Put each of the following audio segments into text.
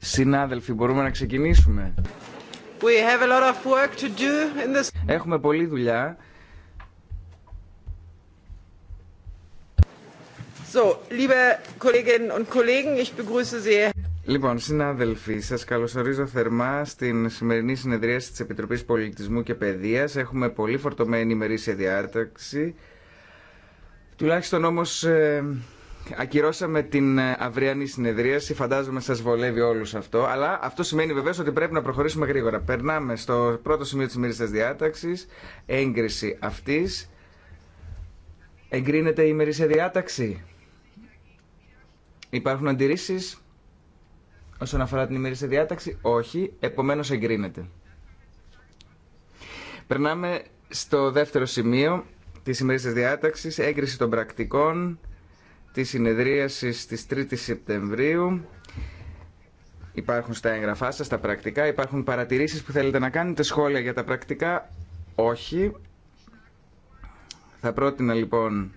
Συνάδελφοι, μπορούμε να ξεκινήσουμε. Έχουμε πολλή δουλειά. liebe Kolleginnen und Kollegen, ich begrüße Λοιπόν, συνάδελφοι, σας καλωσορίζω θερμά στην σημερινή συνεδρία της Επιτροπής Πολιτισμού και Παιδείας. Έχουμε πολύ φορτωμένη ημερήσια διάταξη. Τουλάχιστον όμως ε, ακυρώσαμε την ε, αυριανή συνεδρίαση. Φαντάζομαι σας βολεύει όλου αυτό. Αλλά αυτό σημαίνει βεβαίω ότι πρέπει να προχωρήσουμε γρήγορα. Περνάμε στο πρώτο σημείο της ημερήσια διάταξη. Έγκριση αυτή. Εγκρίνεται η ημερήσια διάταξη. Υπάρχουν αντιρρήσεις όσον αφορά την ημερήσια διάταξη. Όχι. Επομένως εγκρίνεται. Περνάμε στο δεύτερο σημείο της ημερήσιας διάταξης. Έγκριση των πρακτικών τη συνεδρίαση της 3 η Σεπτεμβρίου. Υπάρχουν στα έγγραφά σας τα πρακτικά, υπάρχουν παρατηρήσεις που θέλετε να κάνετε, σχόλια για τα πρακτικά, όχι. Θα πρότεινα λοιπόν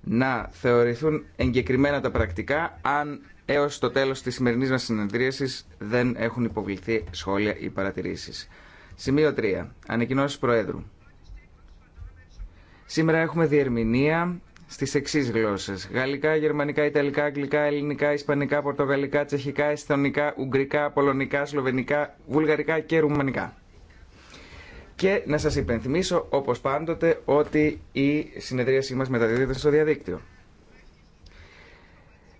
να θεωρηθούν εγκεκριμένα τα πρακτικά αν έως το τέλος της σημερινής μας συνεδρίασης δεν έχουν υποβληθεί σχόλια ή παρατηρήσεις. Σημείο 3. Ανακοινώσεις Προέδρου. Σήμερα έχουμε διερμηνία στις εξή γλώσσε. Γαλλικά, γερμανικά, ιταλικά, αγγλικά, ελληνικά, ισπανικά, πορτογαλικά, τσεχικά, εσθονικά, ουγγρικά, πολωνικά, σλοβενικά, βουλγαρικά και ρουμανικά. Και να σας υπενθυμίσω, όπως πάντοτε, ότι η συνεδρίασή μας μεταδίδεται στο διαδίκτυο.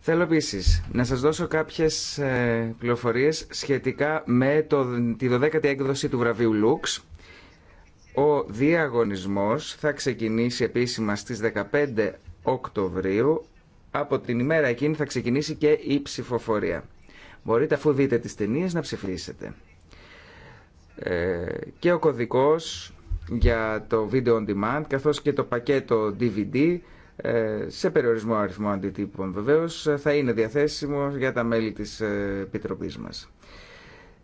Θέλω επίση να σας δώσω κάποιε πληροφορίε σχετικά με το, τη 12η έκδοση του βραβείου Lux. Ο διαγωνισμός θα ξεκινήσει επίσημα στις 15 Οκτωβρίου. Από την ημέρα εκείνη θα ξεκινήσει και η ψηφοφορία. Μπορείτε αφού δείτε τις ταινίες να ψηφίσετε. Ε, και ο κωδικός για το Video On Demand καθώς και το πακέτο DVD ε, σε περιορισμό αριθμό αντιτύπων βεβαίως θα είναι διαθέσιμο για τα μέλη της ε, Επιτροπής μας.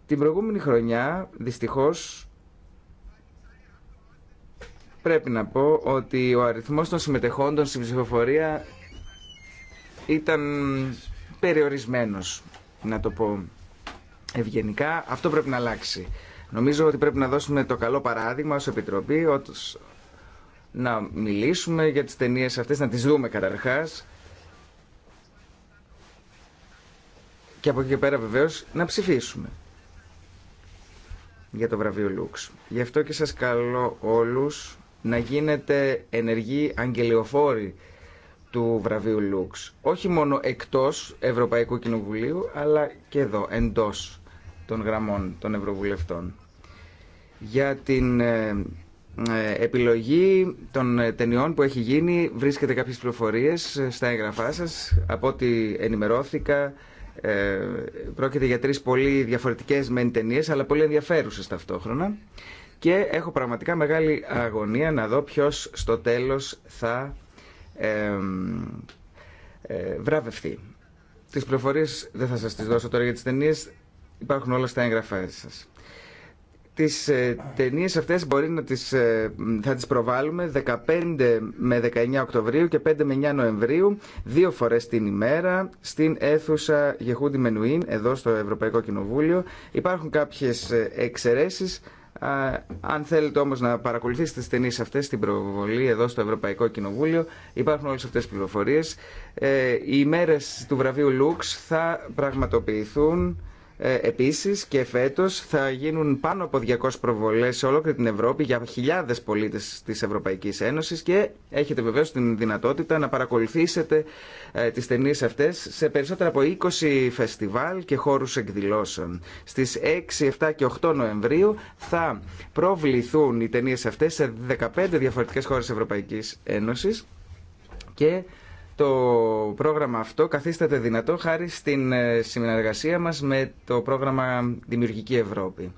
Την προηγούμενη χρονιά δυστυχώς πρέπει να πω ότι ο αριθμός των συμμετεχόντων στην ψηφοφορία ήταν περιορισμένος, να το πω ευγενικά. Αυτό πρέπει να αλλάξει. Νομίζω ότι πρέπει να δώσουμε το καλό παράδειγμα ως Επιτροπή, να μιλήσουμε για τις ταινίε αυτές, να τις δούμε καταρχάς. Και από εκεί και πέρα βεβαίως να ψηφίσουμε για το βραβείο Λούξ. Γι' αυτό και σας καλώ όλους να γίνεται ενεργή αγγελιοφόρη του βραβείου Λουξ. Όχι μόνο εκτός Ευρωπαϊκού Κοινοβουλίου, αλλά και εδώ, εντός των γραμμών των Ευρωβουλευτών. Για την ε, ε, επιλογή των ε, ταινιών που έχει γίνει βρίσκεται κάποιες πληροφορίες στα εγγραφά σας. Από ό,τι ενημερώθηκα, πρόκειται για τρεις πολύ διαφορετικές μεν ταινίες, αλλά πολύ ενδιαφέρουσες ταυτόχρονα και έχω πραγματικά μεγάλη αγωνία να δω ποιος στο τέλος θα ε, ε, βραβευτεί. Τις πληροφορίες δεν θα σας τις δώσω τώρα για τις ταινίε, υπάρχουν όλα στα έγγραφά σας. Τις ε, ταινίε αυτές μπορεί να τις, ε, θα τις προβάλλουμε 15 με 19 Οκτωβρίου και 5 με 9 Νοεμβρίου, δύο φορές την ημέρα, στην αίθουσα Γεχούντι Μενουίν, εδώ στο Ευρωπαϊκό Κοινοβούλιο. Υπάρχουν κάποιες ε, εξαιρέσεις, αν θέλετε όμως να παρακολουθήσετε τις ταινίες αυτές στην προβολή εδώ στο Ευρωπαϊκό Κοινοβούλιο υπάρχουν όλες αυτές τις πληροφορίες. Ε, οι μέρες του βραβείου Λουξ θα πραγματοποιηθούν ε, επίσης και φέτος θα γίνουν πάνω από 200 προβολές σε ολόκληρη την Ευρώπη για χιλιάδες πολίτες της Ευρωπαϊκής Ένωσης και έχετε βεβαίως την δυνατότητα να παρακολουθήσετε ε, τις ταινίες αυτές σε περισσότερα από 20 φεστιβάλ και χώρους εκδηλώσεων. Στις 6, 7 και 8 Νοεμβρίου θα προβληθούν οι ταινίες αυτές σε 15 διαφορετικές χώρες Ευρωπαϊκής Ένωσης και το πρόγραμμα αυτό καθίσταται δυνατό χάρη στην ε, συνεργασία μας με το πρόγραμμα Δημιουργική Ευρώπη.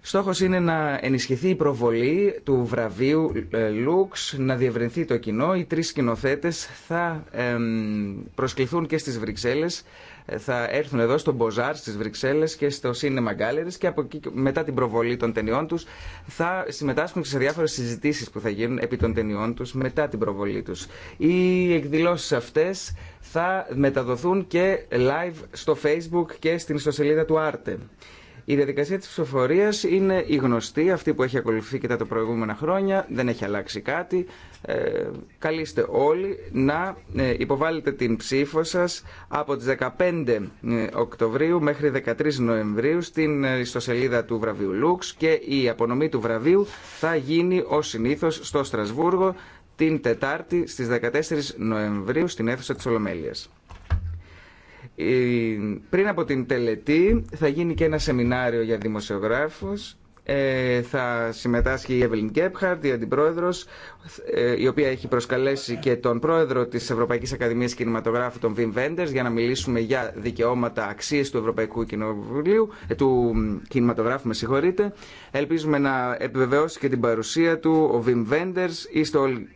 Στόχος είναι να ενισχυθεί η προβολή του βραβείου ε, Λουξ, να διευρυνθεί το κοινό. Οι τρεις σκηνοθέτες θα προσκληθούν και στις Βρυξέλλες θα έρθουν εδώ στο Μποζάρ, στις Βρυξέλλες και στο Cinema Galleries και από εκεί, μετά την προβολή των ταινιών τους θα συμμετάσχουν σε διάφορες συζητήσεις που θα γίνουν επί των ταινιών τους μετά την προβολή τους. Οι εκδηλώσεις αυτές θα μεταδοθούν και live στο Facebook και στην ιστοσελίδα του Άρτε. Η διαδικασία της ψηφοφορία είναι η γνωστή, αυτή που έχει ακολουθεί και τα, προηγούμενα χρόνια, δεν έχει αλλάξει κάτι. Ε, καλείστε όλοι να ε, υποβάλλετε την ψήφο σας από τις 15 ε, Οκτωβρίου μέχρι 13 Νοεμβρίου στην ε, ιστοσελίδα του βραβείου Λουξ και η απονομή του βραβείου θα γίνει ω συνήθως στο Στρασβούργο την Τετάρτη στις 14 Νοεμβρίου στην αίθουσα της Ολομέλειας. Ε, πριν από την τελετή θα γίνει και ένα σεμινάριο για δημοσιογράφους ε, θα συμμετάσχει η Εύελιν Γκέπχαρτ, η αντιπρόεδρος, ε, η οποία έχει προσκαλέσει και τον πρόεδρο της Ευρωπαϊκής Ακαδημίας Κινηματογράφου, τον Βιμ Βέντερς, για να μιλήσουμε για δικαιώματα αξίες του Ευρωπαϊκού Κοινοβουλίου, του κινηματογράφου, με συγχωρείτε. Ελπίζουμε να επιβεβαιώσει και την παρουσία του ο Βιμ Βέντερς, είστε όλοι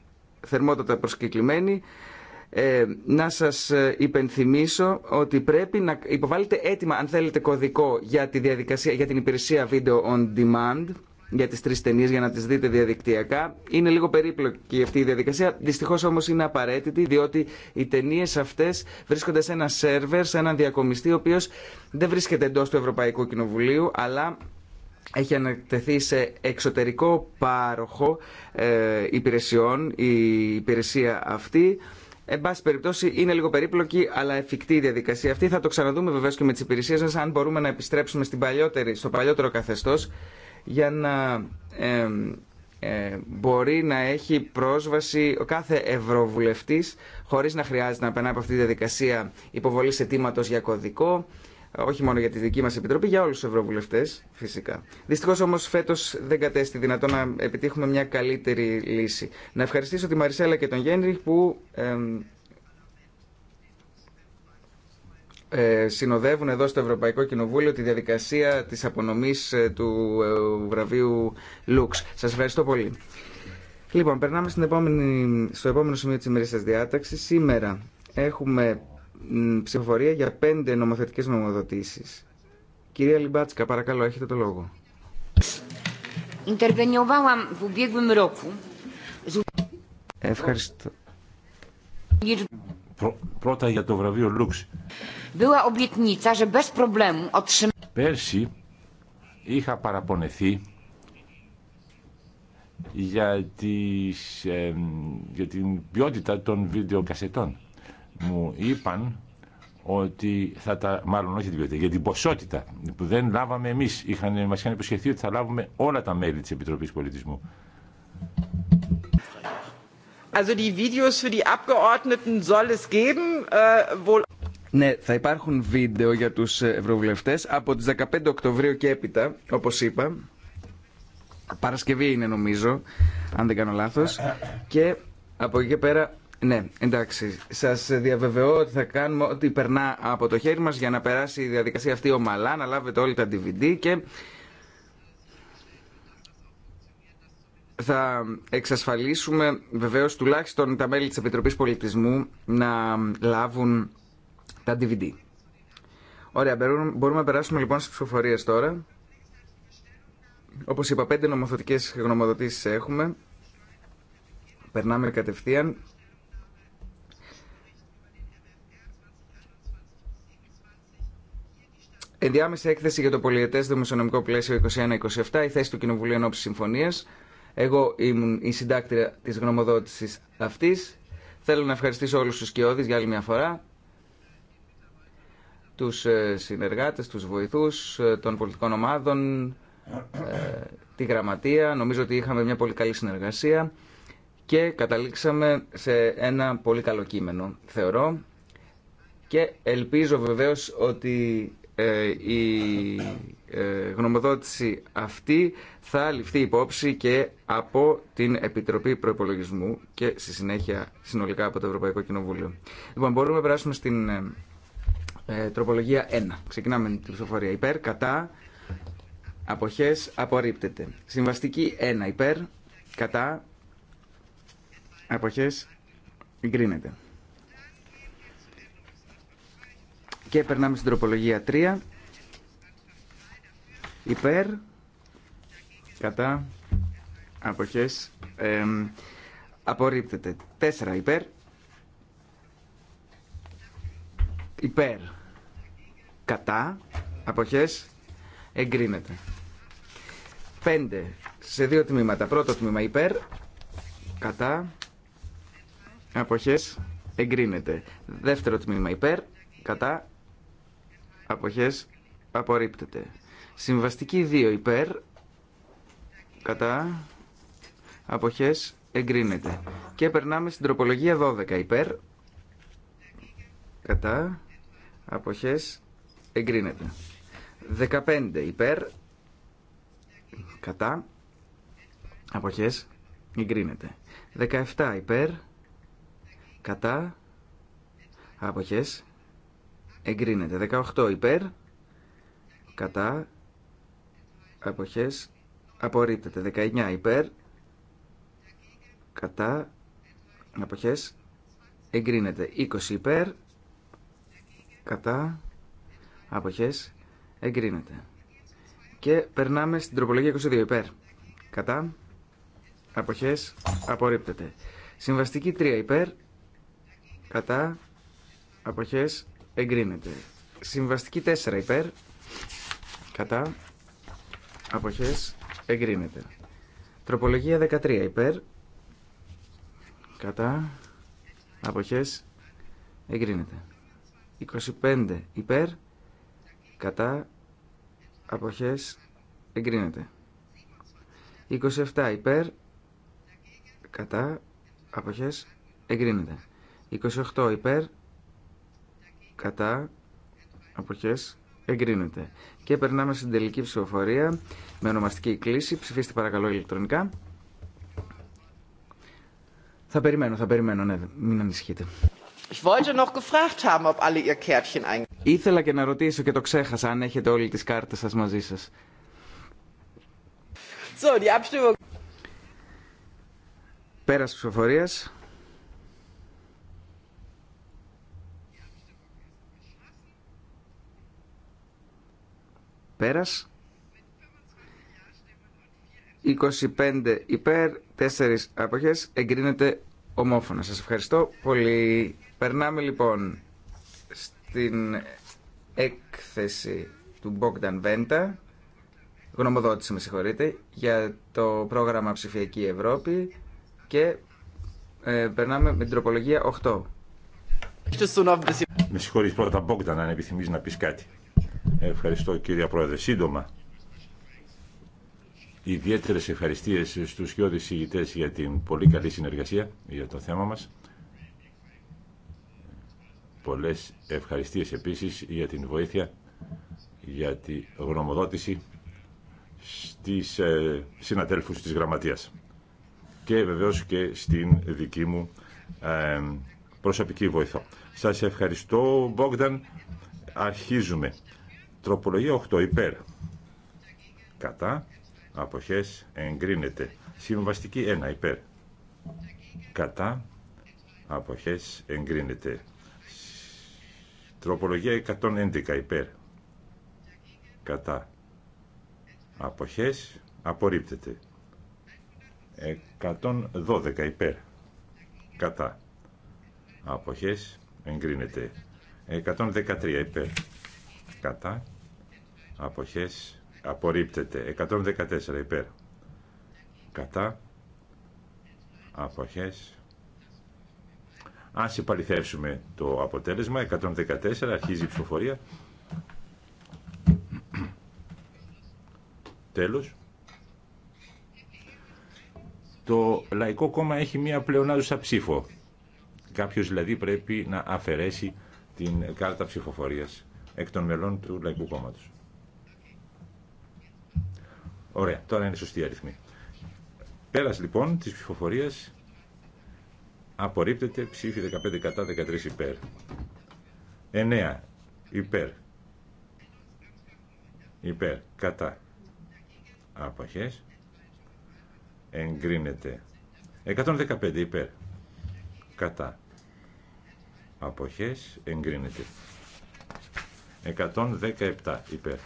θερμότατα προσκεκλημένοι. Ε, να σας ε, υπενθυμίσω ότι πρέπει να υποβάλλετε έτοιμα αν θέλετε κωδικό για, τη διαδικασία, για την υπηρεσία Video On Demand για τις τρεις ταινίες για να τις δείτε διαδικτυακά. Είναι λίγο περίπλοκη αυτή η διαδικασία, δυστυχώς όμως είναι απαραίτητη διότι οι ταινίες αυτές βρίσκονται σε ένα σερβερ, σε έναν διακομιστή ο οποίος δεν βρίσκεται εντός του Ευρωπαϊκού Κοινοβουλίου αλλά έχει ανατεθεί σε εξωτερικό πάροχο ε, υπηρεσιών η υπηρεσία αυτή Εν πάση περιπτώσει, είναι λίγο περίπλοκη, αλλά εφικτή η διαδικασία αυτή. Θα το ξαναδούμε βεβαίω και με τι υπηρεσίε μα, αν μπορούμε να επιστρέψουμε στην παλιότερη, στο παλιότερο καθεστώ, για να ε, μπορεί να έχει πρόσβαση ο κάθε ευρωβουλευτή, χωρί να χρειάζεται να περνάει από αυτή τη διαδικασία υποβολή αιτήματο για κωδικό όχι μόνο για τη δική μας Επιτροπή, για όλους τους ευρωβουλευτές φυσικά. Δυστυχώ, όμως φέτος δεν κατέστη δυνατό να επιτύχουμε μια καλύτερη λύση. Να ευχαριστήσω τη Μαρισέλα και τον Γένριχ που ε, συνοδεύουν εδώ στο Ευρωπαϊκό Κοινοβούλιο τη διαδικασία της απονομής ε, του ε, βραβείου Λουξ. Σας ευχαριστώ πολύ. Λοιπόν, περνάμε επόμενη, στο επόμενο σημείο της ημερής σας διάταξης. Σήμερα έχουμε ψηφοφορία για πέντε νομοθετικές νομοδοτήσεις. Κυρία Λιμπάτσκα, παρακαλώ, έχετε το λόγο. Ευχαριστώ. Πρώτα για το βραβείο Λούξ. Πέρσι είχα παραπονεθεί για, τις, για την ποιότητα των βίντεο κασετών μου είπαν ότι θα τα, μάλλον όχι την ποιότητα, για την ποσότητα που δεν λάβαμε εμείς. Είχαν, μας είχαν υποσχεθεί ότι θα λάβουμε όλα τα μέλη της Επιτροπής Πολιτισμού. Also die Videos für die Abgeordneten soll es geben, äh, wohl... Ναι, θα υπάρχουν βίντεο για τους ευρωβουλευτές από τις 15 Οκτωβρίου και έπειτα, όπως είπα. Παρασκευή είναι νομίζω, αν δεν κάνω λάθος. Και από εκεί και πέρα ναι, εντάξει. Σα διαβεβαιώ ότι θα κάνουμε ό,τι περνά από το χέρι μα για να περάσει η διαδικασία αυτή ομαλά, να λάβετε όλοι τα DVD και θα εξασφαλίσουμε βεβαίως τουλάχιστον τα μέλη της Επιτροπής Πολιτισμού να λάβουν τα DVD. Ωραία, μπορούμε να περάσουμε λοιπόν στις ψηφοφορίες τώρα. Όπως είπα, πέντε νομοθετικές γνωμοδοτήσεις έχουμε. Περνάμε κατευθείαν Ενδιάμεση έκθεση για το πολιετέ δημοσιονομικό πλαίσιο 21-27, η θέση του Κοινοβουλίου Ενόψη Συμφωνία. Εγώ ήμουν η συντάκτρια τη γνωμοδότηση αυτή. Θέλω να ευχαριστήσω όλου του σκιώδει για άλλη μια φορά. Του ε, συνεργάτε, του βοηθού ε, των πολιτικών ομάδων, ε, τη γραμματεία. Νομίζω ότι είχαμε μια πολύ καλή συνεργασία και καταλήξαμε σε ένα πολύ καλό κείμενο, θεωρώ. Και ελπίζω βεβαίως ότι ε, η ε, γνωμοδότηση αυτή θα ληφθεί υπόψη και από την Επιτροπή Προπολογισμού και στη συνέχεια συνολικά από το Ευρωπαϊκό Κοινοβούλιο. Λοιπόν, μπορούμε να περάσουμε στην ε, ε τροπολογία 1. Ξεκινάμε την ψηφοφορία. Υπέρ, κατά, αποχές, απορρίπτεται. Συμβαστική 1. Υπέρ, κατά, αποχές, εγκρίνεται. Και περνάμε στην τροπολογία 3. Υπέρ, κατά, αποχές, ε, απορρίπτεται. 4 υπέρ, υπέρ, κατά, αποχές, εγκρίνεται. 5 σε δύο τμήματα. Πρώτο τμήμα υπέρ, κατά, αποχές, εγκρίνεται. Δεύτερο τμήμα υπέρ, κατά, αποχές απορρίπτεται. Συμβαστική 2 υπέρ, κατά, αποχές εγκρίνεται. Και περνάμε στην τροπολογία 12 υπέρ, κατά, αποχές εγκρίνεται. 15 υπέρ, κατά, αποχές εγκρίνεται. 17 υπέρ, κατά, αποχές εγκρίνεται. 18 υπέρ, κατά, αποχές, απορρίπτεται. 19 υπέρ, κατά, αποχές, εγκρίνεται. 20 υπέρ, κατά, αποχές, εγκρίνεται. Και περνάμε στην τροπολογία 22 υπέρ, κατά, αποχές, απορρίπτεται. Συμβαστική 3 υπέρ, κατά, αποχές, εγκρίνεται. Συμβαστική 4 υπέρ, κατά, αποχές, εγκρίνεται. Τροπολογία 13 υπέρ, κατά, αποχές, εγκρίνεται. 25 υπέρ, κατά, αποχές, εγκρίνεται. 27 υπέρ, κατά, αποχές, εγκρίνεται. 28 υπέρ, κατά αποχές εγκρίνεται. Και περνάμε στην τελική ψηφοφορία με ονομαστική κλίση. Ψηφίστε παρακαλώ ηλεκτρονικά. Θα περιμένω, θα περιμένω, ναι, μην ανησυχείτε. Ich wollte noch gefragt haben, ob alle ihr Kärtchen Ήθελα και να ρωτήσω και το ξέχασα αν έχετε όλοι τις κάρτες σας μαζί σας. So, die Abstimmung... ψηφοφορίας. Πέρας. 25 υπέρ, 4 αποχές, εγκρίνεται ομόφωνα. Σας ευχαριστώ πολύ. Περνάμε λοιπόν στην έκθεση του Bogdan Venta, γνωμοδότηση με συγχωρείτε, για το πρόγραμμα Ψηφιακή Ευρώπη και ε, περνάμε με την τροπολογία 8. Με συγχωρείς πρώτα Μπόγκταν αν επιθυμείς να πεις κάτι. Ευχαριστώ κύριε Πρόεδρε. Σύντομα, ιδιαίτερε ευχαριστίε στου χιώδη ηγητέ για την πολύ καλή συνεργασία για το θέμα μα. Πολλέ ευχαριστίε επίση για την βοήθεια για τη γνωμοδότηση στις ε, της Γραμματείας και βεβαίως και στην δική μου ε, προσωπική βοήθεια. Σας ευχαριστώ Μπόγκταν. Αρχίζουμε. Τροπολογία 8 υπέρ. Κατά. Αποχές εγκρίνεται. Συμβαστική 1 υπέρ. Κατά. Αποχές εγκρίνεται. Τροπολογία 111 υπέρ. Κατά. Αποχές απορρίπτεται. 112 υπέρ. Κατά. Αποχές εγκρίνεται. 113 υπέρ. Κατά αποχές απορρίπτεται 114 υπέρ κατά αποχές ας υπαλληθεύσουμε το αποτέλεσμα 114 αρχίζει η ψηφοφορία τέλος το Λαϊκό Κόμμα έχει μία πλεονάζουσα ψήφο. Κάποιος δηλαδή πρέπει να αφαιρέσει την κάρτα ψηφοφορίας εκ των μελών του Λαϊκού Κόμματος. Ωραία, τώρα είναι σωστή η αριθμή. Πέρας λοιπόν της ψηφοφορίας απορρίπτεται ψήφι 15 κατά 13 υπέρ. 9 υπέρ. Υπέρ κατά αποχές. Εγκρίνεται. 115 υπέρ. Κατά. Αποχές εγκρίνεται. 117 υπέρ.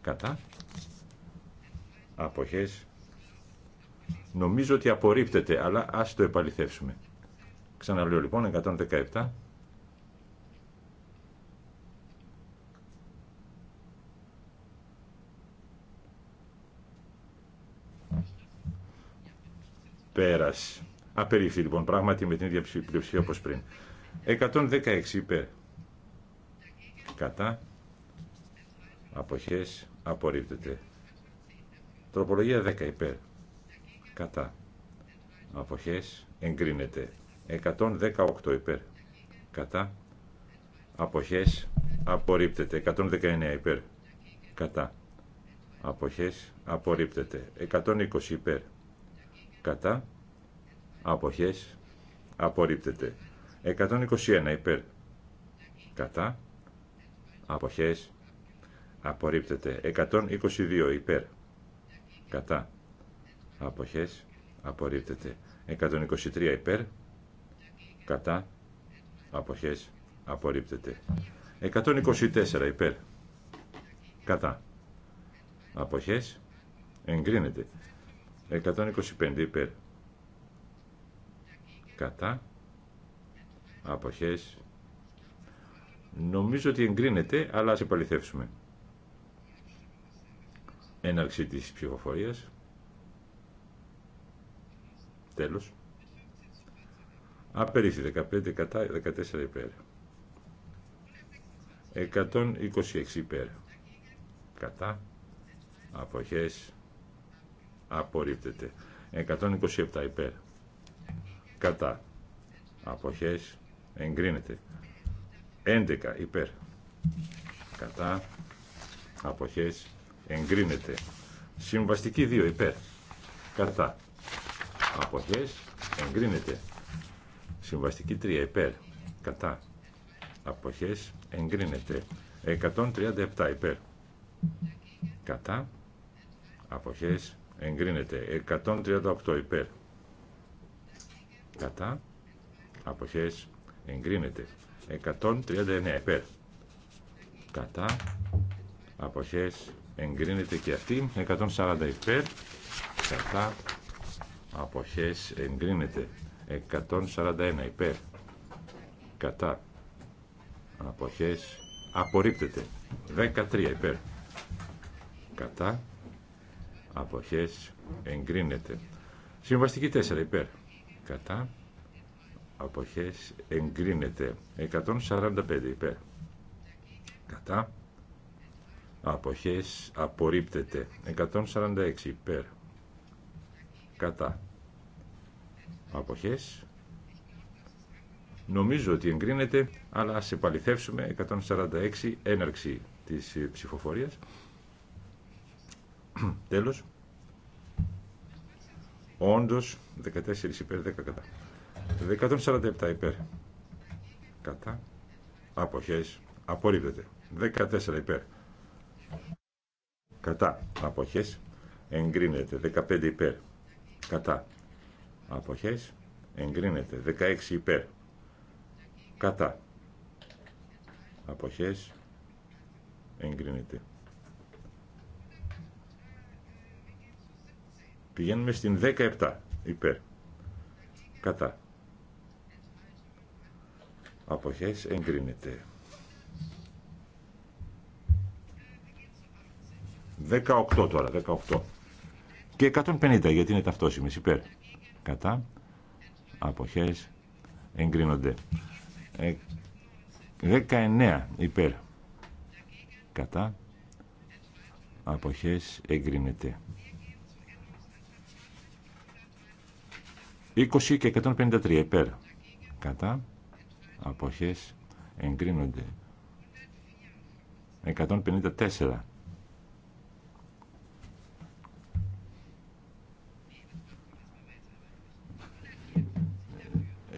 Κατά αποχές νομίζω ότι απορρίπτεται αλλά ας το επαληθεύσουμε ξαναλέω λοιπόν 117 πέρας. Απερίφθη λοιπόν πράγματι με την ίδια πλειοψηφία όπως πριν. 116 υπέρ. Κατά. Αποχές. Απορρίπτεται. Τροπολογία 10 υπέρ. Κατά. Αποχές εγκρίνεται. 118 υπέρ. Κατά. Αποχές απορρίπτεται. 119 υπέρ. Κατά. Αποχές απορρίπτεται. 120 υπέρ. Κατά. Αποχές απορρίπτεται. 121 υπέρ. Κατά. Αποχές απορρίπτεται. 122 υπέρ κατά αποχές απορρίπτεται 123 υπέρ κατά αποχές απορρίπτεται 124 υπέρ κατά αποχές εγκρίνεται 125 υπέρ κατά αποχές νομίζω ότι εγκρίνεται αλλά ας επαληθεύσουμε Έναρξη της ψηφοφορίας. Τέλος. Απερίφθη 15 κατά 14 υπέρ. 126 υπέρ. Κατά. Αποχές. Απορρίπτεται. 127 υπέρ. Κατά. Αποχές. Εγκρίνεται. 11 υπέρ. Κατά. Αποχές εγκρίνεται. Συμβαστική 2 υπέρ. Κατά. Αποχές εγκρίνεται. Συμβαστική 3 υπέρ. Κατά. Αποχές εγκρίνεται. 137 υπέρ. Κατά. Αποχές εγκρίνεται. 138 υπέρ. Κατά. Αποχές εγκρίνεται. 139 υπέρ. Κατά. Αποχές εγκρίνεται και αυτή 140 υπέρ κατά αποχές εγκρίνεται 141 υπέρ κατά αποχές απορρίπτεται 13 υπέρ κατά αποχές εγκρίνεται συμβαστική 4 υπέρ κατά αποχές εγκρίνεται 145 υπέρ κατά αποχές απορρίπτεται 146 υπέρ κατά αποχές νομίζω ότι εγκρίνεται αλλά ας επαληθεύσουμε 146 έναρξη της ε, ψηφοφορίας τέλος όντως 14 υπέρ 10 κατά 147 υπέρ κατά αποχές απορρίπτεται 14 υπέρ κατά αποχές εγκρίνεται 15 υπέρ κατά αποχές εγκρίνεται 16 υπέρ κατά αποχές εγκρίνεται πηγαίνουμε στην 17 υπέρ κατά αποχές εγκρίνεται 18 τώρα, 18. Και 150 γιατί είναι ταυτόσιμες υπέρ. Κατά. Αποχές εγκρίνονται. 19 ε, υπέρ. Κατά. Αποχές εγκρίνεται. 20 και 153 υπέρ. Κατά. Αποχές εγκρίνονται. 154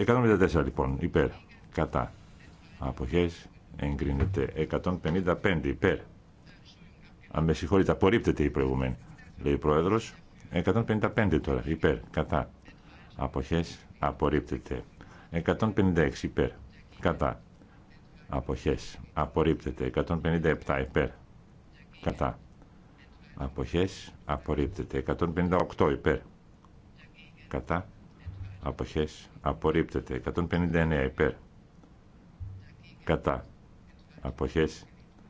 154 λοιπόν, υπέρ, κατά. Αποχές εγκρίνεται. 155 υπέρ. Αν με συγχωρείτε, απορρίπτεται η προηγούμενη, λέει ο Πρόεδρος. 155 τώρα, υπέρ, κατά. Αποχές απορρίπτεται. 156 υπέρ, κατά. Αποχές απορρίπτεται. 157 υπέρ, κατά. Αποχές απορρίπτεται. 158 υπέρ, κατά αποχές απορρίπτεται 159 υπέρ κατά αποχές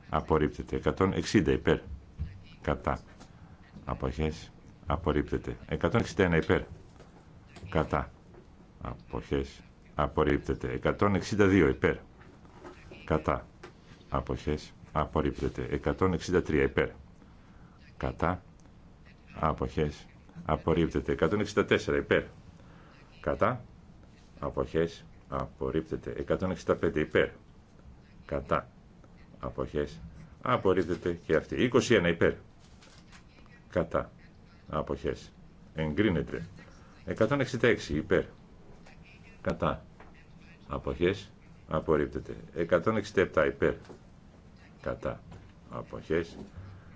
απορρίπτεται 160 υπέρ κατά αποχές απορρίπτεται 161 υπέρ κατά αποχές απορρίπτεται 162 υπέρ κατά αποχές απορρίπτεται 163 υπέρ κατά αποχές απορρίπτεται 164 υπέρ κατά αποχές απορρίπτεται 165 υπέρ κατά αποχές απορρίπτεται και αυτή 21 υπέρ κατά αποχές εγκρίνεται 166 υπέρ κατά αποχές απορρίπτεται 167 υπέρ κατά αποχές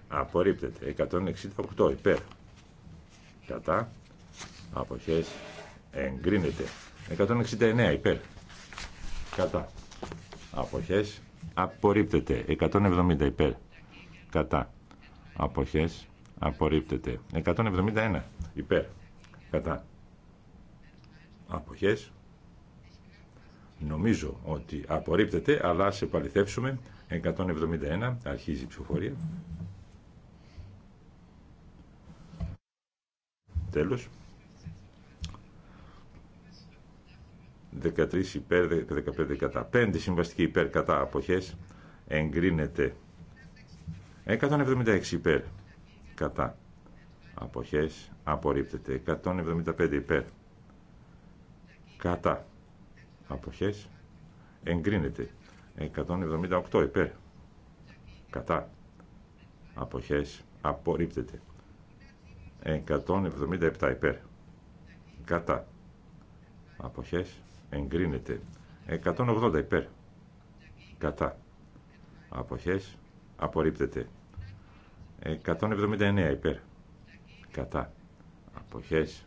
απορρίπτεται 168 υπέρ κατά αποχές εγκρίνεται 169 υπέρ κατά αποχές απορρίπτεται 170 υπέρ κατά αποχές απορρίπτεται 171 υπέρ κατά αποχές νομίζω ότι απορρίπτεται αλλά σε παληθεύσουμε 171 αρχίζει η ψηφοφορία τέλος 13 υπέρ, 15 κατά. 5 συμβαστική υπέρ κατά αποχές εγκρίνεται. 176 υπέρ κατά αποχές απορρίπτεται. 175 υπέρ κατά αποχές εγκρίνεται. 178 υπέρ κατά αποχές απορρίπτεται. 177 υπέρ κατά αποχές εγκρίνεται 180 υπέρ κατά αποχές απορρίπτεται 179 υπέρ κατά αποχές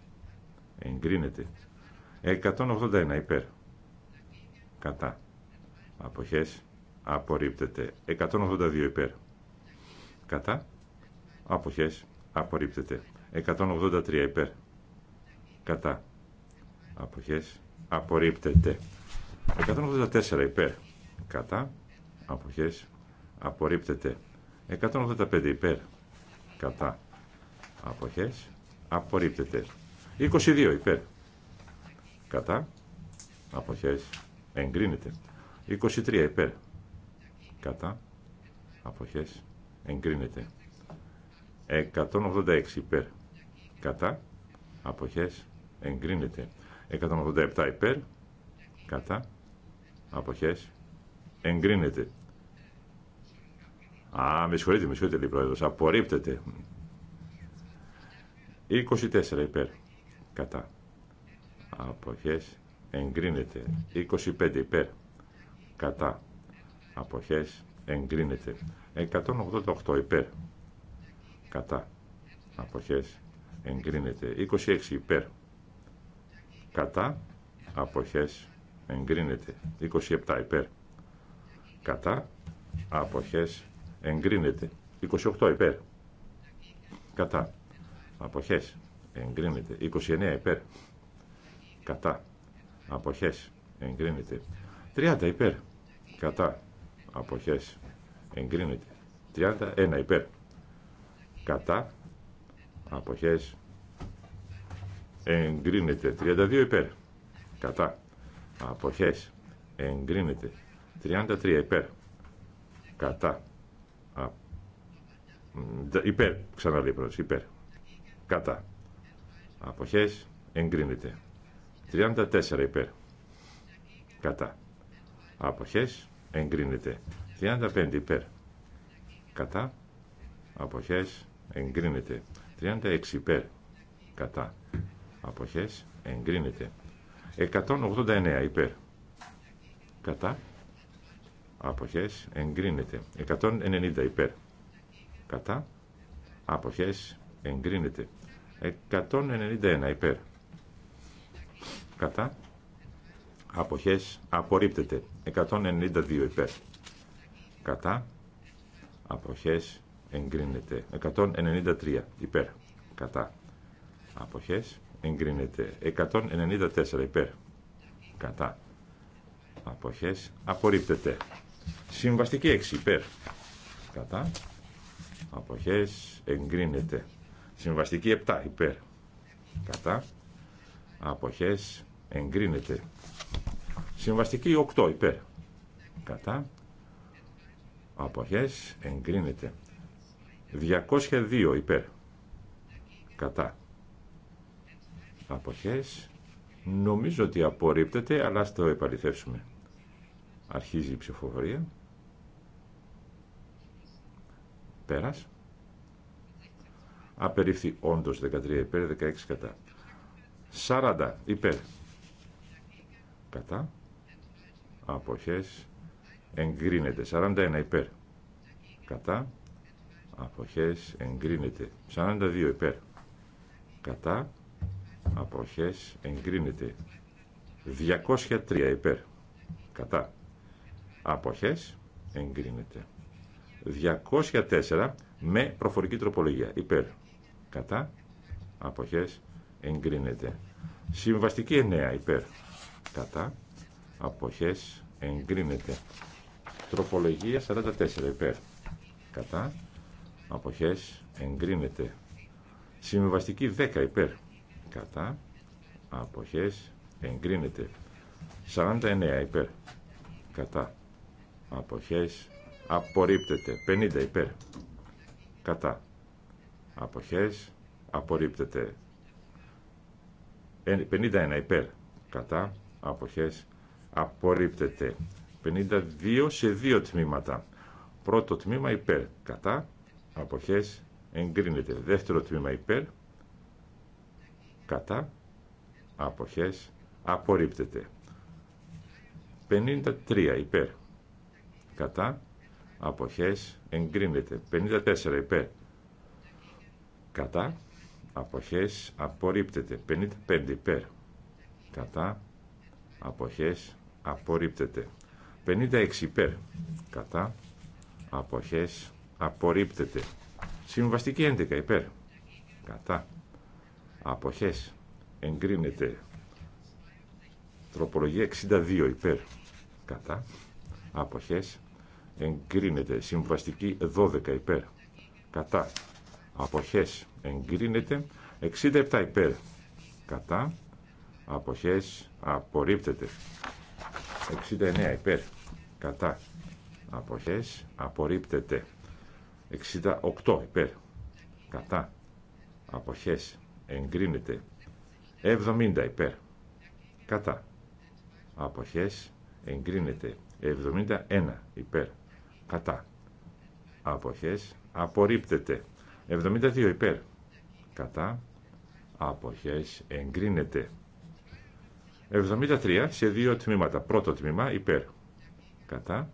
εγκρίνεται 181 υπέρ κατά αποχές απορρίπτεται 182 υπέρ κατά αποχές απορρίπτεται 183 υπέρ κατά αποχές απορρίπτεται. 184 υπέρ κατά αποχές απορρίπτεται. 185 υπέρ κατά αποχές απορρίπτεται. 22 υπέρ κατά αποχές εγκρίνεται. 23 υπέρ κατά αποχές εγκρίνεται. 186 υπέρ κατά αποχές εγκρίνεται. 187 υπέρ, κατά, αποχές, εγκρίνεται. Α, με συγχωρείτε, με συγχωρείτε πρόεδρος, απορρίπτεται. 24 υπέρ, κατά, αποχές, εγκρίνεται. 25 υπέρ, κατά, αποχές, εγκρίνεται. 188 υπέρ, κατά, αποχές, εγκρίνεται. 26 υπέρ, κατά αποχές εγκρίνεται 27 υπέρ κατά αποχές εγκρίνεται 28 υπέρ κατά αποχές εγκρίνεται 29 υπέρ κατά αποχές εγκρίνεται 30 υπέρ κατά αποχές εγκρίνεται 31 υπέρ κατά αποχές εγκρίνεται 32 υπέρ κατά αποχές εγκρίνεται 33 υπέρ κατά α, υπέρ ξαναλέει προς. υπέρ κατά αποχές εγκρίνεται 34 υπέρ κατά αποχές εγκρίνεται 35 υπέρ κατά αποχές εγκρίνεται 36 υπέρ κατά αποχές εγκρίνεται 189 υπέρ κατά αποχές εγκρίνεται 190 υπέρ κατά αποχές εγκρίνεται 191 υπέρ κατά αποχές απορρίπτεται 192 υπέρ κατά αποχές εγκρίνεται 193 υπέρ κατά αποχές εγκρίνεται. 194 υπέρ. Κατά. Αποχές. Απορρίπτεται. Συμβαστική 6 υπέρ. Κατά. Αποχές. Εγκρίνεται. Συμβαστική 7 υπέρ. Κατά. Αποχές. Εγκρίνεται. Συμβαστική 8 υπέρ. Κατά. Αποχές. Εγκρίνεται. 202 υπέρ. Κατά αποχές νομίζω ότι απορρίπτεται αλλά ας το επαληθεύσουμε αρχίζει η ψηφοφορία πέρας απερίφθη όντως 13 υπέρ 16 κατά 40 υπέρ κατά αποχές εγκρίνεται 41 υπέρ κατά αποχές εγκρίνεται 42 υπέρ κατά αποχές εγκρίνεται 203 υπέρ κατά αποχές εγκρίνεται 204 με προφορική τροπολογία υπέρ κατά αποχές εγκρίνεται συμβαστική 9 υπέρ κατά αποχές εγκρίνεται τροπολογία 44 υπέρ κατά αποχές εγκρίνεται συμβαστική 10 υπέρ κατά αποχές εγκρίνεται 49 υπέρ κατά αποχές απορρίπτεται 50 υπέρ κατά αποχές απορρίπτεται 51 ε, υπέρ κατά αποχές απορρίπτεται 52 σε δύο τμήματα πρώτο τμήμα υπέρ κατά αποχές εγκρίνεται δεύτερο τμήμα υπέρ κατά αποχές απορρίπτεται 53 υπέρ κατά αποχές εγκρίνεται 54 υπέρ κατά αποχές απορρίπτεται 55 υπέρ κατά αποχές απορρίπτεται 56 υπέρ κατά αποχές απορρίπτεται συμβαστική 11 υπέρ κατά αποχές εγκρίνεται τροπολογία 62 υπέρ κατά αποχές εγκρίνεται συμβαστική 12 υπέρ κατά αποχές εγκρίνεται 67 υπέρ κατά αποχές απορρίπτεται 69 υπέρ κατά αποχές απορρίπτεται 68 υπέρ κατά αποχές εγκρίνεται 70 υπέρ κατά αποχές εγκρίνεται 71 υπέρ κατά αποχές απορρίπτεται 72 υπέρ κατά αποχές εγκρίνεται 73 σε δύο τμήματα πρώτο τμήμα υπέρ κατά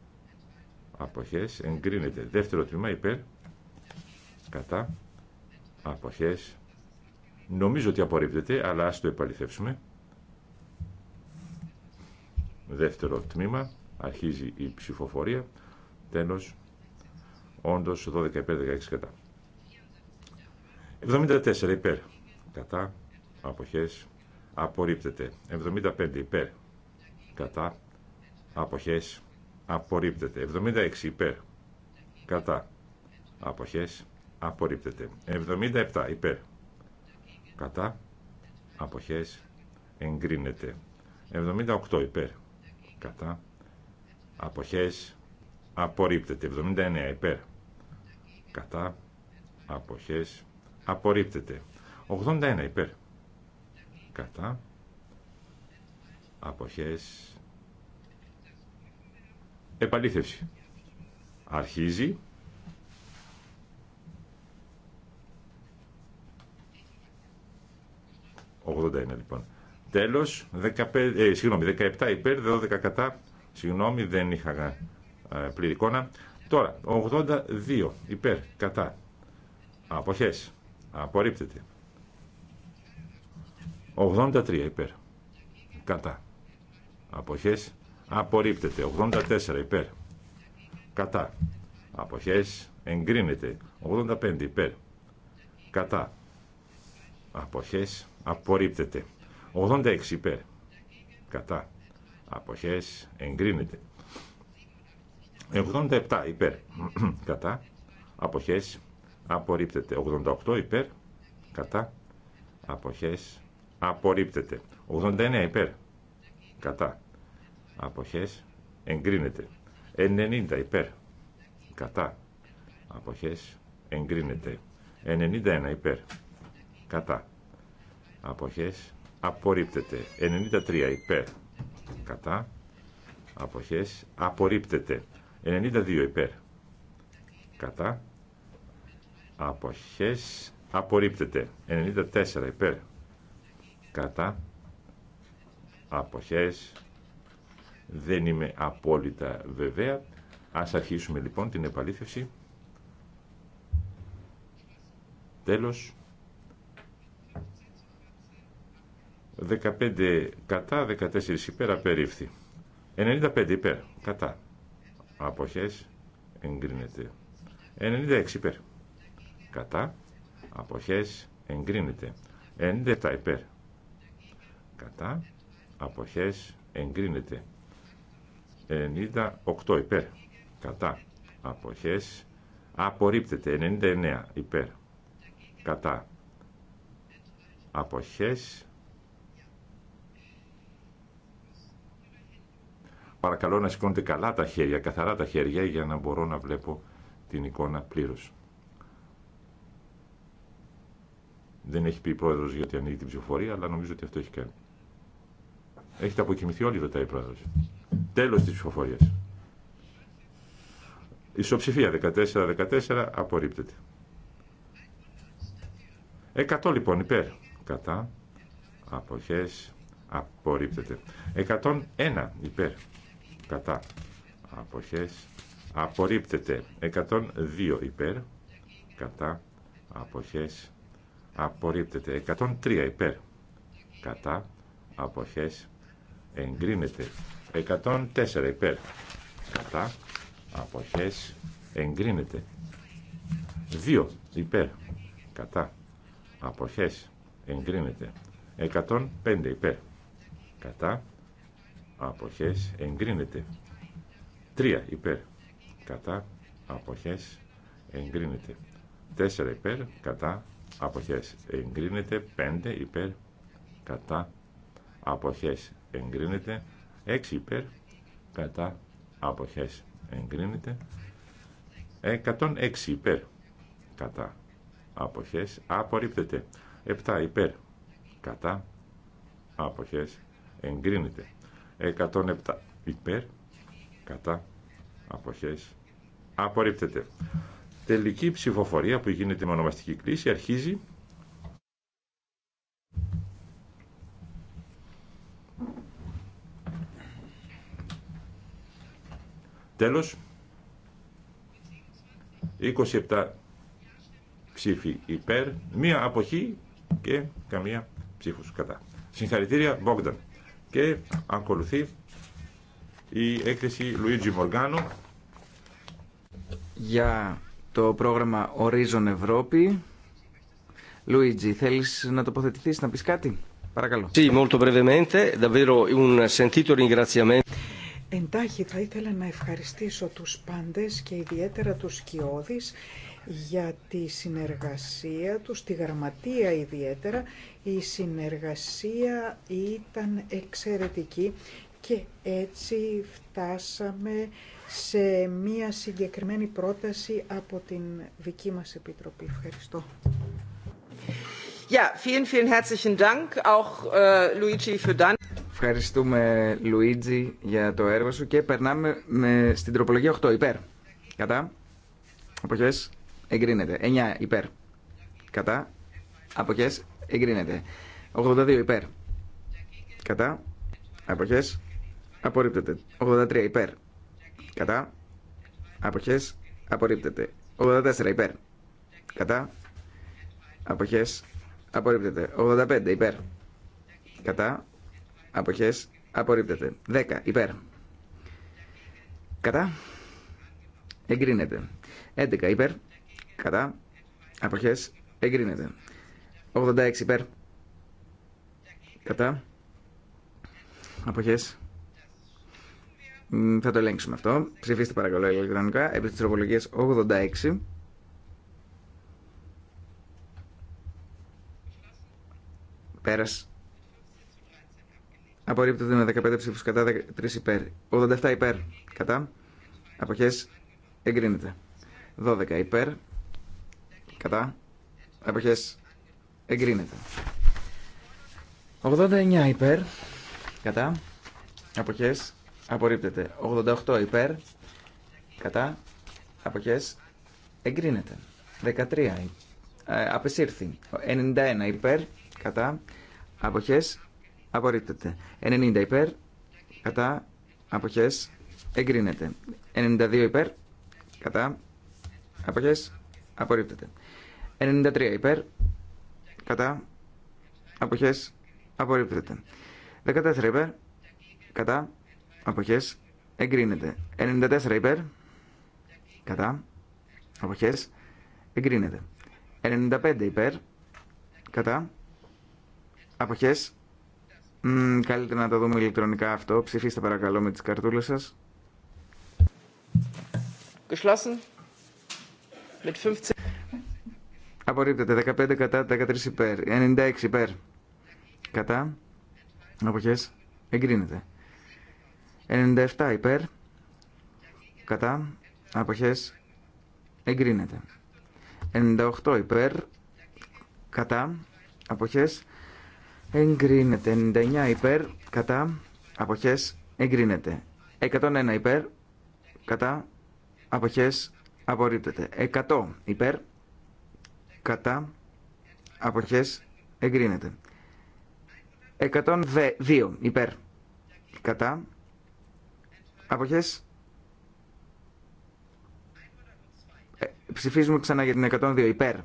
αποχές εγκρίνεται δεύτερο τμήμα υπέρ κατά αποχές Νομίζω ότι απορρίπτεται, αλλά ας το επαληθεύσουμε. Δεύτερο τμήμα. Αρχίζει η ψηφοφορία. Τέλος. Όντως 12 υπέρ 16 κατά. 74 υπέρ. Κατά. Αποχές. Απορρίπτεται. 75 υπέρ. Κατά. Αποχές. Απορρίπτεται. 76 υπέρ. Κατά. Αποχές. Απορρίπτεται. 77 υπέρ κατά αποχές εγκρίνεται 78 υπέρ κατά αποχές απορρίπτεται 79 υπέρ κατά αποχές απορρίπτεται 81 υπέρ κατά αποχές επαλήθευση αρχίζει 81 λοιπόν. Τέλο ε, συγγνώμη, 17 υπέρ, 12 κατά. Συγγνώμη, δεν είχα ε, πλήρη εικόνα. Τώρα, 82 υπέρ, κατά. Αποχέ. Απορρίπτεται. 83 υπέρ. Κατά. Αποχέ. Απορρίπτεται. 84 υπέρ. Κατά. Αποχέ. Εγκρίνεται. 85 υπέρ. Κατά. Αποχές απορρίπτεται. 86 υπέρ. Κατά. Αποχές εγκρίνεται. 87 υπέρ. Κατά. Αποχές απορρίπτεται. 88 υπέρ. Κατά. Αποχές απορρίπτεται. 89 υπέρ. Κατά. Αποχές εγκρίνεται. 90 υπέρ. Κατά. Αποχές εγκρίνεται. 91 υπέρ. Κατά αποχές απορρίπτεται 93 υπέρ κατά αποχές απορρίπτεται 92 υπέρ κατά αποχές απορρίπτεται 94 υπέρ κατά αποχές δεν είμαι απόλυτα βεβαία ας αρχίσουμε λοιπόν την επαλήθευση τέλος 15 κατά, 14 υπέρ, απερίφθη. 95 υπέρ, κατά. Αποχές, εγκρίνεται. 96 υπέρ, κατά. Αποχές, εγκρίνεται. 97 υπέρ, κατά. Αποχές, εγκρίνεται. 98 υπέρ, κατά. Αποχές, απορρίπτεται. 99 υπέρ, κατά. Αποχές, παρακαλώ να σηκώνετε καλά τα χέρια, καθαρά τα χέρια, για να μπορώ να βλέπω την εικόνα πλήρω. Δεν έχει πει η πρόεδρο γιατί ανοίγει την ψηφοφορία, αλλά νομίζω ότι αυτό έχει κάνει. Έχετε αποκοιμηθεί όλοι, ρωτάει η πρόεδρο. Τέλο τη ψηφοφορία. Ισοψηφία 14-14 απορρίπτεται. 100 λοιπόν υπέρ. Κατά. Αποχές. Απορρίπτεται. 101 υπέρ κατά αποχές απορρίπτεται 102 υπέρ κατά αποχές απορρίπτεται 103 υπέρ κατά αποχές εγκρίνεται 104 υπέρ κατά αποχές εγκρίνεται 2 υπέρ κατά αποχές εγκρίνεται 105 υπέρ κατά αποχές εγκρίνεται 3 υπέρ κατά αποχές εγκρίνεται 4 υπέρ κατά αποχές εγκρίνεται 5 υπέρ κατά αποχές εγκρίνεται 6 υπέρ κατά αποχές εγκρίνεται 106 υπέρ κατά αποχές απορρίπτεται 7 υπέρ κατά αποχές εγκρίνεται 107 υπέρ κατά αποχές απορρίπτεται. Τελική ψηφοφορία που γίνεται με ονομαστική κλίση αρχίζει Τέλος, 27 ψήφοι υπέρ, μία αποχή και καμία ψήφους κατά. Συγχαρητήρια, Μπόγκταν. Και ακολουθεί η έκθεση Λουίτζι Morgano. Για το πρόγραμμα Horizon Ευρώπη. Λουίτζι, θέλεις να τοποθετηθείς, να πεις κάτι. Παρακαλώ. Sì, molto brevemente, davvero un sentito ringraziamento. Εντάχει θα ήθελα να ευχαριστήσω τους πάντες και ιδιαίτερα τους κοιόδης για τη συνεργασία του, στη γραμματεία ιδιαίτερα. Η συνεργασία ήταν εξαιρετική και έτσι φτάσαμε σε μία συγκεκριμένη πρόταση από την δική μας Επιτροπή. Ευχαριστώ. Äh, Luigi Ευχαριστούμε, Λουίτζι, για το έργο σου και περνάμε με, στην τροπολογία 8. Υπέρ. Κατά. Αποχές εγκρίνεται. 9 υπέρ. Κατά. απόχέ, εγκρίνεται. 82 υπέρ. Κατά. Αποχέ. απορρίπτεται. 83 υπέρ. Κατά. Αποχέ. απορρίπτεται. 84 υπέρ. Κατά. Αποχέ. απορρίπτεται. 85 υπέρ. Κατά. Αποχέ. απορρίπτεται. 10 υπέρ. Κατά. Εγκρίνεται. 11 υπέρ κατά αποχές εγκρίνεται 86 υπέρ κατά αποχές θα το ελέγξουμε αυτό ψηφίστε παρακαλώ ηλεκτρονικά επί τη 86 πέρας απορρίπτεται με 15 ψήφου, κατά 3 υπέρ 87 υπέρ κατά αποχές εγκρίνεται 12 υπέρ Κατά. Αποχές. Εγκρίνεται. 89 υπέρ. Κατά. Αποχές. Απορρίπτεται. 88 υπέρ. Κατά. Αποχές. Εγκρίνεται. 13. Ε, απεσύρθη. 91 υπέρ. Κατά. Αποχές. Απορρίπτεται. 90 υπέρ. Κατά. Αποχές. Εγκρίνεται. 92 υπέρ. Κατά. Αποχές. Απορρίπτεται. 93 υπέρ. Κατά. αποχέ, Απορρίπτεται. 14 υπέρ. Κατά. αποχέ. Εγκρίνεται. 94 υπέρ. Κατά. αποχέ. Εγκρίνεται. 95 υπέρ. Κατά. αποχέ. καλύτερα να τα δούμε ηλεκτρονικά αυτό. Ψηφίστε παρακαλώ με τι καρτούλε σα. Geschlossen. Mit 15 Απορρίπτεται. 15 κατά, 13 υπέρ. 96 υπέρ. Κατά. Αποχές. Εγκρίνεται. 97 υπέρ. Κατά. Αποχές. Εγκρίνεται. 98 υπέρ. Κατά. Αποχές. Εγκρίνεται. 99 υπέρ. Κατά. Αποχές. Εγκρίνεται. 101 υπέρ. Κατά. Αποχές. Απορρίπτεται. 100 υπέρ κατά αποχές εγκρίνεται 102 υπέρ κατά αποχές ε, ψηφίζουμε ξανά για την 102 υπέρ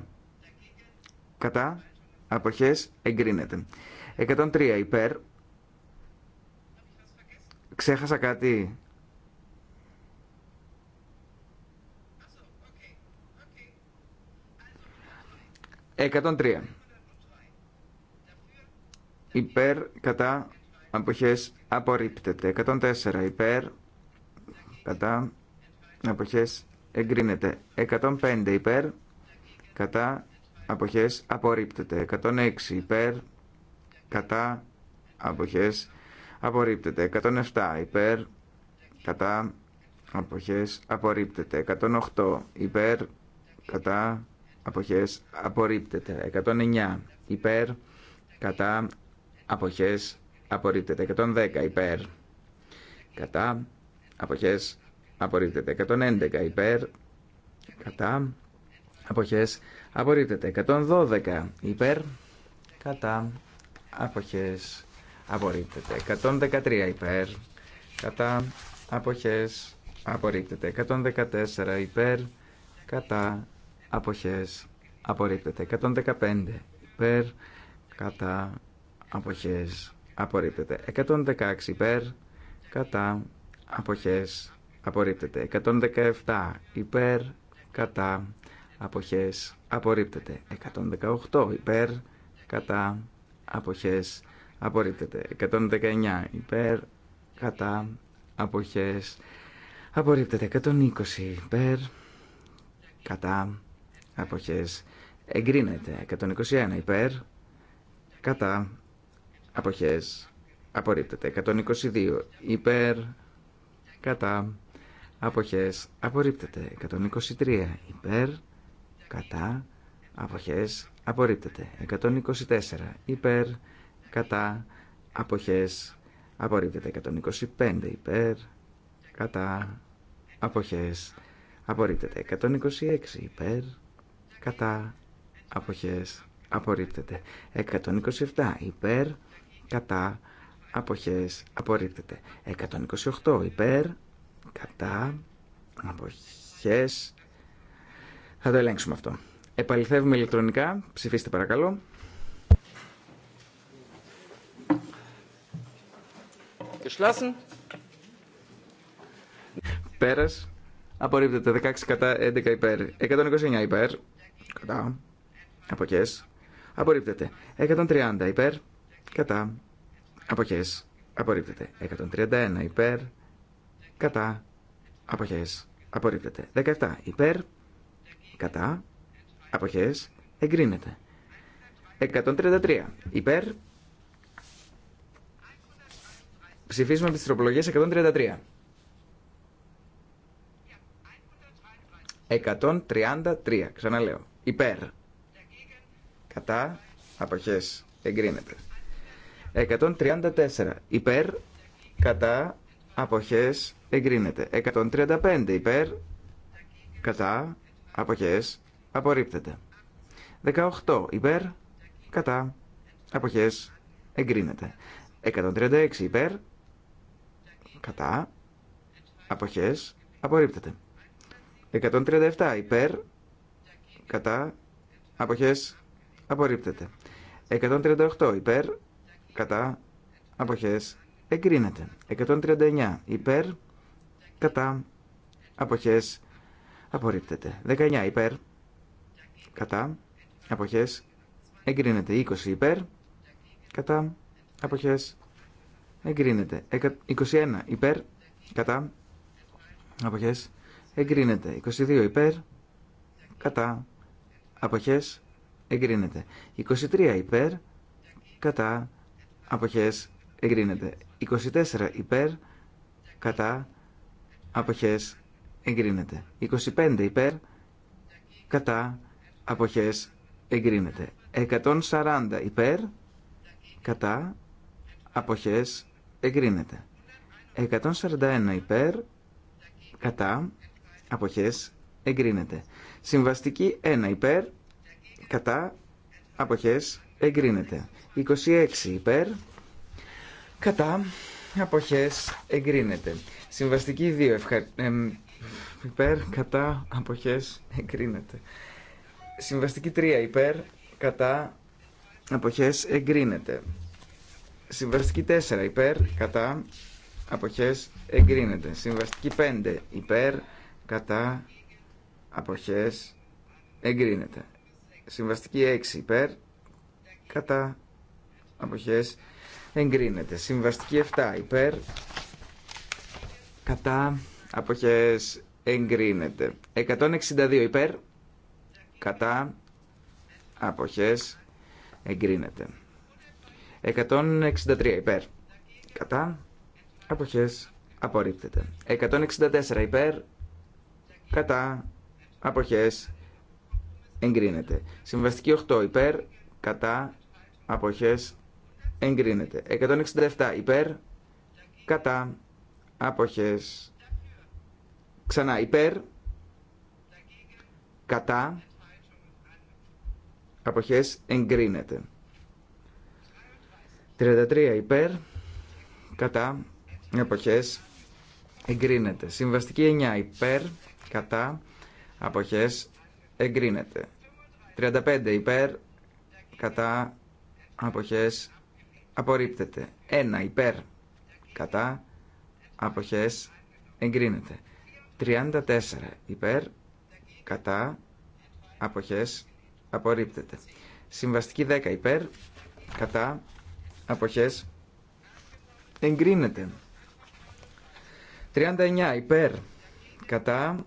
κατά αποχές εγκρίνεται 103 υπέρ ξέχασα κάτι 103. Υπέρ, κατά, αποχές, απορρίπτεται. 104. Υπέρ, κατά, αποχές, εγκρίνεται. 105. Υπέρ, κατά, αποχές, απορρίπτεται. 106. Υπέρ, κατά, αποχές, απορρίπτεται. 107. Υπέρ, κατά, αποχές, απορρίπτεται. 108. Υπέρ, κατά, αποχές απορρίπτεται. 109 υπέρ κατά αποχές απορρίπτεται. 110 υπέρ κατά αποχές απορρίπτεται. 111 υπέρ κατά αποχές απορρίπτεται. 112 υπέρ κατά αποχές απορρίπτεται. 113 υπέρ κατά αποχές απορρίπτεται. 114 υπέρ κατά αποχές απορρίπτεται 115 υπέρ κατά αποχές απορρίπτεται 116 υπέρ κατά αποχές απορρίπτεται 117 υπέρ κατά αποχές απορρίπτεται 118 υπέρ κατά αποχές απορρίπτεται 119 υπέρ κατά αποχές απορρίπτεται 120 υπέρ κατά αποχές εγκρίνεται 121 υπέρ κατά αποχές απορρίπτεται 122 υπέρ κατά αποχές απορρίπτεται 123 υπέρ κατά αποχές απορρίπτεται 124 υπέρ κατά αποχές απορρίπτεται 125 υπέρ κατά αποχές απορρίπτεται 126 υπέρ κατά αποχές απορρίπτεται 127 υπέρ κατά αποχές απορρίπτεται 128 υπέρ κατά αποχές θα το ελέγξουμε αυτό επαληθεύουμε ηλεκτρονικά ψηφίστε παρακαλώ geschlossen πέρας απορρίπτεται 16 κατά 11 υπέρ 129 υπέρ Κατά. Αποχές. Απορρίπτεται. 130 υπέρ. Κατά. Αποχές. Απορρίπτεται. 131 υπέρ. Κατά. Αποχές. Απορρίπτεται. 17 υπέρ. Κατά. Αποχές. Εγκρίνεται. 133 υπέρ. Ψηφίσουμε τι τις τροπολογίες 133. 133. Ξαναλέω υπέρ κατά αποχές εγκρίνεται 134 υπέρ κατά αποχές εγκρίνεται 135 υπέρ κατά αποχές απορρίπτεται 18 υπέρ κατά αποχές εγκρίνεται 136 υπέρ κατά αποχές απορρίπτεται 137 υπέρ κατά αποχές απορρίπτεται. 138 υπέρ κατά αποχές εγκρίνεται. 139 υπέρ κατά αποχές απορρίπτεται. 19 υπέρ κατά αποχές εγκρίνεται. 20 υπέρ κατά αποχές εγκρίνεται. 21 υπέρ κατά αποχές εγκρίνεται. 22 υπέρ κατά αποχές εγκρίνεται. 23 υπέρ, κατά, αποχές εγκρίνεται. 24 υπέρ, κατά, αποχές εγκρίνεται. 25 υπέρ, κατά, αποχές εγκρίνεται. 140 υπέρ, κατά, αποχές εγκρίνεται. 141 υπέρ, κατά, αποχές εγκρίνεται. Συμβαστική 1 υπέρ, κατά, αποχές, εγκρίνεται. 26 υπέρ, κατά, αποχές, εγκρίνεται. Συμβαστική 2 ευχα... υπέρ, κατά, αποχές, εγκρίνεται. Συμβαστική 3 υπέρ, κατά, αποχές, εγκρίνεται. Συμβαστική 4 υπέρ, κατά, αποχές, εγκρίνεται. Συμβαστική 5 υπέρ, κατά, αποχές εγκρίνεται. Συμβαστική 6 υπέρ κατά αποχές εγκρίνεται. Συμβαστική 7 υπέρ κατά αποχές εγκρίνεται. 162 υπέρ κατά αποχές εγκρίνεται. 163 υπέρ κατά αποχές απορρίπτεται. 164 υπέρ κατά αποχές εγκρίνεται. Συμβαστική 8 υπέρ, κατά, αποχές εγκρίνεται. 167 υπέρ, κατά, αποχές ξανά υπέρ, κατά, απόχέ, εγκρίνεται. 33 υπέρ, κατά, αποχές εγκρίνεται. Συμβαστική 9 υπέρ, κατά, αποχές εγκρίνεται 35 υπέρ κατά αποχές απορρίπτεται 1 υπέρ κατά αποχές εγκρίνεται 34 υπέρ κατά αποχές απορρίπτεται συμβαστική 10 υπέρ κατά αποχές εγκρίνεται 39 υπέρ κατά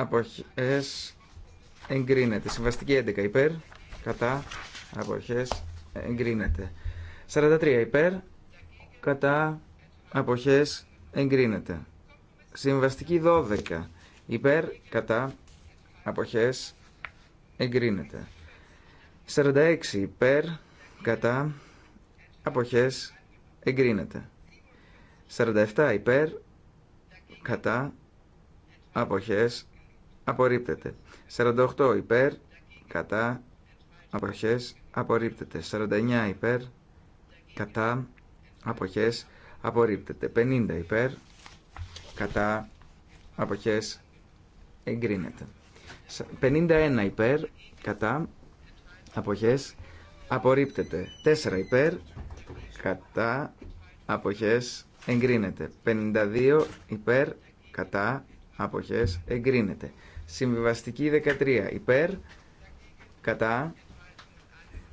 αποχές εγκρίνεται. Συμβαστική 11 υπέρ, κατά αποχές εγκρίνεται. 43 υπέρ, κατά αποχές εγκρίνεται. Συμβαστική 12 υπέρ, κατά αποχές εγκρίνεται. 46 υπέρ, κατά αποχές εγκρίνεται. 47 υπέρ, κατά αποχές απορρίπτεται. 48 υπέρ, κατά, αποχές, απορρίπτεται. 49 υπέρ, κατά, αποχές, απορρίπτεται. 50 υπέρ, κατά, αποχές, εγκρίνεται. 51 υπέρ, κατά, αποχές, απορρίπτεται. 4 υπέρ, κατά, αποχές, εγκρίνεται. 52 υπέρ, κατά, αποχές, εγκρίνεται. Συμβιβαστική 13. Υπέρ, κατά,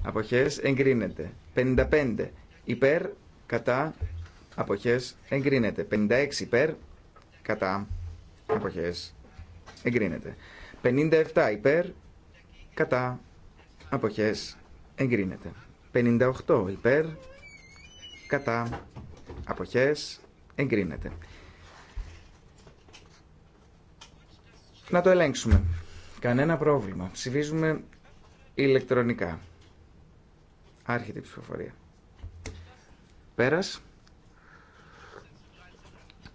αποχές, εγκρίνεται. 55. Υπέρ, κατά, αποχές, εγκρίνεται. 56. Υπέρ, κατά, αποχές, εγκρίνεται. 57. Υπέρ, κατά, αποχές, εγκρίνεται. 58. Υπέρ, κατά, αποχές, εγκρίνεται. Να το ελέγξουμε. Κανένα πρόβλημα. Ψηφίζουμε ηλεκτρονικά. Άρχεται η ψηφοφορία. Πέρας.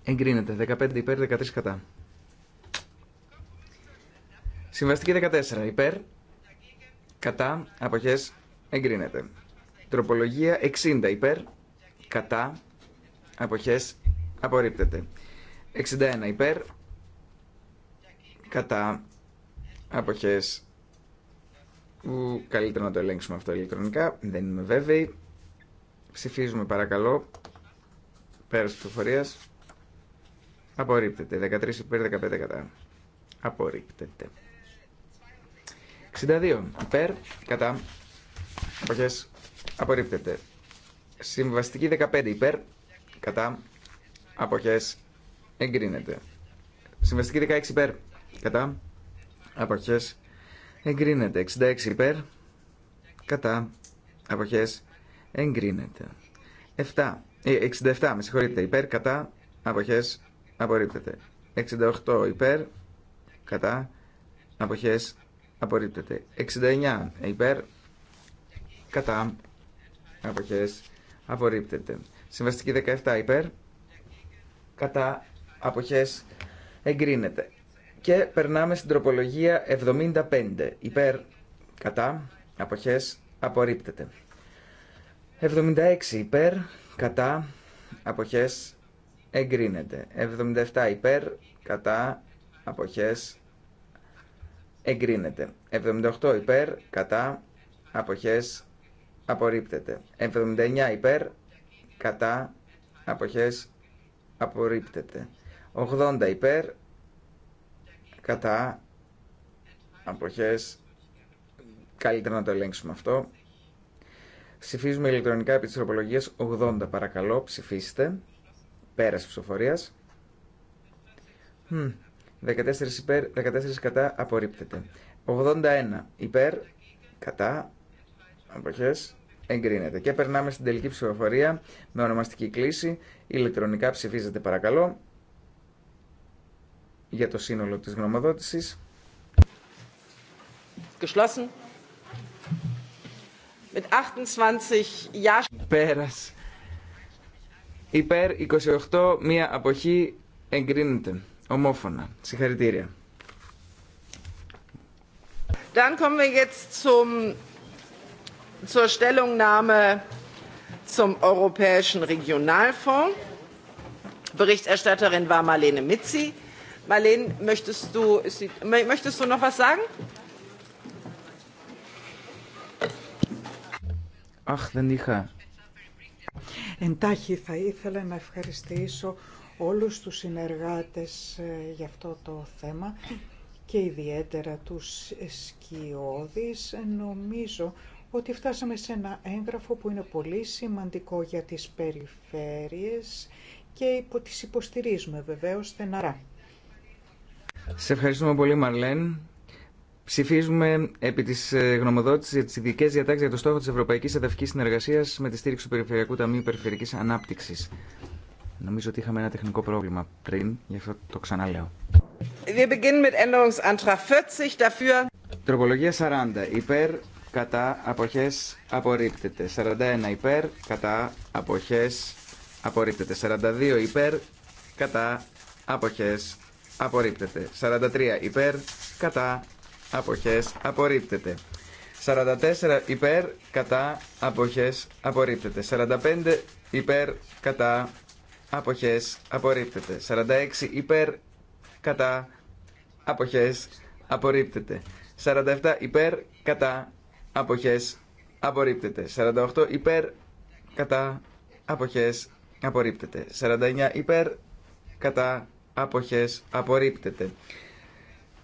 Εγκρίνεται. 15 υπέρ, 13 κατά. Συμβαστική 14. Υπέρ, κατά, αποχές, εγκρίνεται. Τροπολογία 60. Υπέρ, κατά, αποχές, απορρίπτεται. 61. Υπέρ, κατά αποχές που καλύτερα να το ελέγξουμε αυτό ηλεκτρονικά δεν είμαι βέβαιη ψηφίζουμε παρακαλώ πέρας ψηφοφορίας απορρίπτεται 13 υπέρ 15 κατά απορρίπτεται 62 υπέρ κατά αποχές απορρίπτεται συμβαστική 15 υπέρ κατά αποχές εγκρίνεται συμβαστική 16 υπέρ κατά αποχές εγκρίνεται 66 υπέρ κατά αποχές εγκρίνεται 7, 67 ε, με συγχωρείτε υπέρ κατά αποχές απορρίπτεται 68 υπέρ κατά αποχές απορρίπτεται 69 υπέρ κατά αποχές απορρίπτεται συμβαστική 17 υπέρ κατά αποχές εγκρίνεται και περνάμε στην τροπολογία 75. Υπέρ, κατά, αποχές, απορρίπτεται. 76 υπέρ, κατά, αποχές, εγκρίνεται. 77 υπέρ, κατά, αποχές, εγκρίνεται. 78 υπέρ, κατά, αποχές, απορρίπτεται. 79 υπέρ, κατά, αποχές, απορρίπτεται. 80 υπέρ, κατά αποχές καλύτερα να το ελέγξουμε αυτό ψηφίζουμε ηλεκτρονικά επί της τροπολογίας 80 παρακαλώ ψηφίστε πέρας ψηφοφορίας 14 υπέρ 14 κατά απορρίπτεται 81 υπέρ κατά αποχές εγκρίνεται και περνάμε στην τελική ψηφοφορία με ονομαστική κλίση ηλεκτρονικά ψηφίζετε παρακαλώ για το σύνολο της γνωμοδότησης. Geschlossen. Mit 28 ja. Πέρας. Υπέρ 28, μία αποχή εγκρίνεται. Ομόφωνα. Συγχαρητήρια. Dann kommen wir jetzt zum, zur Stellungnahme zum Europäischen Regionalfonds. Berichterstatterin war Marlene Mitzi. Marlene, möchtest du, möchtest du noch Αχ, δεν είχα. Εντάχει θα ήθελα να ευχαριστήσω όλους τους συνεργάτες ε, για αυτό το θέμα και ιδιαίτερα τους σκιώδεις. Νομίζω ότι φτάσαμε σε ένα έγγραφο που είναι πολύ σημαντικό για τις περιφέρειες και υπο, τις υποστηρίζουμε βεβαίως στεναρά. Σε ευχαριστούμε πολύ Μαρλέν. Ψηφίζουμε επί τη ε, γνωμοδότηση για τι ειδικέ διατάξει για το στόχο τη Ευρωπαϊκή Εδαφική Συνεργασία με τη στήριξη του Περιφερειακού Ταμείου Περιφερειακή Ανάπτυξη. Νομίζω ότι είχαμε ένα τεχνικό πρόβλημα πριν, γι' αυτό το ξαναλέω. Wir Τροπολογία 40. Υπέρ, κατά, αποχές, απορρίπτεται. 41. Υπέρ, κατά, αποχές, απορρίπτεται. 42. Υπέρ, κατά, απόχέ απορρίπτεται. 43 υπέρ, κατά, αποχές, απορρίπτεται. 44 υπέρ, κατά, αποχές, απορρίπτεται. 45 υπέρ, κατά, αποχές, απορρίπτεται. 46 υπέρ, κατά, αποχές, απορρίπτεται. 47 υπέρ, κατά, αποχές, απορρίπτεται. 48 υπέρ, κατά, αποχές, απορρίπτεται. 49 υπέρ, κατά, αποχές απορρίπτεται.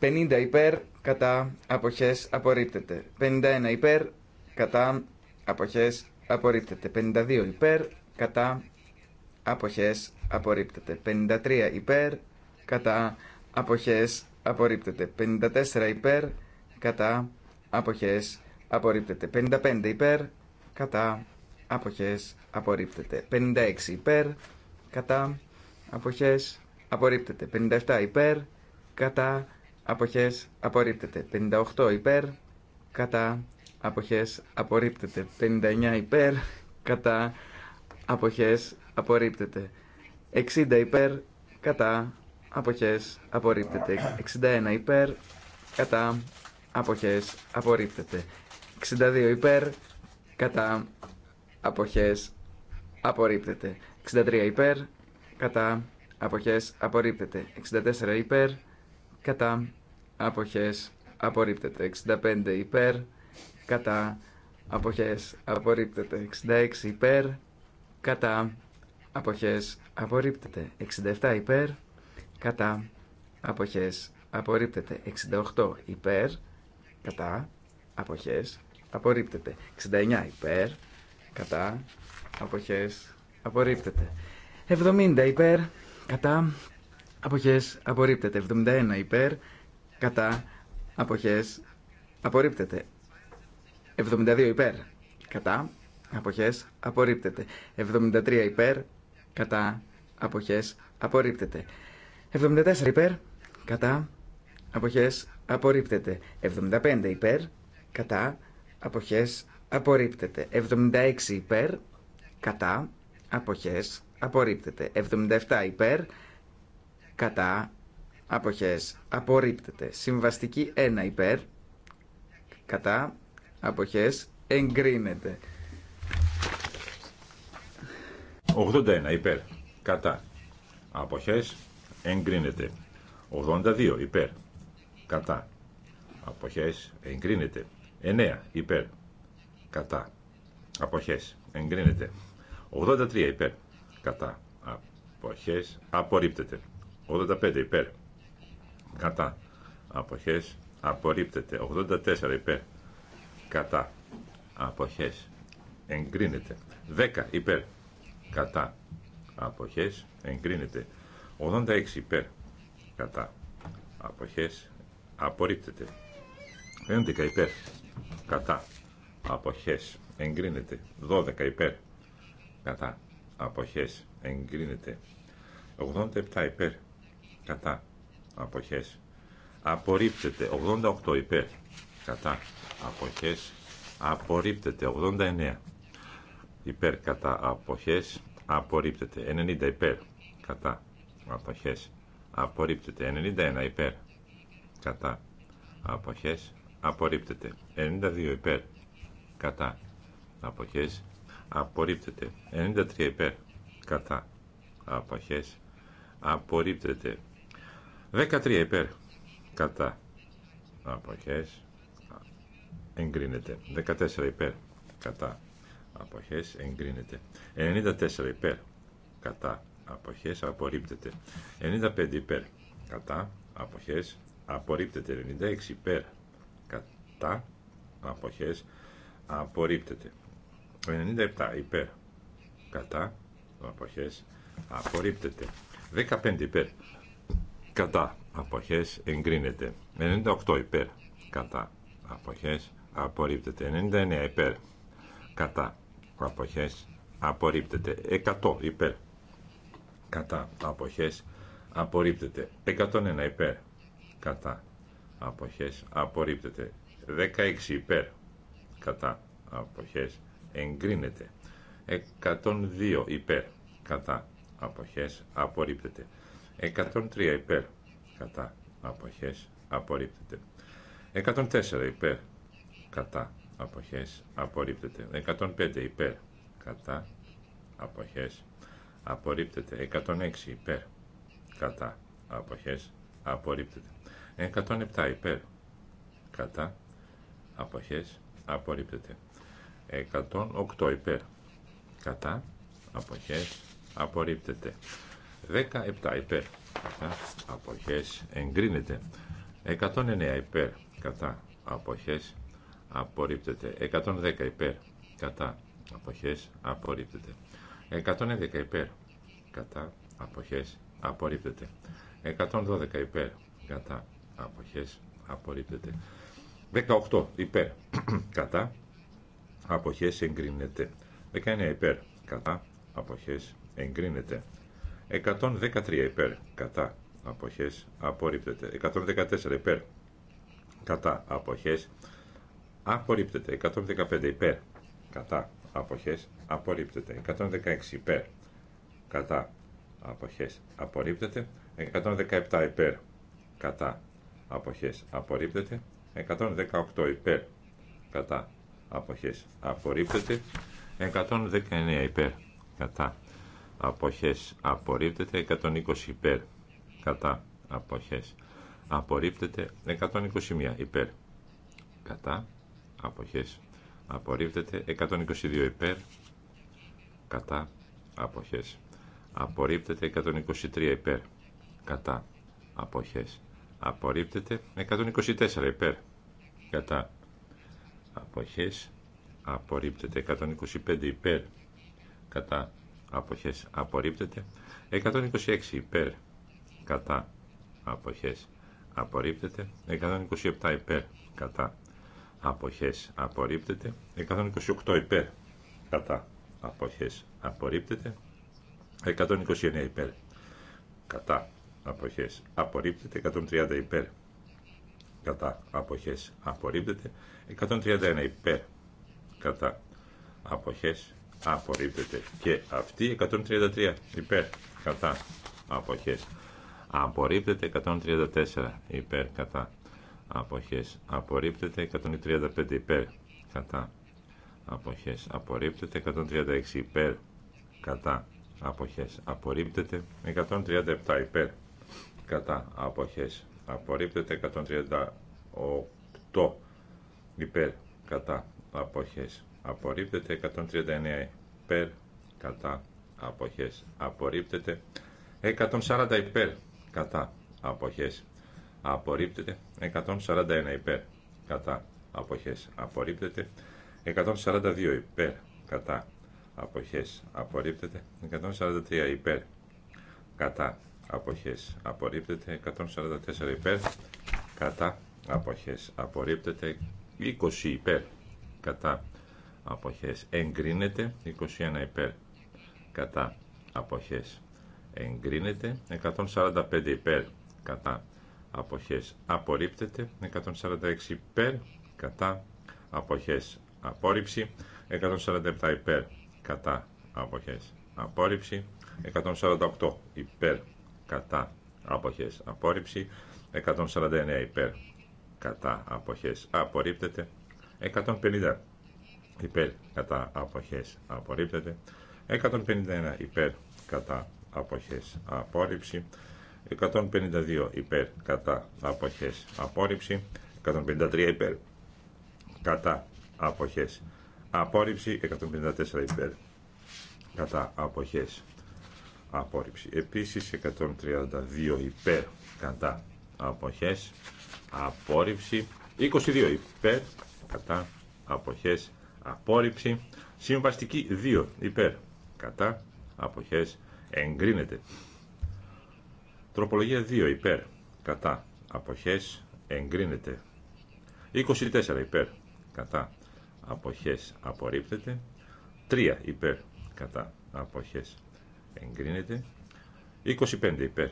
50 υπέρ κατά αποχές απορρίπτεται. 51 υπέρ κατά αποχές απορρίπτεται. 52 υπέρ κατά αποχές απορρίπτεται. 53 υπέρ κατά αποχές απορρίπτεται. 54 υπέρ κατά αποχές απορρίπτεται. 55 υπέρ κατά αποχές απορρίπτεται. 56 υπέρ κατά αποχές απορρίπτεται. 57 υπέρ, κατά, αποχές, απορρίπτεται. 58 υπέρ, κατά, αποχές, απορρίπτεται. 59 υπέρ, κατά, αποχές, απορρίπτεται. 60 υπέρ, κατά, αποχές, απορρίπτεται. 61 υπέρ, κατά, αποχές, απορρίπτεται. 62 υπέρ, κατά, αποχές, απορρίπτεται. 63 υπέρ, κατά, αποχές απορρίπτεται. 64 υπέρ, κατά αποχές απορρίπτεται. 65 υπέρ, κατά αποχές απορρίπτεται. 66 υπέρ, κατά αποχές απορρίπτεται. 67 υπέρ, κατά αποχές απορρίπτεται. 68 υπέρ, κατά αποχές απορρίπτεται. 69 υπέρ, κατά αποχές απορρίπτεται. 70 υπέρ, κατά αποχές απορρίπτεται. 71 υπέρ κατά αποχές απορρίπτεται. 72 υπέρ κατά αποχές απορρίπτεται. 73 υπέρ κατά αποχές απορρίπτεται. 74 υπέρ κατά αποχές απορρίπτεται. 75 υπέρ κατά αποχές απορρίπτεται. 76 υπέρ κατά αποχές απορρίπτεται. 77 υπέρ, κατά, αποχές, απορρίπτεται. Συμβαστική 1 υπέρ, κατά, αποχές, εγκρίνεται. 81 υπέρ, κατά, αποχές, εγκρίνεται. 82 υπέρ, κατά, αποχές, εγκρίνεται. 9 υπέρ, κατά, αποχές, εγκρίνεται. 83 υπέρ, κατά αποχές απορρίπτεται 85 υπέρ κατά αποχές απορρίπτεται 84 υπέρ κατά αποχές εγκρίνεται 10 υπέρ κατά αποχές εγκρίνεται 86 υπέρ κατά αποχές απορρίπτεται 11 υπέρ κατά αποχές εγκρίνεται 12 υπέρ κατά αποχές εγκρίνεται 87 υπέρ κατά αποχές απορρίπτεται 88 υπέρ κατά αποχές απορρίπτεται 89 υπέρ κατά αποχές απορρίπτεται 90 υπέρ κατά αποχές απορρίπτεται 91 υπέρ κατά αποχές απορρίπτεται 92 υπέρ κατά αποχές απορρίπτεται 93 υπέρ κατά αποχές απορρίπτεται 13 υπέρ κατά αποχές εγκρίνεται 14 υπέρ κατά αποχές εγκρίνεται 94 υπέρ κατά αποχές απορρίπτεται 95 υπέρ κατά αποχές απορρίπτεται 96 υπέρ κατά αποχές απορρίπτεται 97 υπέρ κατά αποχές απορρίπτεται 15 υπέρ κατά αποχές εγκρίνεται 98 υπέρ κατά αποχές απορρίπτεται 99 υπέρ κατά αποχές απορρίπτεται 100 υπέρ κατά αποχές απορρίπτεται 101 υπέρ κατά αποχές απορρίπτεται 16 υπέρ κατά αποχές εγκρίνεται. 102 υπέρ κατά αποχές απορρίπτεται. 103 υπέρ κατά αποχές απορρίπτεται. 104 υπέρ κατά αποχές απορρίπτεται. 105 υπέρ κατά αποχές απορρίπτεται. 106 υπέρ κατά αποχές απορρίπτεται. 107 υπέρ κατά αποχές απορρίπτεται. 108 υπέρ κατά αποχές απορρίπτεται 17 υπέρ κατά αποχές εγκρίνεται 109 υπέρ κατά αποχές απορρίπτεται 110 υπέρ κατά αποχές απορρίπτεται 111 υπέρ κατά αποχές απορρίπτεται 112 υπέρ κατά αποχές απορρίπτεται 18 υπέρ κατά αποχές εγκρίνεται. 19 υπέρ κατά αποχές εγκρίνεται. 113 υπέρ κατά αποχές απορρίπτεται. 114 υπέρ κατά αποχές απορρίπτεται. 115 υπέρ κατά αποχές απορρίπτεται. 116 υπέρ κατά αποχές απορρίπτεται. 117 υπέρ κατά αποχές απορρίπτεται. 118 υπέρ κατά αποχές απορρίπτεται 119 υπέρ κατά αποχές απορρίπτεται 120 υπέρ κατά αποχές απορρίπτεται 121 υπέρ κατά αποχές απορρίπτεται 122 υπέρ κατά αποχές απορρίπτεται 123 υπέρ κατά αποχές απορρίπτεται 124 υπέρ κατά αποχές απορρίπτεται 125 υπέρ κατά αποχές απορρίπτεται 126 υπέρ κατά αποχές απορρίπτεται 127 υπέρ κατά αποχές απορρίπτεται 128 υπέρ κατά αποχές απορρίπτεται 129 υπέρ κατά αποχές απορρίπτεται 130 υπέρ κατά αποχές απορρίπτεται 131 υπέρ κατά αποχές απορρίπτεται και αυτή 133 υπέρ κατά αποχές απορρίπτεται 134 υπέρ κατά αποχές απορρίπτεται 135 υπέρ κατά αποχές απορρίπτεται 136 υπέρ κατά αποχές απορρίπτεται 137 υπέρ κατά αποχές απορρίπτεται 138 υπέρ κατά αποχές απορρίπτεται 139 υπέρ κατά αποχές απορρίπτεται 140 υπέρ κατά αποχές απορρίπτεται 141 υπέρ κατά αποχές απορρίπτεται 142 υπέρ κατά αποχές απορρίπτεται 143 υπέρ κατά αποχές απορρίπτεται 144 υπέρ κατά αποχές απορρίπτεται 20 υπέρ κατά αποχές εγκρίνεται 21 υπέρ κατά αποχές εγκρίνεται 145 υπέρ κατά αποχές απορρίπτεται 146 υπέρ κατά αποχές απόρριψη 147 υπέρ κατά αποχές απόρριψη 148 υπέρ κατά αποχές απόρριψη 149 υπέρ κατά αποχές απορρίπτεται 150 υπέρ κατά αποχές απορρίπτεται 151 υπέρ κατά αποχές απόρριψη 152 υπέρ κατά αποχές απόρριψη 153 υπέρ κατά αποχές απόρριψη 154 υπέρ κατά αποχές απόρριψη. Επίσης 132 υπέρ κατά αποχές απόρριψη. 22 υπέρ κατά αποχές απόρριψη. Συμβαστική 2 υπέρ κατά αποχές εγκρίνεται. Τροπολογία 2 υπέρ κατά αποχές εγκρίνεται. 24 υπέρ κατά αποχές απορρίπτεται. 3 υπέρ κατά αποχές εγκρίνεται 25 υπέρ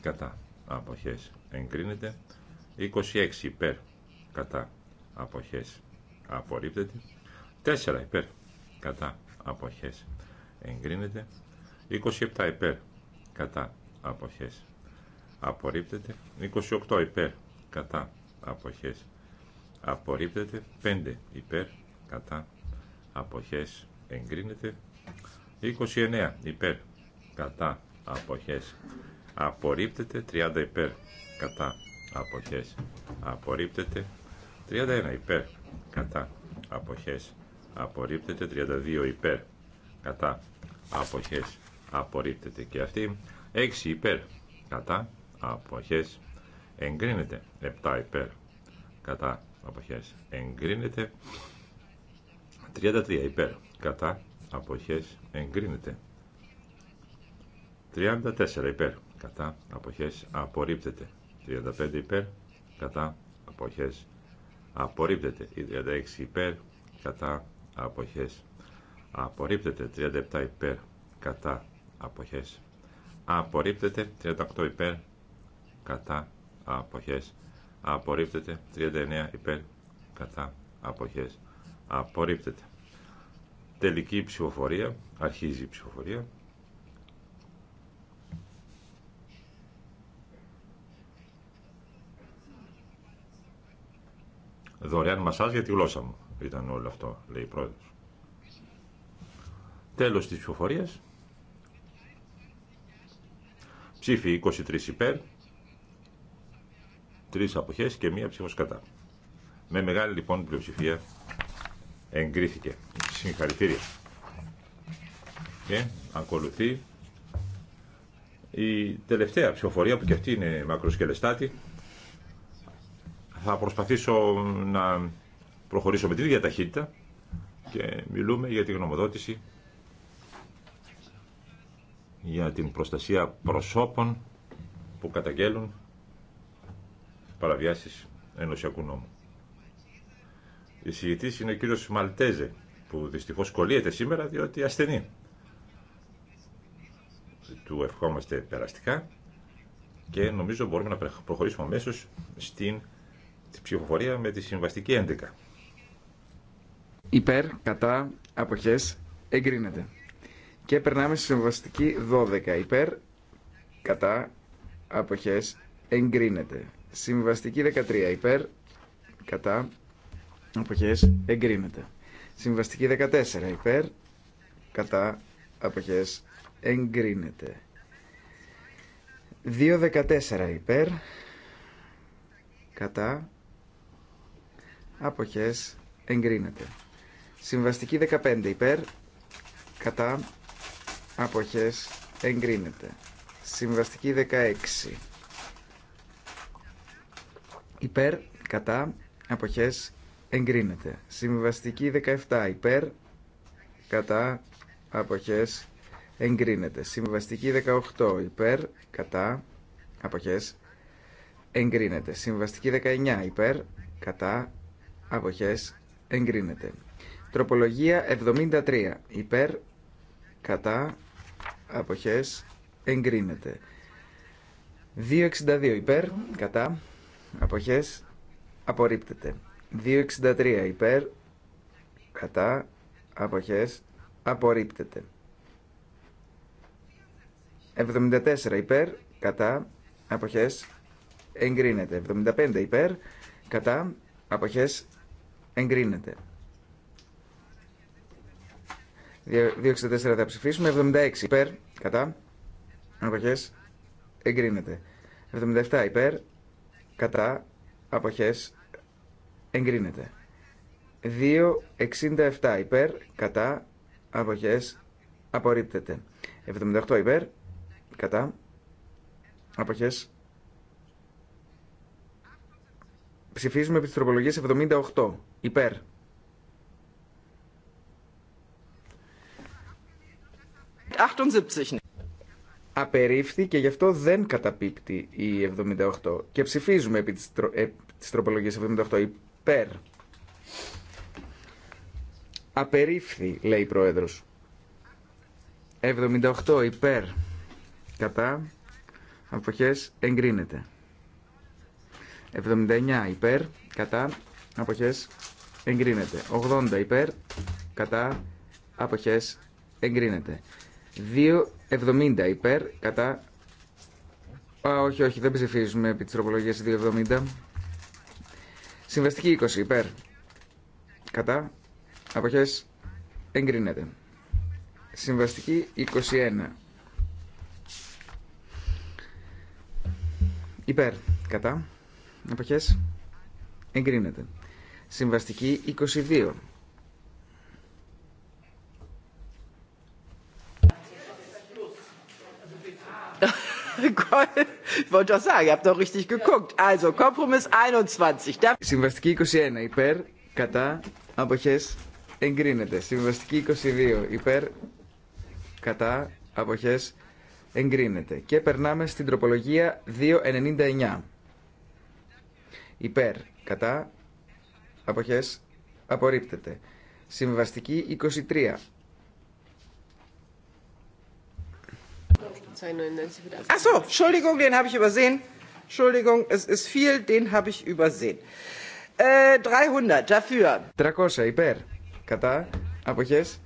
κατά αποχές εγκρίνεται 26 υπέρ κατά αποχές απορρίπτεται 4 υπέρ κατά αποχές εγκρίνεται 27 υπέρ κατά αποχές απορρίπτεται 28 υπέρ κατά αποχές απορρίπτεται 5 υπέρ κατά αποχές εγκρίνεται 29 υπέρ κατά αποχές απορρίπτεται 30 υπέρ κατά αποχές απορρίπτεται 31 υπέρ κατά αποχές απορρίπτεται 32 υπέρ κατά αποχές απορρίπτεται και αυτή 6 υπέρ κατά αποχές εγκρίνεται 7 υπέρ κατά αποχές εγκρίνεται 33 υπέρ κατά αποχές εγκρίνεται 34 υπέρ κατά αποχές απορρίπτεται 35 υπέρ κατά αποχές απορρίπτεται 36 υπέρ κατά αποχές απορρίπτεται 37 υπέρ κατά αποχές απορρίπτεται 38 υπέρ κατά αποχές απορρίπτεται 39 υπέρ κατά αποχές απορρίπτεται τελική ψηφοφορία αρχίζει η ψηφοφορία δωρεάν μασάζ για τη γλώσσα μου. Ήταν όλο αυτό, λέει η πρόεδρο. Τέλος τη ψηφοφορία. Ψήφι 23 υπέρ, 3 αποχέ και μία ψήφο κατά. Με μεγάλη λοιπόν πλειοψηφία εγκρίθηκε. Συγχαρητήρια. Και ακολουθεί η τελευταία ψηφοφορία που και αυτή είναι μακροσκελεστάτη. Θα προσπαθήσω να προχωρήσω με την ίδια ταχύτητα και μιλούμε για την γνωμοδότηση για την προστασία προσώπων που καταγγέλουν παραβιάσεις ενωσιακού νόμου. Η συγητής είναι ο κύριος Μαλτέζε που δυστυχώς κολλείεται σήμερα διότι ασθενεί. Του ευχόμαστε περαστικά και νομίζω μπορούμε να προχωρήσουμε αμέσως στην την ψηφοφορία με τη συμβαστική 11. Υπέρ, κατά, αποχές, εγκρίνεται. Και περνάμε στη συμβαστική 12. Υπέρ, κατά, αποχές, εγκρίνεται. Συμβαστική 13. Υπέρ, κατά, αποχές, εγκρίνεται. Συμβαστική 14. Υπέρ, κατά, αποχές, εγκρίνεται. 2.14 υπέρ κατά αποχές εγκρίνεται. Συμβαστική 15 υπέρ, κατά, αποχές εγκρίνεται. Συμβαστική 16 υπέρ, κατά, αποχές εγκρίνεται. Συμβαστική 17 υπέρ, κατά, αποχές εγκρίνεται. Συμβαστική 18 υπέρ, κατά, αποχές εγκρίνεται. Συμβαστική 19 υπέρ, κατά, αποχές εγκρίνεται. Τροπολογία 73 υπέρ κατά αποχές εγκρίνεται. 262 υπέρ κατά αποχές απορρίπτεται. 263 υπέρ κατά αποχές απορρίπτεται. 74 υπέρ κατά αποχές εγκρίνεται. 75 υπέρ κατά αποχές Εγκρίνεται. 264 θα ψηφίσουμε. 76 υπέρ. Κατά. Αποχές. Εγκρίνεται. 77 υπέρ. Κατά. Αποχές. Εγκρίνεται. 267 υπέρ. Κατά. Αποχές. Απορρίπτεται. 78 υπέρ. Κατά. Αποχές. Ψηφίζουμε επί τη τροπολογία 78. Υπέρ. Απερίφθη και γι' αυτό δεν καταπίπτει η 78. Και ψηφίζουμε επί της, τρο... Ε, τροπολογίας 78. Υπέρ. Απερίφθη, λέει η Πρόεδρος. 78. Υπέρ. Κατά. Αποχές εγκρίνεται. 79. Υπέρ. Κατά αποχές εγκρίνεται. 80 υπέρ, κατά, αποχές εγκρίνεται. 2,70 υπέρ, κατά... Α, όχι, όχι, δεν ψηφίζουμε επί της τροπολογίας 2,70. Συμβαστική 20 υπέρ, κατά, αποχές εγκρίνεται. Συμβαστική 21. Υπέρ, κατά, αποχές, εγκρίνεται. Συμβαστική 22. wollte sagen, ihr habt doch richtig geguckt. Also, Kompromiss 21. Συμβαστική 21 υπέρ, κατά, αποχές, εγκρίνεται. Συμβαστική 22 υπέρ, κατά, αποχές, εγκρίνεται. Και περνάμε στην τροπολογία 299. Υπέρ, κατά, αποχές απορρίπτεται. Συμβαστική 23. Achso, Entschuldigung, den habe ich übersehen. Entschuldigung, es ist viel, den habe ich übersehen. 300, äh, dafür. 300, υπέρ. Κατά, αποχές,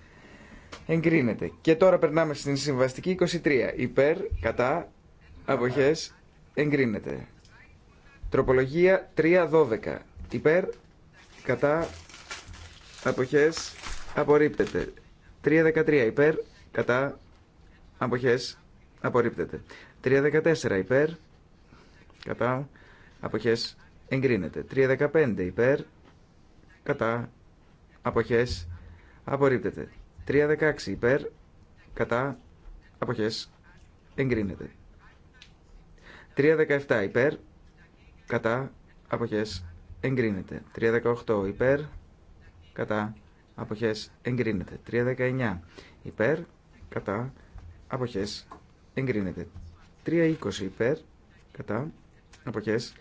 εγκρίνεται. Και τώρα περνάμε στην συμβαστική 23. Υπέρ, κατά, αποχές, εγκρίνεται. Τροπολογία 312. Υπέρ, κατά αποχές απορρίπτεται 3.13 υπέρ κατά αποχές απορρίπτεται 3.14 υπέρ κατά αποχές εγκρίνεται 3.15 υπέρ κατά αποχές απορρίπτεται 3.16 υπέρ κατά αποχές εγκρίνεται 3.17 υπέρ κατά αποχές εγκρίνεται. 318 υπέρ, κατά αποχές εγκρίνεται. 319 υπέρ, κατά αποχές εγκρίνεται. 320 υπέρ, κατά αποχές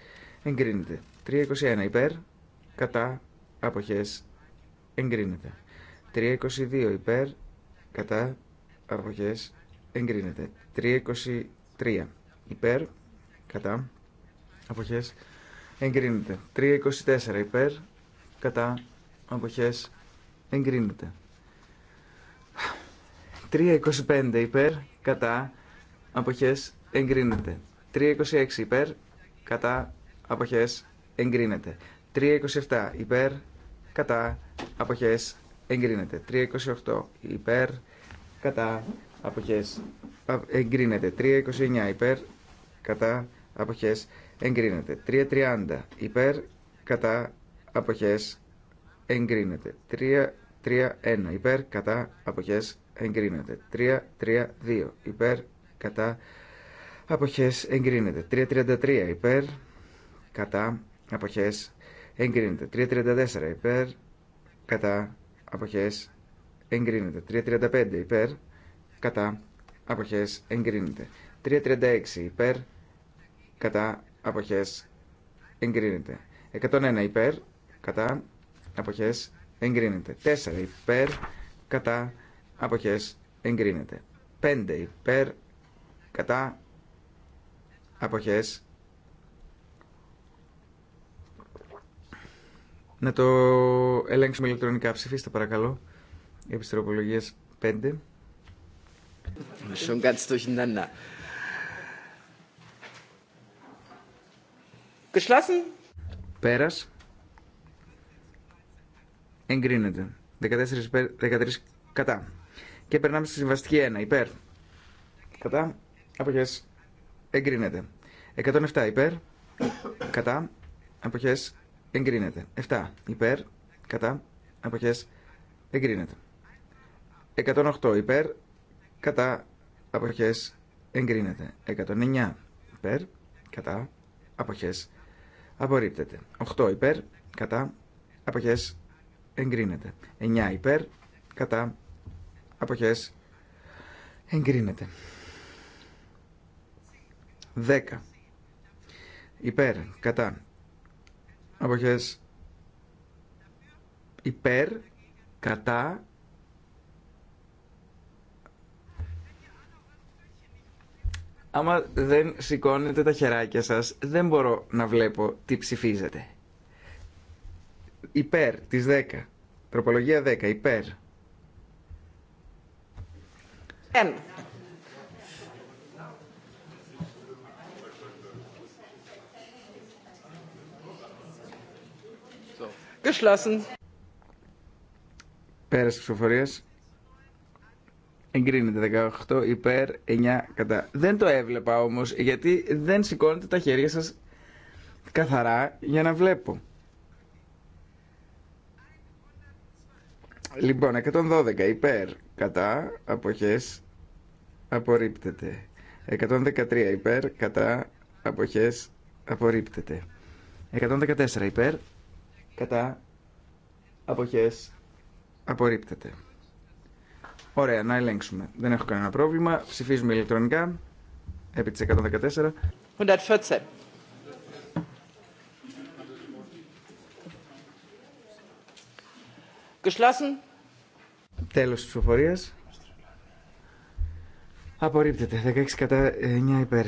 εγκρίνεται. 321 υπέρ, κατά αποχές εγκρίνεται. 322 υπέρ, κατά αποχές εγκρίνεται. 323 υπέρ, κατά αποχές εγκρίνεται εγκρίνεται. 3.24 υπέρ, κατά αποχές εγκρίνεται. 3.25 υπέρ, κατά αποχές εγκρίνεται. 3.26 υπέρ, κατά αποχές εγκρίνεται. 3.27 υπέρ, κατά αποχές εγκρίνεται. 3.28 υπέρ, κατά αποχές εγκρίνεται. 3.29 υπέρ, κατά αποχές εγκρίνεται εγκρίνεται. 3.30 υπέρ κατά αποχές εγκρίνεται. 3.31 υπέρ κατά αποχές εγκρίνεται. 3.32 υπέρ κατά αποχές εγκρίνεται. 3.33 υπέρ κατά αποχές εγκρίνεται. 3.34 υπέρ κατά αποχές εγκρίνεται. 3.35 υπέρ κατά αποχές εγκρίνεται. 3.36 υπέρ κατά αποχές εγκρίνεται. 101 υπέρ, κατά, αποχές εγκρίνεται. 4 υπέρ, κατά, αποχές εγκρίνεται. 5 υπέρ, κατά, αποχές Να το ελέγξουμε ηλεκτρονικά. Ψηφίστε παρακαλώ. Επιστροπολογίες 5. Schon ganz durcheinander. Geschlossen. Πέρας. Εγκρίνεται. 14, 13 κατά. Και περνάμε στη συμβαστική 1. Υπέρ. Κατά. Αποχές. Εγκρίνεται. 107 υπέρ. Κατά. Αποχές. Εγκρίνεται. 7 υπέρ. Κατά. Αποχές. Εγκρίνεται. 108 υπέρ. Κατά. Αποχές. Εγκρίνεται. 109 υπέρ. Κατά. Αποχές απορρίπτεται. 8 υπέρ, κατά, αποχές, εγκρίνεται. 9 υπέρ, κατά, αποχές, εγκρίνεται. 10 υπέρ, κατά, αποχές, υπέρ, κατά, άμα δεν σηκώνετε τα χεράκια σας, δεν μπορώ να βλέπω τι ψηφίζετε. Υπέρ τις 10. Τροπολογία 10. Υπέρ. Ένα. Geschlossen. τη Εγκρίνεται 18 υπέρ 9 κατά. Δεν το έβλεπα όμως γιατί δεν σηκώνετε τα χέρια σας καθαρά για να βλέπω. Λοιπόν, 112 υπέρ κατά αποχές απορρίπτεται. 113 υπέρ κατά αποχές απορρίπτεται. 114 υπέρ κατά αποχές απορρίπτεται. Ωραία, να ελέγξουμε. Δεν έχω κανένα πρόβλημα. Ψηφίζουμε ηλεκτρονικά. Επί της 114. 114. Geschlossen. Τέλος της ψηφοφορίας. Απορρίπτεται. 16 κατά 9 ε, υπέρ.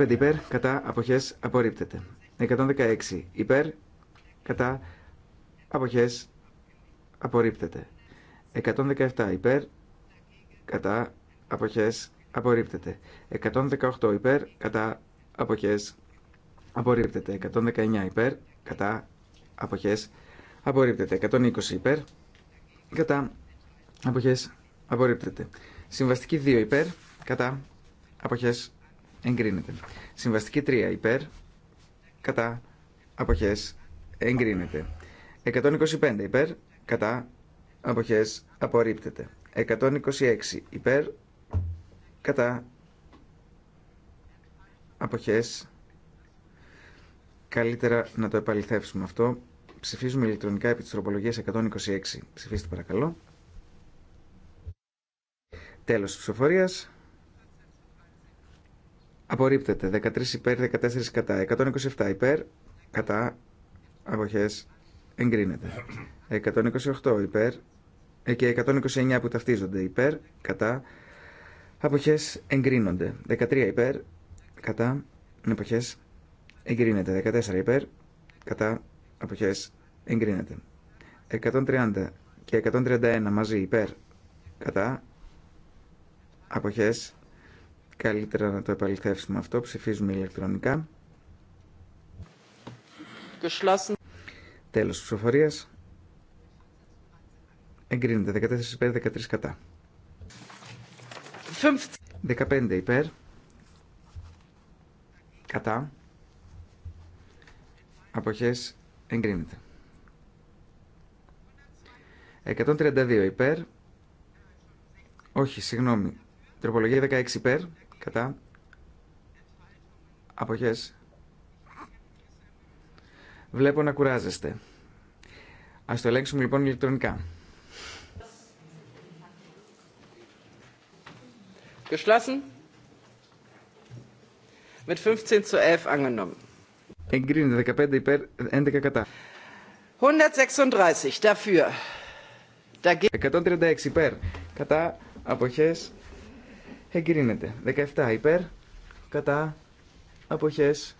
115 υπέρ κατά αποχές απορρίπτεται. 116 υπέρ κατά αποχές απορρίπτεται. 117 υπέρ κατά αποχές απορρίπτεται. 118 υπέρ κατά αποχές απορρίπτεται. 119 υπέρ κατά αποχές απορρίπτεται. 120 υπέρ κατά αποχές απορρίπτεται. Συμβαστική 2 υπέρ κατά αποχές εγκρίνεται. Συμβαστική 3 υπέρ κατά αποχές εγκρίνεται. 125 υπέρ κατά αποχές απορρίπτεται. 126 υπέρ κατά αποχές καλύτερα να το επαληθεύσουμε αυτό ψηφίζουμε ηλεκτρονικά επί της τροπολογίας 126 ψηφίστε παρακαλώ τέλος της ψηφοφορίας απορρίπτεται 13 υπέρ 14 κατά 127 υπέρ κατά αποχές εγκρίνεται 128 υπέρ ε, και 129 που ταυτίζονται υπέρ, κατά, αποχές εγκρίνονται. 13 υπέρ, κατά, αποχές εγκρίνεται. 14 υπέρ, κατά, αποχές εγκρίνεται. 130 και 131 μαζί υπέρ, κατά, αποχές Καλύτερα να το επαληθεύσουμε αυτό. Ψηφίζουμε ηλεκτρονικά. Geschlossen. Τέλος της ψηφοφορίας. Εγκρίνεται. 14 υπέρ, 13 κατά. 15 υπέρ. Κατά. Αποχές εγκρίνεται. 132 υπέρ. Όχι, συγγνώμη. Τροπολογία 16 υπέρ. Κατά. Αποχές. Βλέπω να κουράζεστε. Ας το ελέγξουμε λοιπόν ηλεκτρονικά. Geschlossen. Mit 15 zu 11 angenommen. Εγκρίνεται 15 υπέρ 11 κατά. 136 dafür. 136 υπέρ κατά αποχές εγκρίνεται. 17 υπέρ κατά αποχές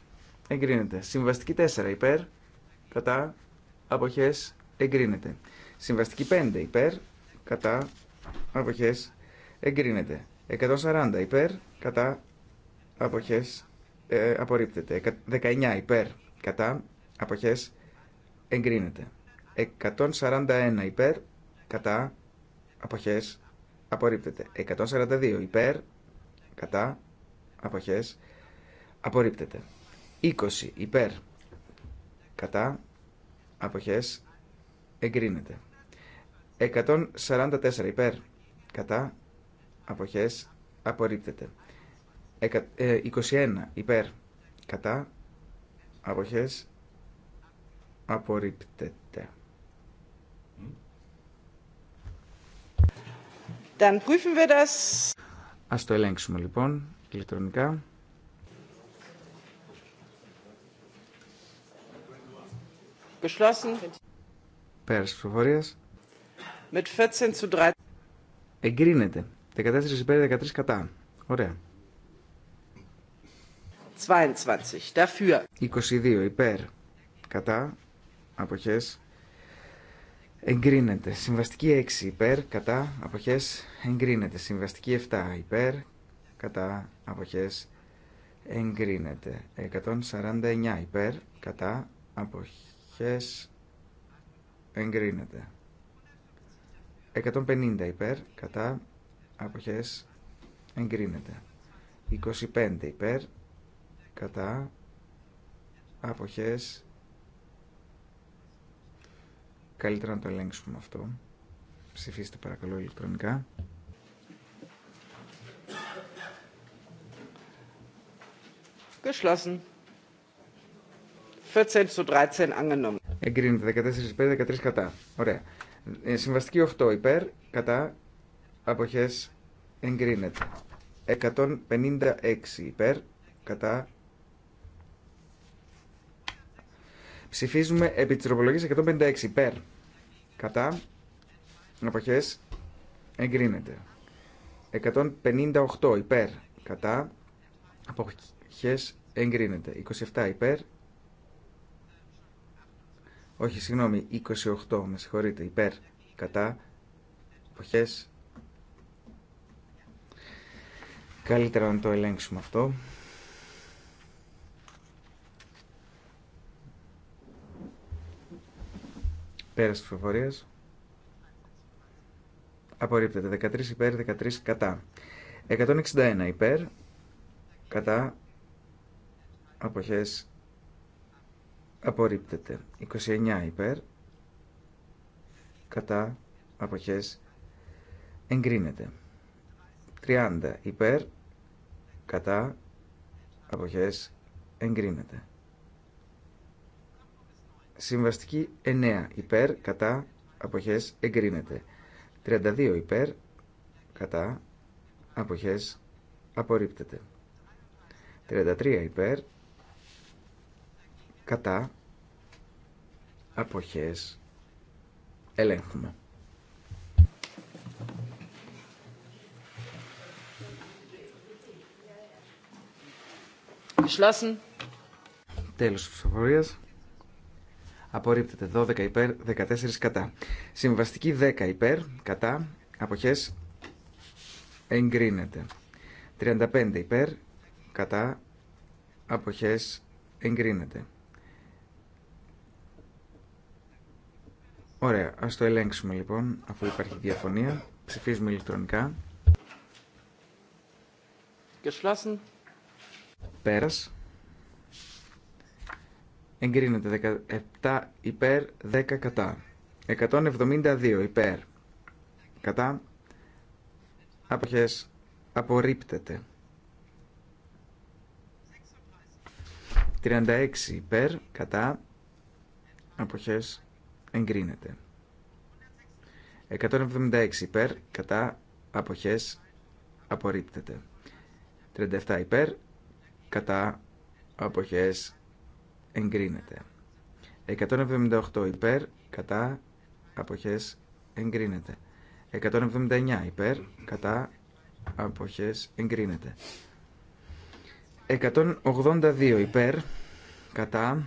εγκρίνεται. Συμβαστική 4 υπέρ κατά αποχές εγκρίνεται. Συμβαστική 5 υπέρ κατά αποχές εγκρίνεται. 140 υπέρ, κατά αποχές ε, απορρίπτεται. 19 υπέρ, κατά αποχές εγκρίνεται. 141 υπέρ, κατά αποχές απορρίπτεται. 142 υπέρ, κατά αποχές απορρίπτεται. 20 υπέρ, κατά αποχές εγκρίνεται. 144 υπέρ, κατά αποχές απορρίπτεται. 21 ε, υπέρ κατά αποχές απορρίπτεται. Dann prüfen wir das. Ας το ελέγξουμε λοιπόν ηλεκτρονικά. Geschlossen. Πέρας ψηφοφορίας. Mit 14 zu 13. Εγκρίνεται. 14 υπέρ, 13 κατά. Ωραία. 22. Dafür. 22 υπέρ. Κατά. Αποχές. Εγκρίνεται. Συμβαστική 6 υπέρ. Κατά. Αποχές. Εγκρίνεται. Συμβαστική 7 υπέρ. Κατά. Αποχές. Εγκρίνεται. 149 υπέρ. Κατά. Αποχές. Εγκρίνεται. 150 υπέρ. Κατά αποχές εγκρίνεται 25 υπέρ κατά αποχές καλύτερα να το ελέγξουμε αυτό ψηφίστε παρακαλώ ηλεκτρονικά Geschlossen. 14 zu 13 angenommen. Εγκρίνεται 14 υπέρ, 13 κατά. Ωραία. Ε, συμβαστική 8 υπέρ, κατά, αποχές εγκρίνεται. 156 υπέρ κατά ψηφίζουμε επί της τροπολογίας 156 υπέρ κατά αποχές εγκρίνεται 158 υπέρ κατά αποχές εγκρίνεται 27 υπέρ όχι συγγνώμη 28 με συγχωρείτε υπέρ κατά αποχές Καλύτερα να το ελέγξουμε αυτό. Πέρας της προφορίας. Απορρίπτεται. 13 υπέρ, 13 κατά. 161 υπέρ, κατά, αποχές, απορρίπτεται. 29 υπέρ, κατά, αποχές, εγκρίνεται. 30 υπέρ κατά αποχές εγκρίνεται. Συμβαστική 9 υπέρ κατά αποχές εγκρίνεται. 32 υπέρ κατά αποχές απορρίπτεται. 33 υπέρ κατά αποχές ελέγχουμε. Geschlossen. Τέλος της ψηφοφορίας. Απορρίπτεται 12 υπέρ, 14 κατά. Συμβαστική 10 υπέρ, κατά. Αποχές εγκρίνεται. 35 υπέρ, κατά. Αποχές εγκρίνεται. Ωραία, ας το ελέγξουμε λοιπόν, αφού υπάρχει διαφωνία. Ψηφίζουμε ηλεκτρονικά. Geschlossen. Πέρας. Εγκρίνεται 17 υπέρ 10 κατά. 172 υπέρ. Κατά. Αποχές. Απορρίπτεται. 36 υπέρ. Κατά. Αποχές. Εγκρίνεται. 176 υπέρ. Κατά. Αποχές. Απορρίπτεται. 37 υπέρ κατά αποχές εγκρίνεται. 178 υπέρ κατά αποχές εγκρίνεται. 179 υπέρ κατά αποχές εγκρίνεται. 182 υπέρ κατά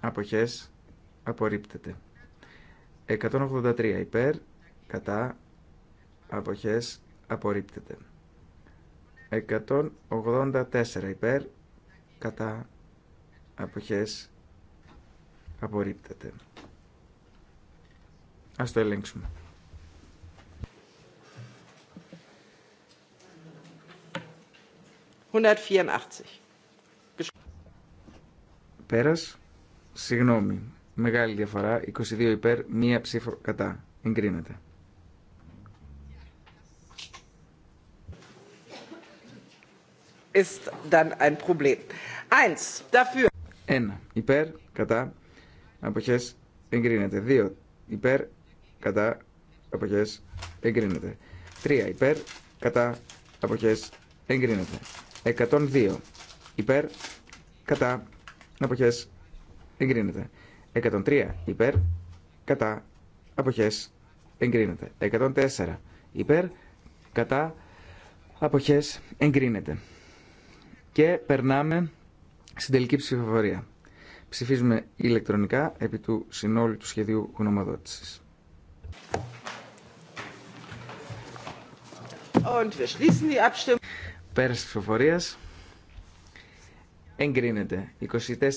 αποχές απορρίπτεται. 183 υπέρ κατά αποχές απορρίπτεται. 184 υπέρ κατά αποχές απορρίπτεται. Ας το ελέγξουμε. Πέρας, συγγνώμη, μεγάλη διαφορά, 22 υπέρ, μία ψήφο κατά, εγκρίνεται. Ist dann ein Problem. 1. Υπέρ, κατά, αποχές, εγκρίνεται. 2. Υπέρ, κατά, αποχές, εγκρίνεται. 3. Υπέρ, κατά, αποχές, εγκρίνεται. 102. Υπέρ, κατά, αποχές, εγκρίνεται. 103. Υπέρ, κατά, αποχές, εγκρίνεται. 104. Υπέρ, κατά, αποχές, εγκρίνεται. Και περνάμε στην τελική ψηφοφορία. Ψηφίζουμε ηλεκτρονικά επί του συνόλου του σχεδίου γνωμοδότησης. Πέρας τη ψηφοφορίας εγκρίνεται 24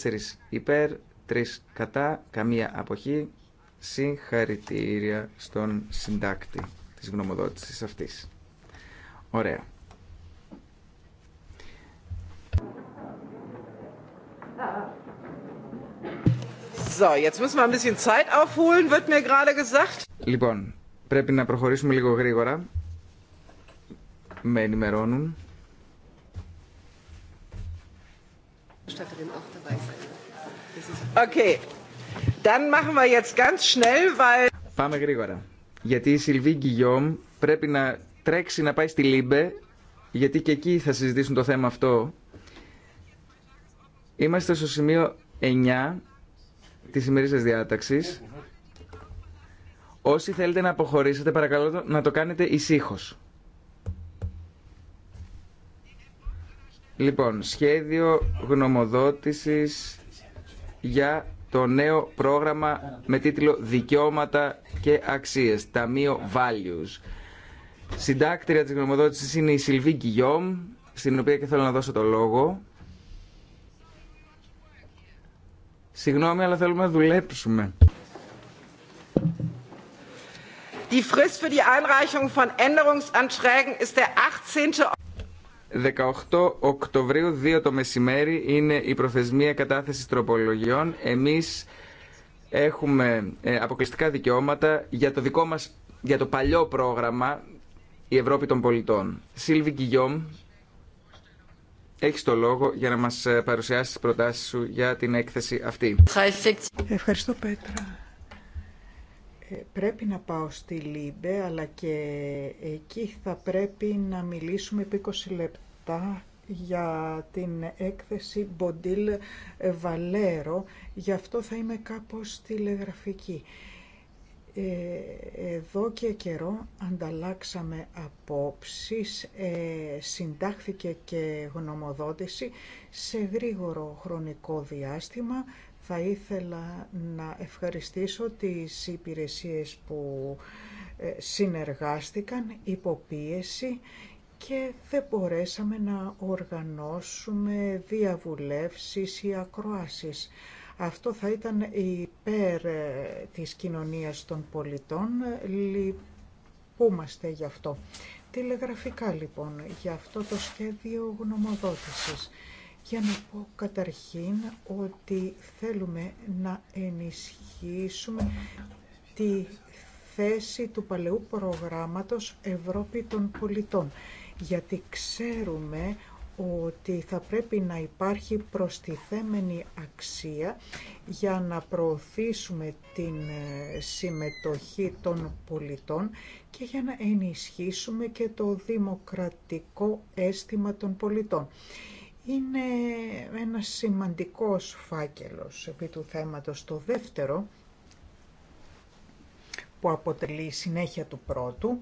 υπέρ, 3 κατά, καμία αποχή. Συγχαρητήρια στον συντάκτη της γνωμοδότησης αυτής. Ωραία. So, jetzt müssen wir ein bisschen Zeit aufholen, wird mir gerade gesagt. Λοιπόν, πρέπει να προχωρήσουμε λίγο γρήγορα. Με ενημερώνουν. Okay. Dann machen wir jetzt ganz schnell, weil... Πάμε γρήγορα. Γιατί η Σιλβί Γκυγιόμ πρέπει να τρέξει να πάει στη Λίμπε, γιατί και εκεί θα συζητήσουν το θέμα αυτό. Είμαστε στο σημείο 9 Τη σημερινές διάταξη. Όσοι θέλετε να αποχωρήσετε, παρακαλώ να το κάνετε ησύχω. Λοιπόν, σχέδιο γνωμοδότησης για το νέο πρόγραμμα με τίτλο «Δικαιώματα και αξίες», Ταμείο Values. Συντάκτρια της γνωμοδότησης είναι η Σιλβί Γκυγιόμ, στην οποία και θέλω να δώσω το λόγο. Συγγνώμη, αλλά θέλουμε να δουλέψουμε. 18. 18 Οκτωβρίου, 2 το μεσημέρι, είναι η προθεσμία κατάθεση τροπολογιών. Εμεί έχουμε ε, αποκλειστικά δικαιώματα για το δικό μας, για το παλιό πρόγραμμα «Η Ευρώπη των Πολιτών». Σίλβι Κιγιόμ, έχει το λόγο για να μας ε, παρουσιάσει τι προτάσει σου για την έκθεση αυτή. Ευχαριστώ Πέτρα. Ε, πρέπει να πάω στη Λίμπε, αλλά και εκεί θα πρέπει να μιλήσουμε επί 20 λεπτά για την έκθεση Μποντίλ Βαλέρο, γι' αυτό θα είμαι κάπως τηλεγραφική. Ε, εδώ και καιρό ανταλλάξαμε απόψεις, ε, συντάχθηκε και γνωμοδότηση σε γρήγορο χρονικό διάστημα. Θα ήθελα να ευχαριστήσω τις υπηρεσίες που ε, συνεργάστηκαν υποπίεση και δεν μπορέσαμε να οργανώσουμε διαβουλεύσεις ή ακροάσεις. Αυτό θα ήταν υπέρ ε, της κοινωνίας των πολιτών. Λυπούμαστε γι' αυτό. Τηλεγραφικά λοιπόν για αυτό το σχέδιο γνωμοδότησης. Για να πω καταρχήν ότι θέλουμε να ενισχύσουμε τη θέση του παλαιού προγράμματος Ευρώπη των Πολιτών. Γιατί ξέρουμε ότι θα πρέπει να υπάρχει προστιθέμενη αξία για να προωθήσουμε την ε, συμμετοχή των πολιτών και για να ενισχύσουμε και το δημοκρατικό αίσθημα των πολιτών. Είναι ένα σημαντικός φάκελος επί του θέματος. Το δεύτερο, που αποτελεί συνέχεια του πρώτου,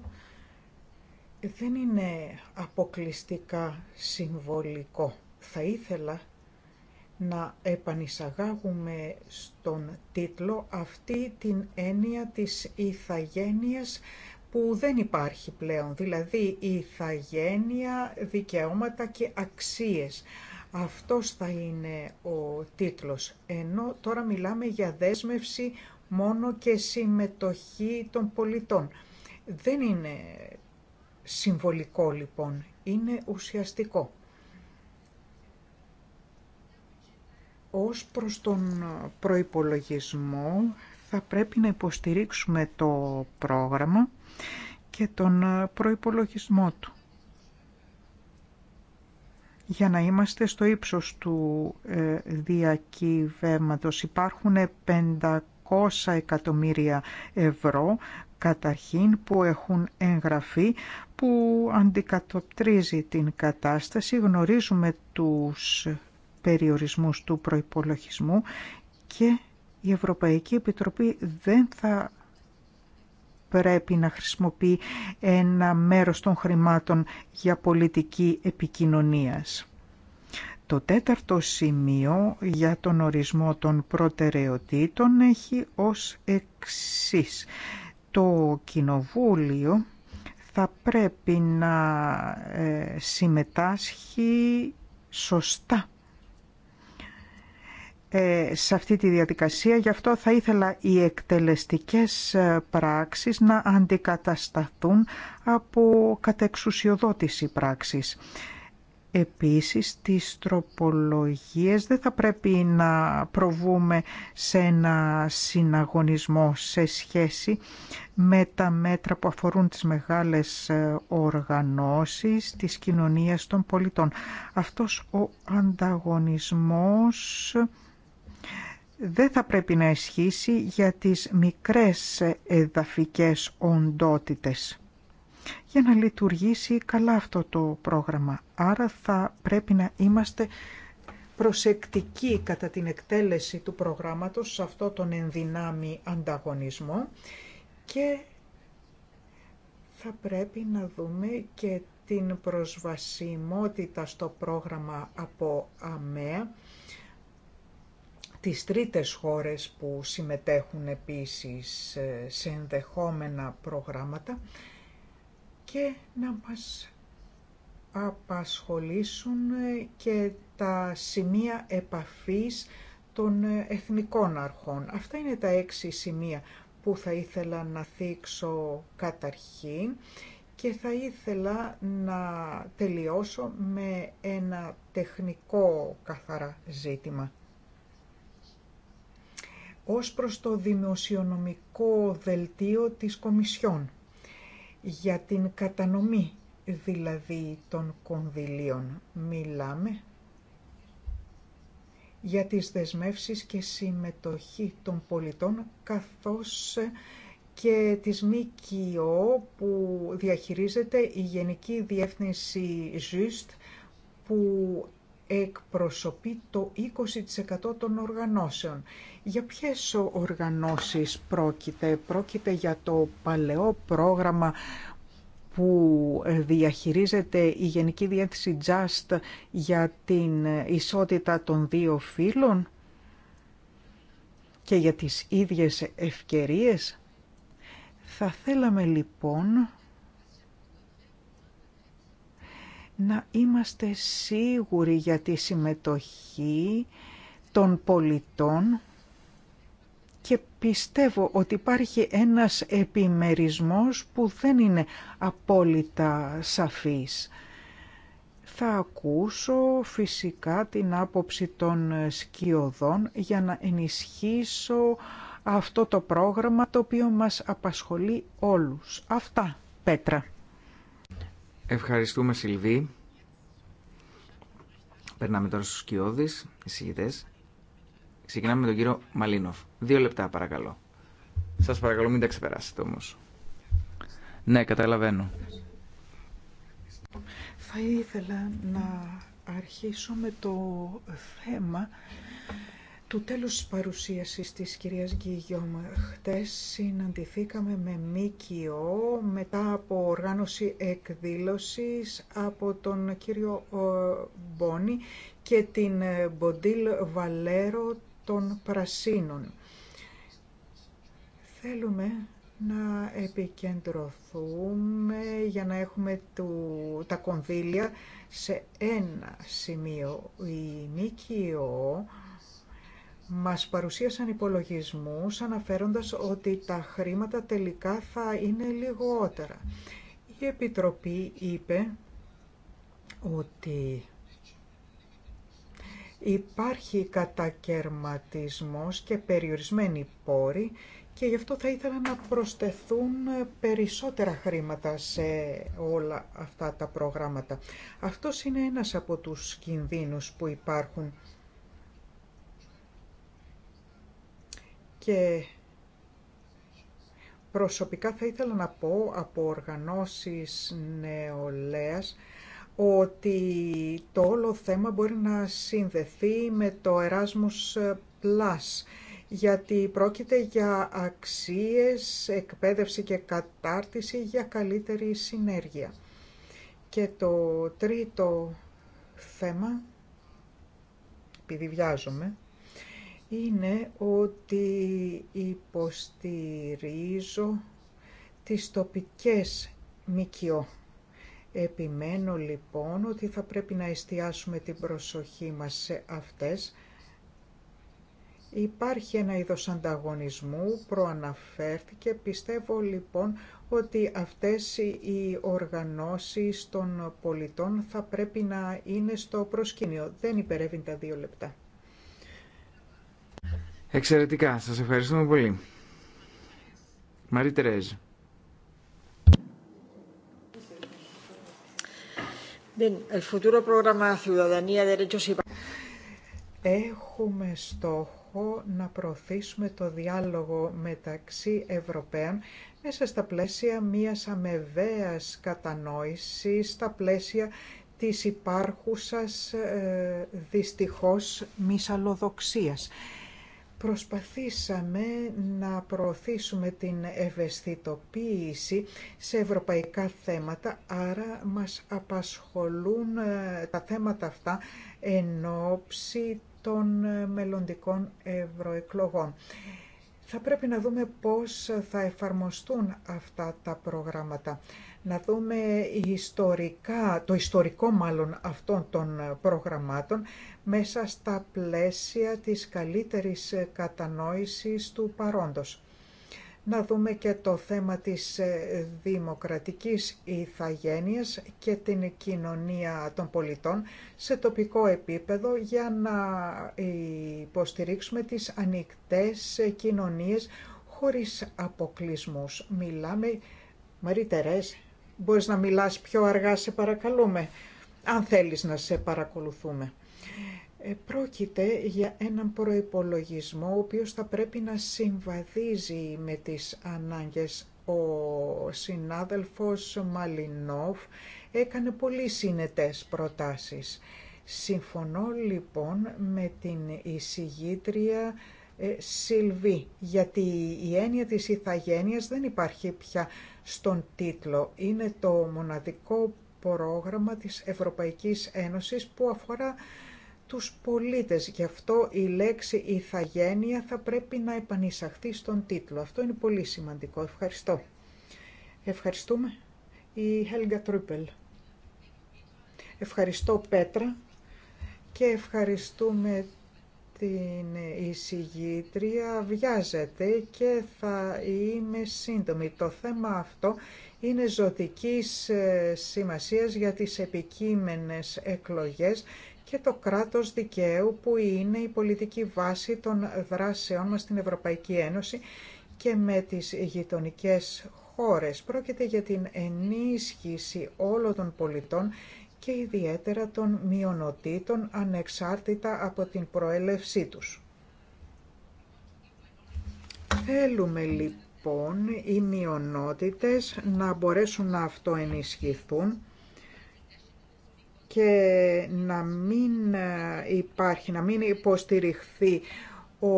δεν είναι αποκλειστικά συμβολικό. Θα ήθελα να επανεισαγάγουμε στον τίτλο αυτή την έννοια της ηθαγένειας που δεν υπάρχει πλέον, δηλαδή η ηθαγένεια, δικαιώματα και αξίες. Αυτός θα είναι ο τίτλος, ενώ τώρα μιλάμε για δέσμευση μόνο και συμμετοχή των πολιτών. Δεν είναι συμβολικό λοιπόν, είναι ουσιαστικό. Ως προς τον προϋπολογισμό θα πρέπει να υποστηρίξουμε το πρόγραμμα και τον προϋπολογισμό του για να είμαστε στο ύψος του ε, διακυβεύματος. Υπάρχουν 500 εκατομμύρια ευρώ καταρχήν που έχουν εγγραφεί που αντικατοπτρίζει την κατάσταση. Γνωρίζουμε τους περιορισμούς του προϋπολογισμού και η Ευρωπαϊκή Επιτροπή δεν θα πρέπει να χρησιμοποιεί ένα μέρος των χρημάτων για πολιτική επικοινωνίας. Το τέταρτο σημείο για τον ορισμό των προτεραιοτήτων έχει ως εξής. Το Κοινοβούλιο θα πρέπει να ε, συμμετάσχει σωστά ε, σε αυτή τη διαδικασία. Γι' αυτό θα ήθελα οι εκτελεστικές ε, πράξεις να αντικατασταθούν από κατεξουσιοδότηση πράξης. Επίσης, τις τροπολογίες δεν θα πρέπει να προβούμε σε ένα συναγωνισμό σε σχέση με τα μέτρα που αφορούν τις μεγάλες ε, οργανώσεις της κοινωνίας των πολιτών. Αυτός ο ανταγωνισμός δεν θα πρέπει να ισχύσει για τις μικρές ε, εδαφικές οντότητες για να λειτουργήσει καλά αυτό το πρόγραμμα. Άρα θα πρέπει να είμαστε προσεκτικοί κατά την εκτέλεση του προγράμματος σε αυτό τον ενδυνάμει ανταγωνισμό και θα πρέπει να δούμε και την προσβασιμότητα στο πρόγραμμα από ΑΜΕΑ τις τρίτες χώρες που συμμετέχουν επίσης ε, σε ενδεχόμενα προγράμματα και να μας απασχολήσουν ε, και τα σημεία επαφής των ε, εθνικών αρχών. Αυτά είναι τα έξι σημεία που θα ήθελα να θίξω καταρχήν και θα ήθελα να τελειώσω με ένα τεχνικό καθαρά ζήτημα. Ως προς το δημοσιονομικό δελτίο της Κομισιόν για την κατανομή δηλαδή των κονδυλίων. Μιλάμε για τις δεσμεύσεις και συμμετοχή των πολιτών καθώς και της ΜΚΟ που διαχειρίζεται η Γενική Διεύθυνση ΖΙΣΤ που εκπροσωπεί το 20% των οργανώσεων. Για ποιες οργανώσεις πρόκειται. Πρόκειται για το παλαιό πρόγραμμα που διαχειρίζεται η Γενική Διεύθυνση Just για την ισότητα των δύο φύλων και για τις ίδιες ευκαιρίες. Θα θέλαμε λοιπόν να είμαστε σίγουροι για τη συμμετοχή των πολιτών και πιστεύω ότι υπάρχει ένας επιμερισμός που δεν είναι απόλυτα σαφής. Θα ακούσω φυσικά την άποψη των σκιωδών για να ενισχύσω αυτό το πρόγραμμα το οποίο μας απασχολεί όλους. Αυτά, Πέτρα. Ευχαριστούμε Σιλβί. Περνάμε τώρα στους οι εισηγητές. Ξεκινάμε με τον κύριο Μαλίνοφ. Δύο λεπτά παρακαλώ. Σας παρακαλώ μην τα ξεπεράσετε όμως. Ναι, καταλαβαίνω. Θα ήθελα να αρχίσω με το θέμα του τέλους παρουσίασης της κυρίας Γκυγιώμα. Χτες συναντηθήκαμε με ΜΚΟ μετά από οργάνωση εκδήλωσης από τον κύριο ε, Μπόνι και την ε, Μποντίλ Βαλέρο των Πρασίνων. Θέλουμε να επικεντρωθούμε για να έχουμε του, τα κονδύλια σε ένα σημείο. Η ΜΚΟ μας παρουσίασαν υπολογισμούς αναφέροντας ότι τα χρήματα τελικά θα είναι λιγότερα. Η Επιτροπή είπε ότι υπάρχει κατακαιρματισμός και περιορισμένοι πόροι και γι' αυτό θα ήθελα να προσθεθούν περισσότερα χρήματα σε όλα αυτά τα προγράμματα. Αυτός είναι ένας από τους κινδύνους που υπάρχουν Και προσωπικά θα ήθελα να πω από οργανώσεις νεολαίας ότι το όλο θέμα μπορεί να συνδεθεί με το Erasmus Plus γιατί πρόκειται για αξίες, εκπαίδευση και κατάρτιση για καλύτερη συνέργεια. Και το τρίτο θέμα, επειδή βιάζομαι, είναι ότι υποστηρίζω τις τοπικές μικιο Επιμένω λοιπόν ότι θα πρέπει να εστιάσουμε την προσοχή μας σε αυτές. Υπάρχει ένα είδος ανταγωνισμού, προαναφέρθηκε. Πιστεύω λοιπόν ότι αυτές οι οργανώσεις των πολιτών θα πρέπει να είναι στο προσκήνιο. Δεν υπερεύει τα δύο λεπτά. Εξαιρετικά. Σας ευχαριστούμε πολύ. Μαρή Τερέζ. Έχουμε στόχο να προωθήσουμε το διάλογο μεταξύ Ευρωπαίων μέσα στα πλαίσια μιας αμεβαίας κατανόησης, στα πλαίσια της υπάρχουσας ε, δυστυχώς μυσαλλοδοξίας. Προσπαθήσαμε να προωθήσουμε την ευαισθητοποίηση σε ευρωπαϊκά θέματα, άρα μας απασχολούν ε, τα θέματα αυτά εν ώψη των ε, μελλοντικών ευρωεκλογών θα πρέπει να δούμε πώς θα εφαρμοστούν αυτά τα προγράμματα. Να δούμε ιστορικά, το ιστορικό μάλλον αυτών των προγραμμάτων μέσα στα πλαίσια της καλύτερης κατανόησης του παρόντος να δούμε και το θέμα της ε, δημοκρατικής ηθαγένειας και την κοινωνία των πολιτών σε τοπικό επίπεδο για να υποστηρίξουμε τις ανοιχτές κοινωνίες χωρίς αποκλεισμούς. Μιλάμε, Μαρή Τερές, μπορείς να μιλάς πιο αργά, σε παρακαλούμε, αν θέλεις να σε παρακολουθούμε. Ε, πρόκειται για έναν προϋπολογισμό ο οποίος θα πρέπει να συμβαδίζει με τις ανάγκες. Ο συνάδελφος Μαλινόφ έκανε πολύ συνετές προτάσεις. Συμφωνώ λοιπόν με την εισηγήτρια ε, Σιλβί γιατί η έννοια της ηθαγένειας δεν υπάρχει πια στον τίτλο. Είναι το μοναδικό πρόγραμμα της Ευρωπαϊκής Ένωσης που αφορά τους πολίτες. Γι' αυτό η λέξη ηθαγένεια θα πρέπει να επανεισαχθεί στον τίτλο. Αυτό είναι πολύ σημαντικό. Ευχαριστώ. Ευχαριστούμε. Η Χέλγα Τρούπελ. Ευχαριστώ Πέτρα και ευχαριστούμε την εισηγήτρια βιάζεται και θα είμαι σύντομη. Το θέμα αυτό είναι ζωτικής ε, σημασίας για τις επικείμενες εκλογές και το κράτος δικαίου που είναι η πολιτική βάση των δράσεών μας στην Ευρωπαϊκή Ένωση και με τις γειτονικές χώρες. Πρόκειται για την ενίσχυση όλων των πολιτών και ιδιαίτερα των μειονοτήτων ανεξάρτητα από την προέλευσή τους. Θέλουμε λοιπόν οι μειονότητες να μπορέσουν να αυτοενισχυθούν και να μην ε, υπάρχει, να μην υποστηριχθεί ο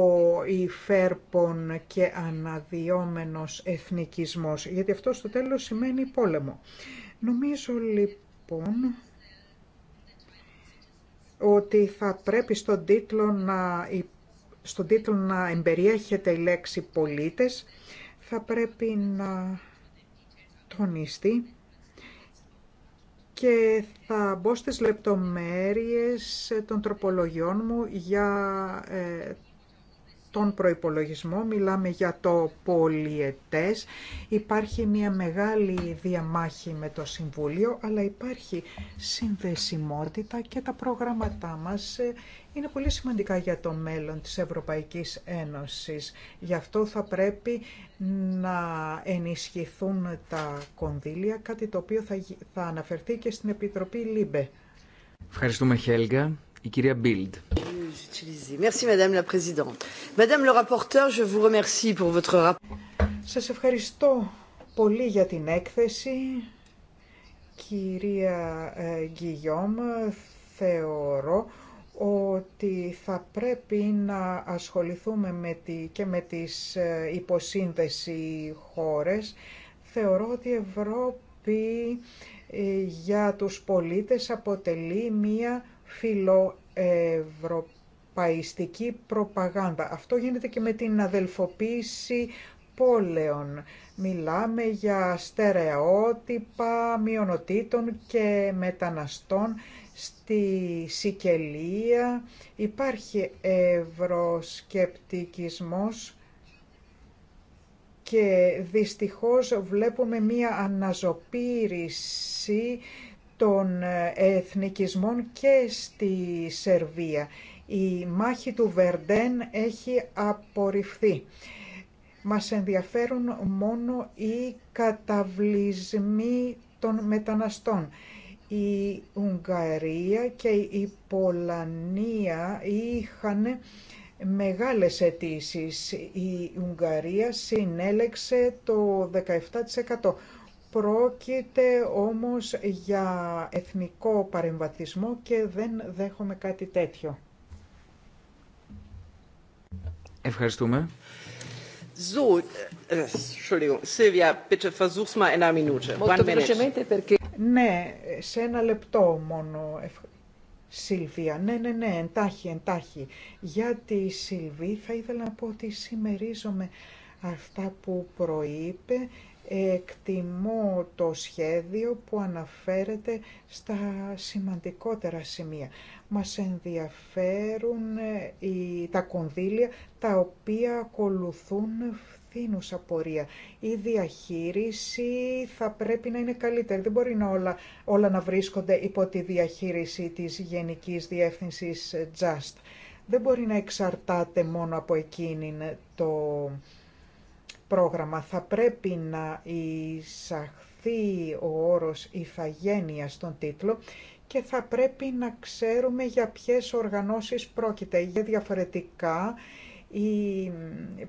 υφέρπον και αναδιόμενος εθνικισμός, γιατί αυτό στο τέλος σημαίνει πόλεμο. Νομίζω λοιπόν ότι θα πρέπει στον τίτλο να, στον τίτλο να εμπεριέχεται η λέξη πολίτες, θα πρέπει να τονιστεί και θα μπω στις λεπτομέρειες των τροπολογιών μου για ε, τον προϋπολογισμό, μιλάμε για το πολιετές, υπάρχει μια μεγάλη διαμάχη με το Συμβούλιο, αλλά υπάρχει συνδεσιμότητα και τα προγράμματά μας ε, είναι πολύ σημαντικά για το μέλλον της Ευρωπαϊκής Ένωσης. Γι' αυτό θα πρέπει να ενισχυθούν τα κονδύλια, κάτι το οποίο θα, θα αναφερθεί και στην Επιτροπή ΛΥΜΠΕ. Ευχαριστούμε Χέλγα. Η κυρία Μπίλντ. Σας ευχαριστώ πολύ για την έκθεση, κυρία Γκυγιόμ. Ε, θεωρώ ότι θα πρέπει να ασχοληθούμε με και με τις ε, υποσύνδεση χώρες. Θεωρώ ότι η Ευρώπη ε, για τους πολίτες αποτελεί μία φιλοευρωπαϊστική προπαγάνδα. Αυτό γίνεται και με την αδελφοποίηση πόλεων. Μιλάμε για στερεότυπα μειονοτήτων και μεταναστών στη Σικελία. Υπάρχει ευρωσκεπτικισμός και δυστυχώς βλέπουμε μία αναζωπήρηση των ε, εθνικισμών και στη Σερβία. Η μάχη του Βερντέν έχει απορριφθεί. Μας ενδιαφέρουν μόνο οι καταβλισμοί των μεταναστών. Η Ουγγαρία και η Πολανία είχαν μεγάλες αιτήσει. Η Ουγγαρία συνέλεξε το 17%. Πρόκειται όμως για εθνικό παρεμβατισμό και δεν δέχομαι κάτι τέτοιο. Ευχαριστούμε. So, ε, ε, Entschuldigung, Silvia, bitte versuch's mal in Minute. Ναι, σε ένα λεπτό μόνο, Σίλβια. Ναι, ναι, ναι, εντάχει, εντάχει. Για τη Σίλβη θα ήθελα να πω ότι συμμερίζομαι αυτά που προείπε εκτιμώ το σχέδιο που αναφέρεται στα σημαντικότερα σημεία. Μας ενδιαφέρουν ε, τα κονδύλια τα οποία ακολουθούν φθήνουσα πορεία. Η διαχείριση θα πρέπει να είναι καλύτερη. Δεν μπορεί να όλα, όλα να βρίσκονται υπό τη διαχείριση της Γενικής Διεύθυνσης Just. Δεν μπορεί να εξαρτάται μόνο από εκείνη το πρόγραμμα. Θα πρέπει να εισαχθεί ο όρος ηθαγένεια στον τίτλο και θα πρέπει να ξέρουμε για ποιες οργανώσεις πρόκειται. Για διαφορετικά οι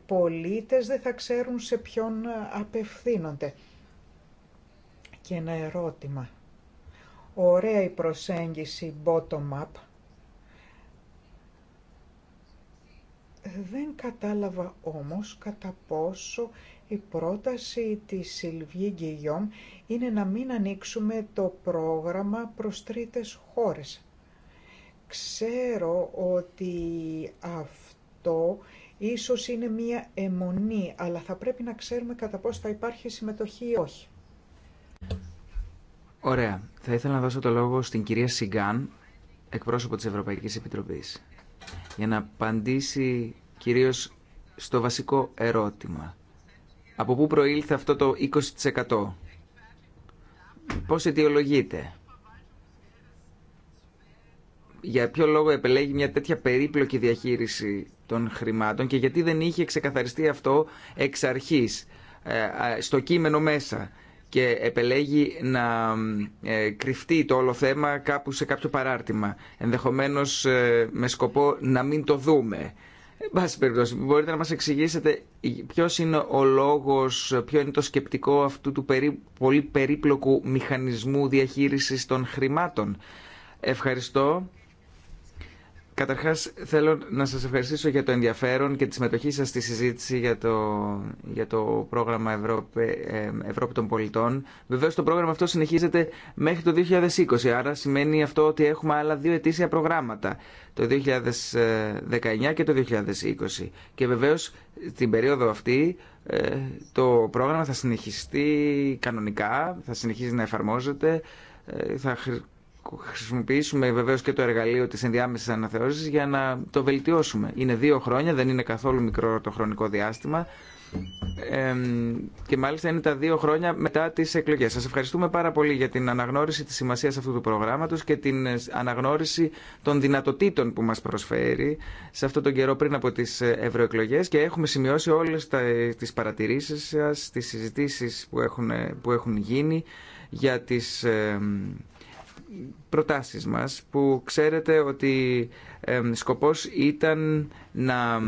πολίτες δεν θα ξέρουν σε ποιον απευθύνονται. Και ένα ερώτημα. Ωραία η προσέγγιση bottom-up, Δεν κατάλαβα όμως κατά πόσο η πρόταση της Σιλβιή Γκυγιόμ είναι να μην ανοίξουμε το πρόγραμμα προς τρίτες χώρες. Ξέρω ότι αυτό ίσως είναι μία εμονή, αλλά θα πρέπει να ξέρουμε κατά πόσο θα υπάρχει συμμετοχή ή όχι. Ωραία. Θα ήθελα να δώσω το λόγο στην κυρία Σιγκάν, εκπρόσωπο της Ευρωπαϊκής Επιτροπής για να απαντήσει κυρίως στο βασικό ερώτημα. Από πού προήλθε αυτό το 20%? Πώς αιτιολογείται? Για ποιο λόγο επελέγει μια τέτοια περίπλοκη διαχείριση των χρημάτων και γιατί δεν είχε ξεκαθαριστεί αυτό εξ αρχής, ε, στο κείμενο μέσα και επελέγει να ε, κρυφτεί το όλο θέμα κάπου σε κάποιο παράρτημα. Ενδεχομένως ε, με σκοπό να μην το δούμε. Εν πάση περιπτώσει, μπορείτε να μας εξηγήσετε ποιος είναι ο λόγος, ποιο είναι το σκεπτικό αυτού του πολύ περίπλοκου μηχανισμού διαχείρισης των χρημάτων. Ευχαριστώ. Καταρχάς θέλω να σας ευχαριστήσω για το ενδιαφέρον και τη συμμετοχή σας στη συζήτηση για το, για το πρόγραμμα Ευρώπη, ε, των Πολιτών. Βεβαίω το πρόγραμμα αυτό συνεχίζεται μέχρι το 2020, άρα σημαίνει αυτό ότι έχουμε άλλα δύο ετήσια προγράμματα, το 2019 και το 2020. Και βεβαίως την περίοδο αυτή ε, το πρόγραμμα θα συνεχιστεί κανονικά, θα συνεχίζει να εφαρμόζεται, ε, θα χρησιμοποιήσουμε βεβαίως και το εργαλείο της ενδιάμεσης αναθεώρησης για να το βελτιώσουμε. Είναι δύο χρόνια, δεν είναι καθόλου μικρό το χρονικό διάστημα και μάλιστα είναι τα δύο χρόνια μετά τις εκλογές. Σας ευχαριστούμε πάρα πολύ για την αναγνώριση της σημασίας αυτού του προγράμματος και την ε, αναγνώριση των δυνατοτήτων που μας προσφέρει σε αυτόν τον καιρό πριν από τις ε, ευρωεκλογέ και έχουμε σημειώσει όλες τι ε, τις παρατηρήσεις σας, τις συζητήσεις που έχουν, που έχουν γίνει για τις προτάσεις μας που ξέρετε ότι σκοπός ήταν να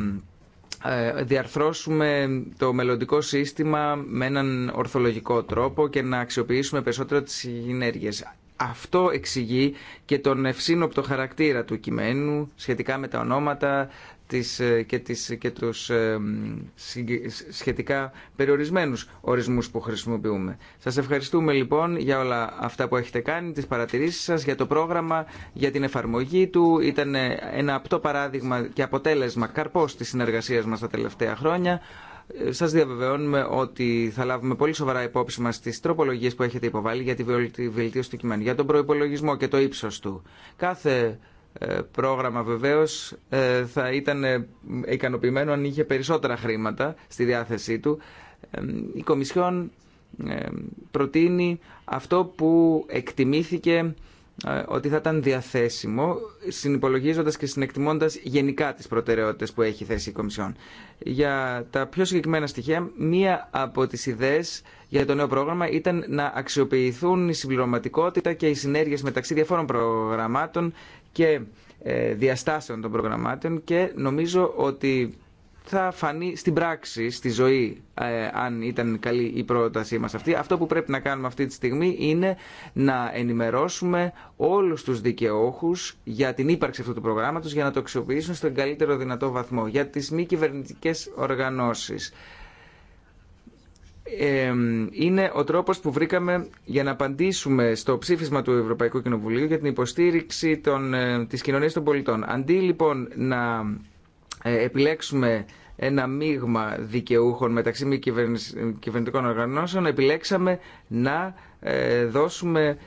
ε, διαρθρώσουμε το μελλοντικό σύστημα με έναν ορθολογικό τρόπο και να αξιοποιήσουμε περισσότερο τις συνέργειες. Αυτό εξηγεί και τον ευσύνοπτο χαρακτήρα του κειμένου σχετικά με τα ονόματα, τις, ε, και, τις, και τους ε, σχετικά περιορισμένους ορισμούς που χρησιμοποιούμε. Σας ευχαριστούμε λοιπόν για όλα αυτά που έχετε κάνει, τις παρατηρήσεις σας, για το πρόγραμμα, για την εφαρμογή του. Ήταν ε, ένα απτό παράδειγμα και αποτέλεσμα καρπός της συνεργασίας μας τα τελευταία χρόνια. Σας διαβεβαιώνουμε ότι θα λάβουμε πολύ σοβαρά υπόψη μας τις τροπολογίες που έχετε υποβάλει για τη βελτίωση του κειμένου, για τον προϋπολογισμό και το ύψος του. Κάθε ε, πρόγραμμα βεβαίως ε, θα ήταν ε, ικανοποιημένο αν είχε περισσότερα χρήματα στη διάθεσή του. Η Κομισιόν προτείνει αυτό που εκτιμήθηκε ότι θα ήταν διαθέσιμο, συνυπολογίζοντας και συνεκτιμώντας γενικά τις προτεραιότητες που έχει θέσει η Κομισιόν. Για τα πιο συγκεκριμένα στοιχεία, μία από τις ιδέες για το νέο πρόγραμμα ήταν να αξιοποιηθούν η συμπληρωματικότητα και οι συνέργειες μεταξύ διαφόρων προγραμμάτων και ε, διαστάσεων των προγραμμάτων και νομίζω ότι θα φανεί στην πράξη, στη ζωή, ε, αν ήταν καλή η πρότασή μας αυτή. Αυτό που πρέπει να κάνουμε αυτή τη στιγμή είναι να ενημερώσουμε όλους τους δικαιώχους για την ύπαρξη αυτού του προγράμματος για να το αξιοποιήσουν στον καλύτερο δυνατό βαθμό. Για τις μη κυβερνητικέ οργανώσεις είναι ο τρόπος που βρήκαμε για να απαντήσουμε στο ψήφισμα του Ευρωπαϊκού Κοινοβουλίου για την υποστήριξη των, ε, της κοινωνίας των πολιτών. Αντί λοιπόν να ε, επιλέξουμε ένα μείγμα δικαιούχων μεταξύ μη κυβερνητικών οργανώσεων, επιλέξαμε να ε, δώσουμε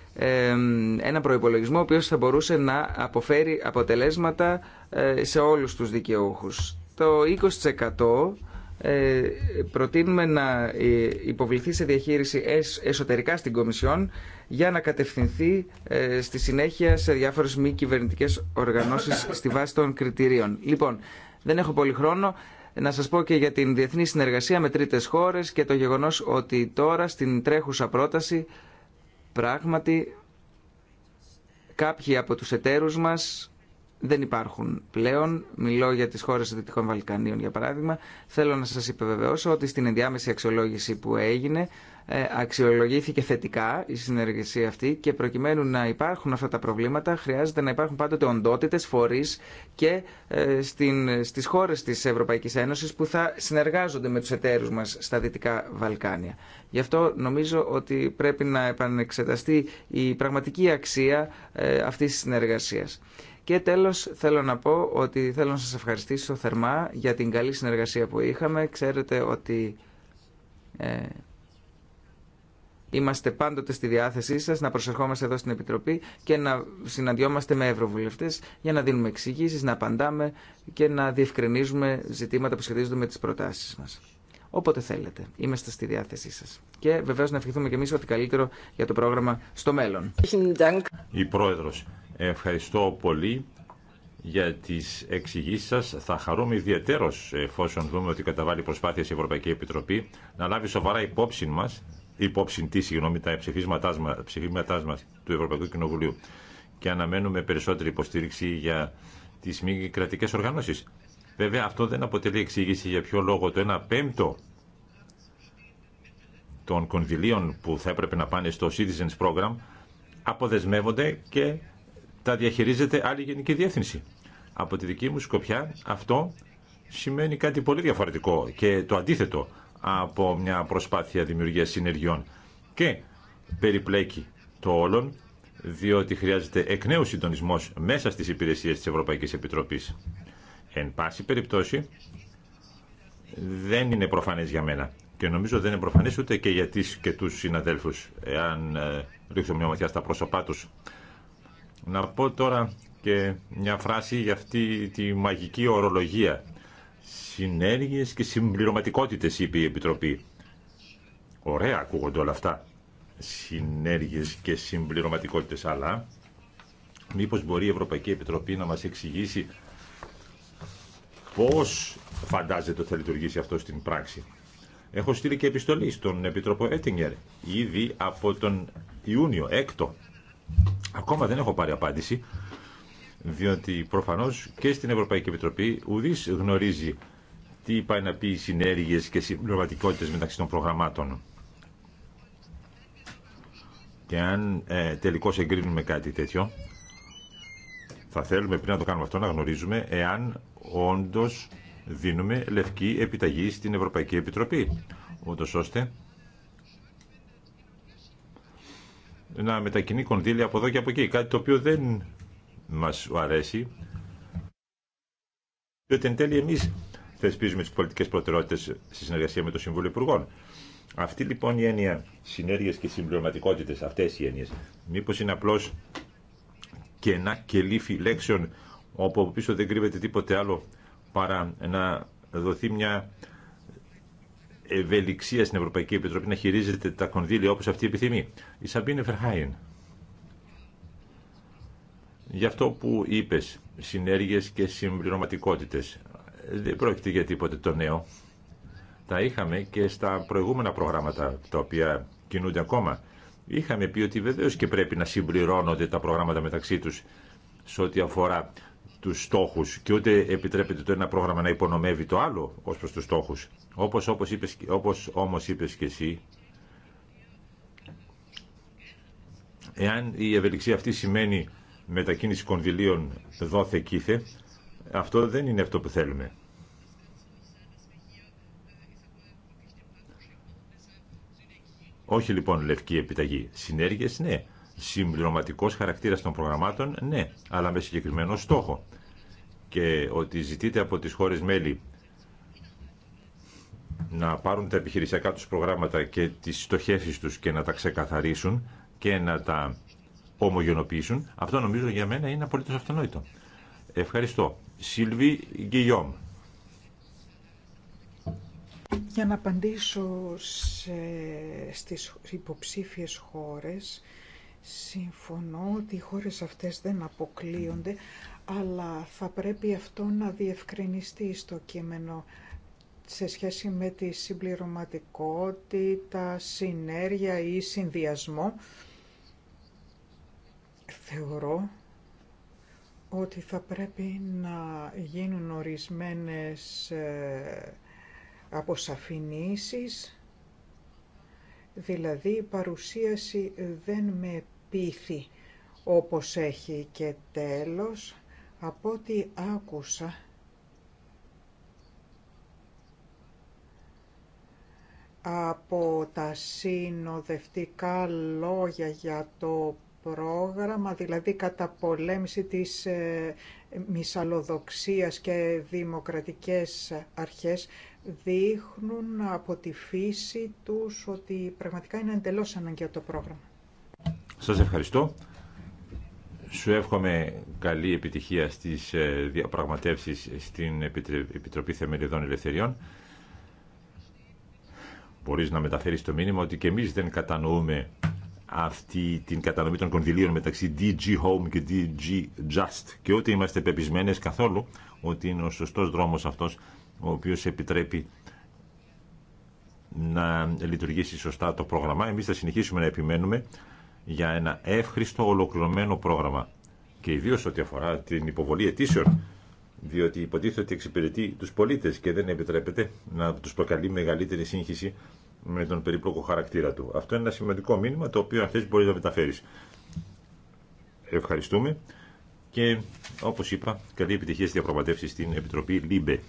ένα προϋπολογισμό ο οποίος θα μπορούσε να αποφέρει αποτελέσματα σε όλους τους δικαιούχους. Το 20% ε, προτείνουμε να ε, υποβληθεί σε διαχείριση εσωτερικά στην Κομισιόν για να κατευθυνθεί ε, στη συνέχεια σε διάφορες μη κυβερνητικέ οργανώσεις στη βάση των κριτηρίων. Λοιπόν, δεν έχω πολύ χρόνο. Να σας πω και για την διεθνή συνεργασία με τρίτες χώρες και το γεγονός ότι τώρα στην τρέχουσα πρόταση πράγματι κάποιοι από τους εταίρους μας δεν υπάρχουν πλέον. Μιλώ για τι χώρε των Δυτικών Βαλκανίων για παράδειγμα. Θέλω να σα υπεβεβαιώσω ότι στην ενδιάμεση αξιολόγηση που έγινε ε, αξιολογήθηκε θετικά η συνεργασία αυτή και προκειμένου να υπάρχουν αυτά τα προβλήματα χρειάζεται να υπάρχουν πάντοτε οντότητε φορεί και ε, στην, στις χώρες της Ευρωπαϊκής Ένωσης που θα συνεργάζονται με του εταίρους μα στα Δυτικά Βαλκάνια. Γι' αυτό νομίζω ότι πρέπει να επανεξεταστεί η πραγματική αξία ε, αυτή τη συνεργασία. Και τέλος θέλω να πω ότι θέλω να σας ευχαριστήσω θερμά για την καλή συνεργασία που είχαμε. Ξέρετε ότι ε, είμαστε πάντοτε στη διάθεσή σας να προσερχόμαστε εδώ στην Επιτροπή και να συναντιόμαστε με ευρωβουλευτέ για να δίνουμε εξηγήσει, να απαντάμε και να διευκρινίζουμε ζητήματα που σχετίζονται με τις προτάσεις μας. Όποτε θέλετε, είμαστε στη διάθεσή σα. Και βεβαίω να ευχηθούμε κι εμεί ότι καλύτερο για το πρόγραμμα στο μέλλον. Η Ευχαριστώ πολύ για τι εξηγήσει σα. Θα χαρούμε ιδιαίτερω εφόσον δούμε ότι καταβάλει προσπάθειες η Ευρωπαϊκή Επιτροπή να λάβει σοβαρά υπόψη μα, υπόψη τη, συγγνώμη, τα ψηφίσματά μα του Ευρωπαϊκού Κοινοβουλίου και αναμένουμε περισσότερη υποστήριξη για τι μη κρατικέ οργανώσει. Βέβαια, αυτό δεν αποτελεί εξήγηση για ποιο λόγο το 1 πέμπτο των κονδυλίων που θα έπρεπε να πάνε στο Citizens Program αποδεσμεύονται και τα διαχειρίζεται άλλη γενική διεύθυνση. Από τη δική μου σκοπιά αυτό σημαίνει κάτι πολύ διαφορετικό και το αντίθετο από μια προσπάθεια δημιουργίας συνεργειών και περιπλέκει το όλον διότι χρειάζεται εκ νέου συντονισμός μέσα στις υπηρεσίες της Ευρωπαϊκής Επιτροπής. Εν πάση περιπτώσει δεν είναι προφανές για μένα και νομίζω δεν είναι προφανές ούτε και για τις και τους συναδέλφους εάν ε, ρίξω μια ματιά στα πρόσωπά τους να πω τώρα και μια φράση για αυτή τη μαγική ορολογία. Συνέργειες και συμπληρωματικότητες, είπε η Επιτροπή. Ωραία ακούγονται όλα αυτά. Συνέργειες και συμπληρωματικότητες, αλλά μήπως μπορεί η Ευρωπαϊκή Επιτροπή να μας εξηγήσει πώς φαντάζεται ότι θα λειτουργήσει αυτό στην πράξη. Έχω στείλει και επιστολή στον Επίτροπο Έτιγκερ ήδη από τον Ιούνιο, έκτο Ακόμα δεν έχω πάρει απάντηση, διότι προφανώς και στην Ευρωπαϊκή Επιτροπή ουδής γνωρίζει τι πάει να πει οι συνέργειες και συμπληρωματικότητες μεταξύ των προγραμμάτων. Και αν ε, τελικώς εγκρίνουμε κάτι τέτοιο, θα θέλουμε πριν να το κάνουμε αυτό να γνωρίζουμε εάν όντως δίνουμε λευκή επιταγή στην Ευρωπαϊκή Επιτροπή, ούτως ώστε να μετακινεί κονδύλια από εδώ και από εκεί. Κάτι το οποίο δεν μας αρέσει. Διότι εν τέλει εμείς θεσπίζουμε τις πολιτικές προτεραιότητες στη συνεργασία με το Συμβούλιο Υπουργών. Αυτή λοιπόν η έννοια συνέργειας και συμπληρωματικότητες, αυτές οι έννοιες, μήπως είναι απλώς κενά και λήφη λέξεων όπου πίσω δεν κρύβεται τίποτε άλλο παρά να δοθεί μια ευελιξία στην Ευρωπαϊκή Επιτροπή να χειρίζεται τα κονδύλια όπως αυτή επιθυμεί. Η Σαμπίνε Φερχάιν. Γι' αυτό που είπες, συνέργειες και συμπληρωματικότητες. Δεν πρόκειται για τίποτε το νέο. Τα είχαμε και στα προηγούμενα προγράμματα, τα οποία κινούνται ακόμα. Είχαμε πει ότι βεβαίω και πρέπει να συμπληρώνονται τα προγράμματα μεταξύ τους σε ό,τι αφορά του στόχου, και ούτε επιτρέπεται το ένα πρόγραμμα να υπονομεύει το άλλο ω προ του στόχους. Όπω όπως, είπες, όπως όμως είπες και εσύ, εάν η ευελιξία αυτή σημαίνει μετακίνηση κονδυλίων δόθε κήθε, αυτό δεν είναι αυτό που θέλουμε. Όχι λοιπόν λευκή επιταγή. Συνέργειες ναι, συμπληρωματικό χαρακτήρα των προγραμμάτων, ναι, αλλά με συγκεκριμένο στόχο. Και ότι ζητείτε από τις χώρε μέλη να πάρουν τα επιχειρησιακά τους προγράμματα και τις στοχεύσεις τους και να τα ξεκαθαρίσουν και να τα ομογενοποιήσουν, αυτό νομίζω για μένα είναι απολύτω αυτονόητο. Ευχαριστώ. Σίλβι Γκυλιόμ. Για να απαντήσω σε, στις υποψήφιες χώρες, Συμφωνώ ότι οι χώρες αυτές δεν αποκλείονται, αλλά θα πρέπει αυτό να διευκρινιστεί στο κείμενο σε σχέση με τη συμπληρωματικότητα, συνέργεια ή συνδυασμό. Θεωρώ ότι θα πρέπει να γίνουν ορισμένες ε, αποσαφηνήσεις δηλαδή η συνδυασμο θεωρω οτι θα πρεπει να γινουν ορισμενες αποσαφηνίσεις, δηλαδη η παρουσιαση δεν με πίθη, όπως έχει και τέλος από ό,τι άκουσα από τα συνοδευτικά λόγια για το πρόγραμμα, δηλαδή καταπολέμηση της ε, και δημοκρατικές αρχές, δείχνουν από τη φύση τους ότι πραγματικά είναι εντελώς αναγκαίο το πρόγραμμα. Σας ευχαριστώ. Σου εύχομαι καλή επιτυχία στις ε, διαπραγματεύσεις στην Επιτροπή Θεμελιδών Ελευθεριών. Μπορείς να μεταφέρεις το μήνυμα ότι και εμείς δεν κατανοούμε αυτή την κατανομή των κονδυλίων μεταξύ DG Home και DG Just και ότι είμαστε πεπισμένες καθόλου ότι είναι ο σωστός δρόμος αυτός ο οποίος επιτρέπει να λειτουργήσει σωστά το πρόγραμμα. Εμείς θα συνεχίσουμε να επιμένουμε για ένα εύχριστο ολοκληρωμένο πρόγραμμα και ιδίω ό,τι αφορά την υποβολή αιτήσεων, διότι υποτίθεται ότι εξυπηρετεί του πολίτε και δεν επιτρέπεται να του προκαλεί μεγαλύτερη σύγχυση με τον περίπλοκο χαρακτήρα του. Αυτό είναι ένα σημαντικό μήνυμα το οποίο αν θες μπορεί να μεταφέρει. Ευχαριστούμε και όπω είπα καλή επιτυχία στη διαπραγματεύση στην Επιτροπή ΛΥΜΠΕ.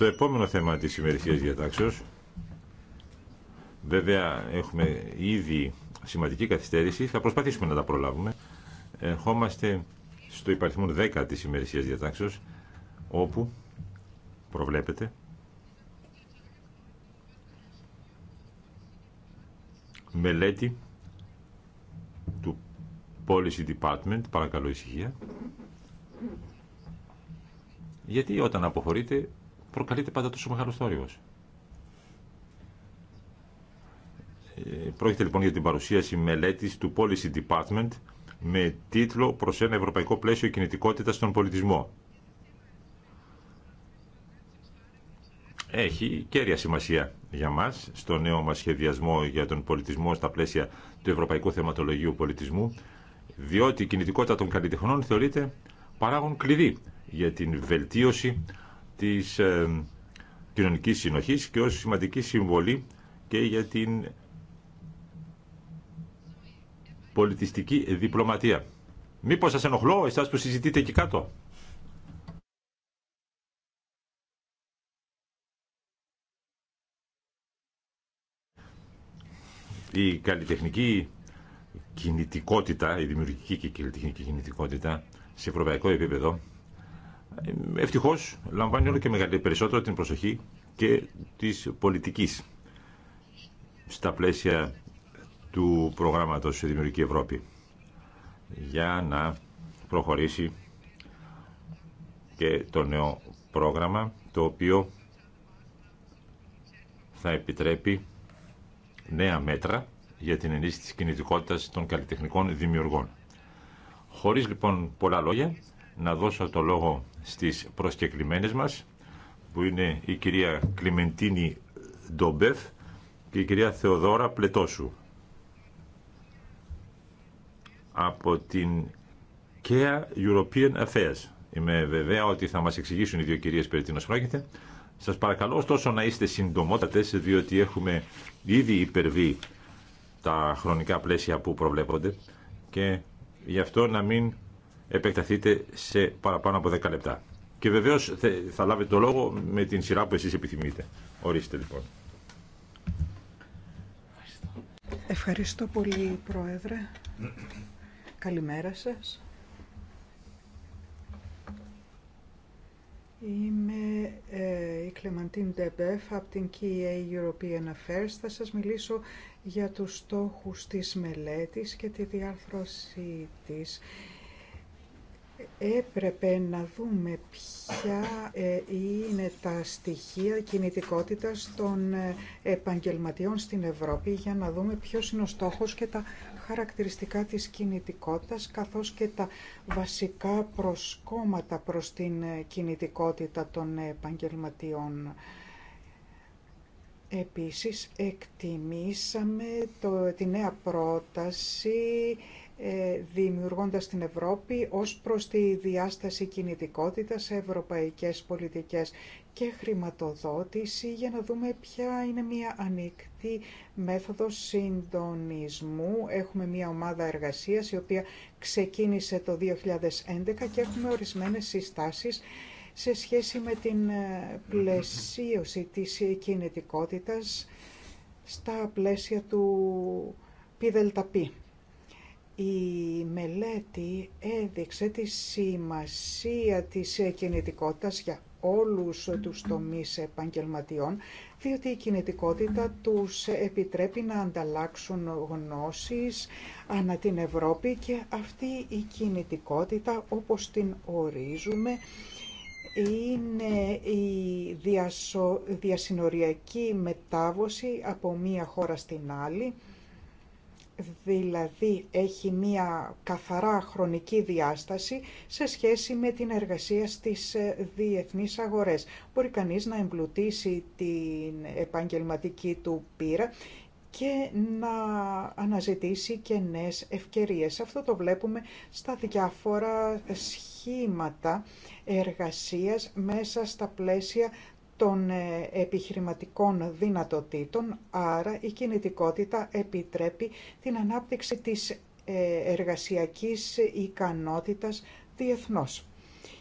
Το επόμενο θέμα της ημερησίας διατάξεως, βέβαια έχουμε ήδη σημαντική καθυστέρηση, θα προσπαθήσουμε να τα προλάβουμε. Ερχόμαστε στο υπαριθμό 10 της ημερησίας διατάξεως, όπου προβλέπεται μελέτη του Policy Department, παρακαλώ ησυχία, γιατί όταν αποχωρείτε προκαλείται πάντα τόσο θόρυβο. Ε, Πρόκειται λοιπόν για την παρουσίαση μελέτη του Policy Department με τίτλο προ ένα ευρωπαϊκό πλαίσιο κινητικότητα στον πολιτισμό». Έχει κέρια σημασία για μας στο νέο μας σχεδιασμό για τον πολιτισμό στα πλαίσια του Ευρωπαϊκού Θεματολογίου Πολιτισμού, διότι η κινητικότητα των καλλιτεχνών θεωρείται παράγον κλειδί για την βελτίωση της ε, κοινωνικής συνοχής και ως σημαντική συμβολή και για την πολιτιστική διπλωματία. Μήπως σας ενοχλώ εσάς που συζητείτε εκεί κάτω. Η καλλιτεχνική κινητικότητα, η δημιουργική και καλλιτεχνική κινητικότητα σε ευρωπαϊκό επίπεδο ευτυχώς λαμβάνει όλο και μεγαλύτερη περισσότερο την προσοχή και της πολιτικής στα πλαίσια του προγράμματος Δημιουργική Ευρώπη για να προχωρήσει και το νέο πρόγραμμα το οποίο θα επιτρέπει νέα μέτρα για την ενίσχυση της κινητικότητας των καλλιτεχνικών δημιουργών. Χωρίς λοιπόν πολλά λόγια, να δώσω το λόγο στις προσκεκλημένες μας που είναι η κυρία Κλιμεντίνη Ντομπεφ και η κυρία Θεοδόρα Πλετόσου από την ΚΕΑ European Affairs. Είμαι βεβαία ότι θα μας εξηγήσουν οι δύο κυρίες περί τίνος πρόκειται. Σας παρακαλώ ωστόσο να είστε συντομότατες διότι έχουμε ήδη υπερβεί τα χρονικά πλαίσια που προβλέπονται και γι' αυτό να μην επεκταθείτε σε παραπάνω από 10 λεπτά. Και βεβαίω θα λάβετε το λόγο με την σειρά που εσεί επιθυμείτε. Ορίστε λοιπόν. Ευχαριστώ πολύ, Πρόεδρε. Καλημέρα σας. Είμαι ε, η Κλεμαντίν Ντεμπεφ από την KEA European Affairs. Θα σας μιλήσω για τους στόχους της μελέτης και τη διάρθρωση της έπρεπε να δούμε ποια ε, είναι τα στοιχεία κινητικότητας των ε, επαγγελματιών στην Ευρώπη για να δούμε ποιος είναι ο στόχος και τα χαρακτηριστικά της κινητικότητας καθώς και τα βασικά προσκόμματα προς την ε, κινητικότητα των επαγγελματιών. Επίσης, εκτιμήσαμε το, τη νέα πρόταση ε, δημιουργώντας την Ευρώπη ως προς τη διάσταση κινητικότητας σε ευρωπαϊκές πολιτικές και χρηματοδότηση για να δούμε ποια είναι μια ανοιχτή μέθοδο συντονισμού. Έχουμε μια ομάδα εργασίας η οποία ξεκίνησε το 2011 και έχουμε ορισμένες συστάσεις σε σχέση με την ε, πλαισίωση της κινητικότητας στα πλαίσια του πιδελταπή. Η μελέτη έδειξε τη σημασία της κινητικότητας για όλους τους τομείς επαγγελματιών, διότι η κινητικότητα τους επιτρέπει να ανταλλάξουν γνώσεις ανά την Ευρώπη και αυτή η κινητικότητα όπως την ορίζουμε είναι η διασυνοριακή μετάβωση από μία χώρα στην άλλη δηλαδή έχει μία καθαρά χρονική διάσταση σε σχέση με την εργασία στις ε, διεθνείς αγορές. Μπορεί κανείς να εμπλουτίσει την επαγγελματική του πείρα και να αναζητήσει και νέες ευκαιρίες. Αυτό το βλέπουμε στα διάφορα σχήματα εργασίας μέσα στα πλαίσια των ε, επιχειρηματικών δυνατοτήτων, άρα η κινητικότητα επιτρέπει την ανάπτυξη της ε, εργασιακής ικανότητας διεθνώς.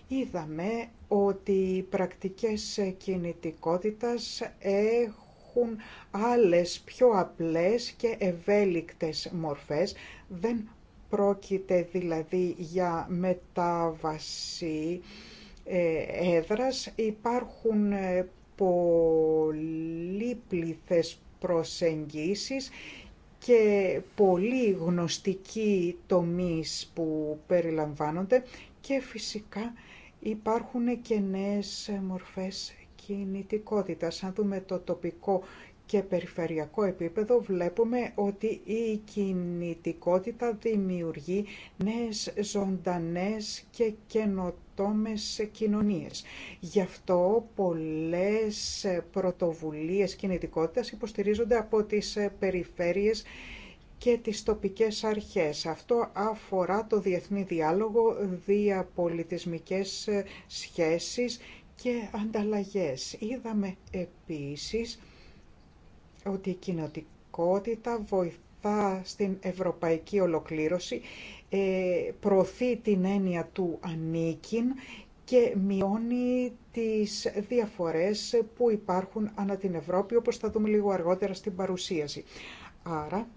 Είδαμε ότι οι πρακτικές κινητικότητας έχουν άλλες πιο απλές και ευέλικτες μορφές, δεν πρόκειται δηλαδή για μετάβαση ε, έδρας. Υπάρχουν ε, πλήθες προσεγγίσεις και πολύ γνωστικοί τομείς που περιλαμβάνονται και φυσικά υπάρχουν και νέες μορφές κινητικότητας. Αν δούμε το τοπικό και περιφερειακό επίπεδο βλέπουμε ότι η κινητικότητα δημιουργεί νέες ζωντανές και καινοτόμες κοινωνίες. Γι' αυτό πολλές πρωτοβουλίες κινητικότητας υποστηρίζονται από τις περιφέρειες και τις τοπικές αρχές. Αυτό αφορά το διεθνή διάλογο, διαπολιτισμικές σχέσεις και ανταλλαγές. Είδαμε επίσης ότι η κοινοτικότητα βοηθά στην ευρωπαϊκή ολοκλήρωση, ε, προωθεί την έννοια του ανήκειν και μειώνει τις διαφορές που υπάρχουν ανά την Ευρώπη, όπως θα δούμε λίγο αργότερα στην παρουσίαση. Άρα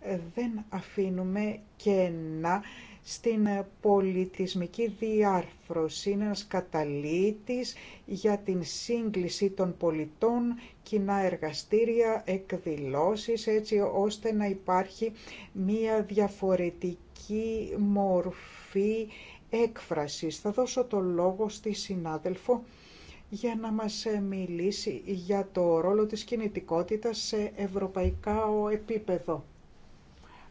ε, δεν αφήνουμε κενά στην πολιτισμική διάρθρωση. Είναι ένας καταλήτης για την σύγκληση των πολιτών, κοινά εργαστήρια, εκδηλώσεις, έτσι ώστε να υπάρχει μία διαφορετική μορφή έκφρασης. Θα δώσω το λόγο στη συνάδελφο για να μας μιλήσει για το ρόλο της κινητικότητας σε ευρωπαϊκά επίπεδο.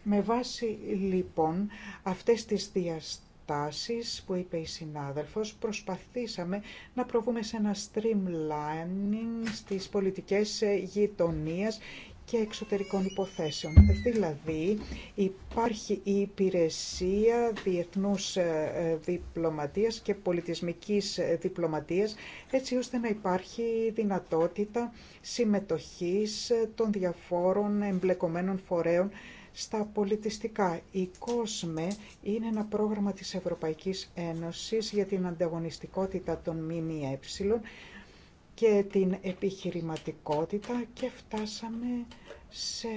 Με βάση λοιπόν αυτές τις διαστάσεις που είπε η συνάδελφος, προσπαθήσαμε να προβούμε σε ένα streamlining στις πολιτικές ε, γειτονίας και εξωτερικών υποθέσεων. Δηλαδή υπάρχει η υπηρεσία διεθνούς ε, ε, διπλωματίας και πολιτισμικής διπλωματίας έτσι ώστε να υπάρχει δυνατότητα συμμετοχής των διαφόρων εμπλεκομένων φορέων στα πολιτιστικά. Η COSME είναι ένα πρόγραμμα της Ευρωπαϊκής Ένωσης για την ανταγωνιστικότητα των ΜΜΕ και την επιχειρηματικότητα και φτάσαμε σε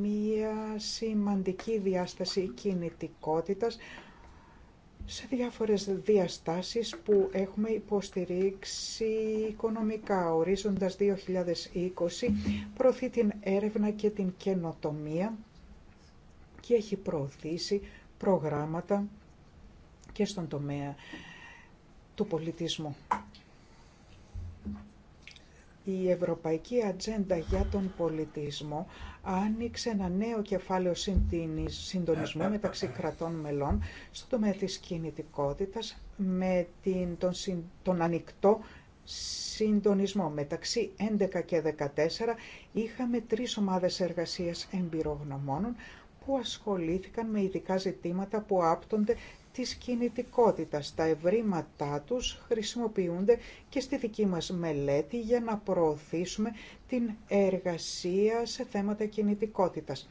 μία σημαντική διάσταση κινητικότητας σε διάφορες διαστάσεις που έχουμε υποστηρίξει οικονομικά. Ορίζοντας 2020 προωθεί την έρευνα και την καινοτομία και έχει προωθήσει προγράμματα και στον τομέα του πολιτισμού. Η Ευρωπαϊκή Ατζέντα για τον Πολιτισμό άνοιξε ένα νέο κεφάλαιο συντονισμού μεταξύ κρατών μελών στον τομέα της κινητικότητας με την, τον, τον ανοιχτό συντονισμό. Μεταξύ 11 και 14 είχαμε τρεις ομάδες εργασίας εμπειρογνωμόνων που ασχολήθηκαν με ειδικά ζητήματα που άπτονται της κινητικότητας. Τα ευρήματά τους χρησιμοποιούνται και στη δική μας μελέτη για να προωθήσουμε την εργασία σε θέματα κινητικότητας.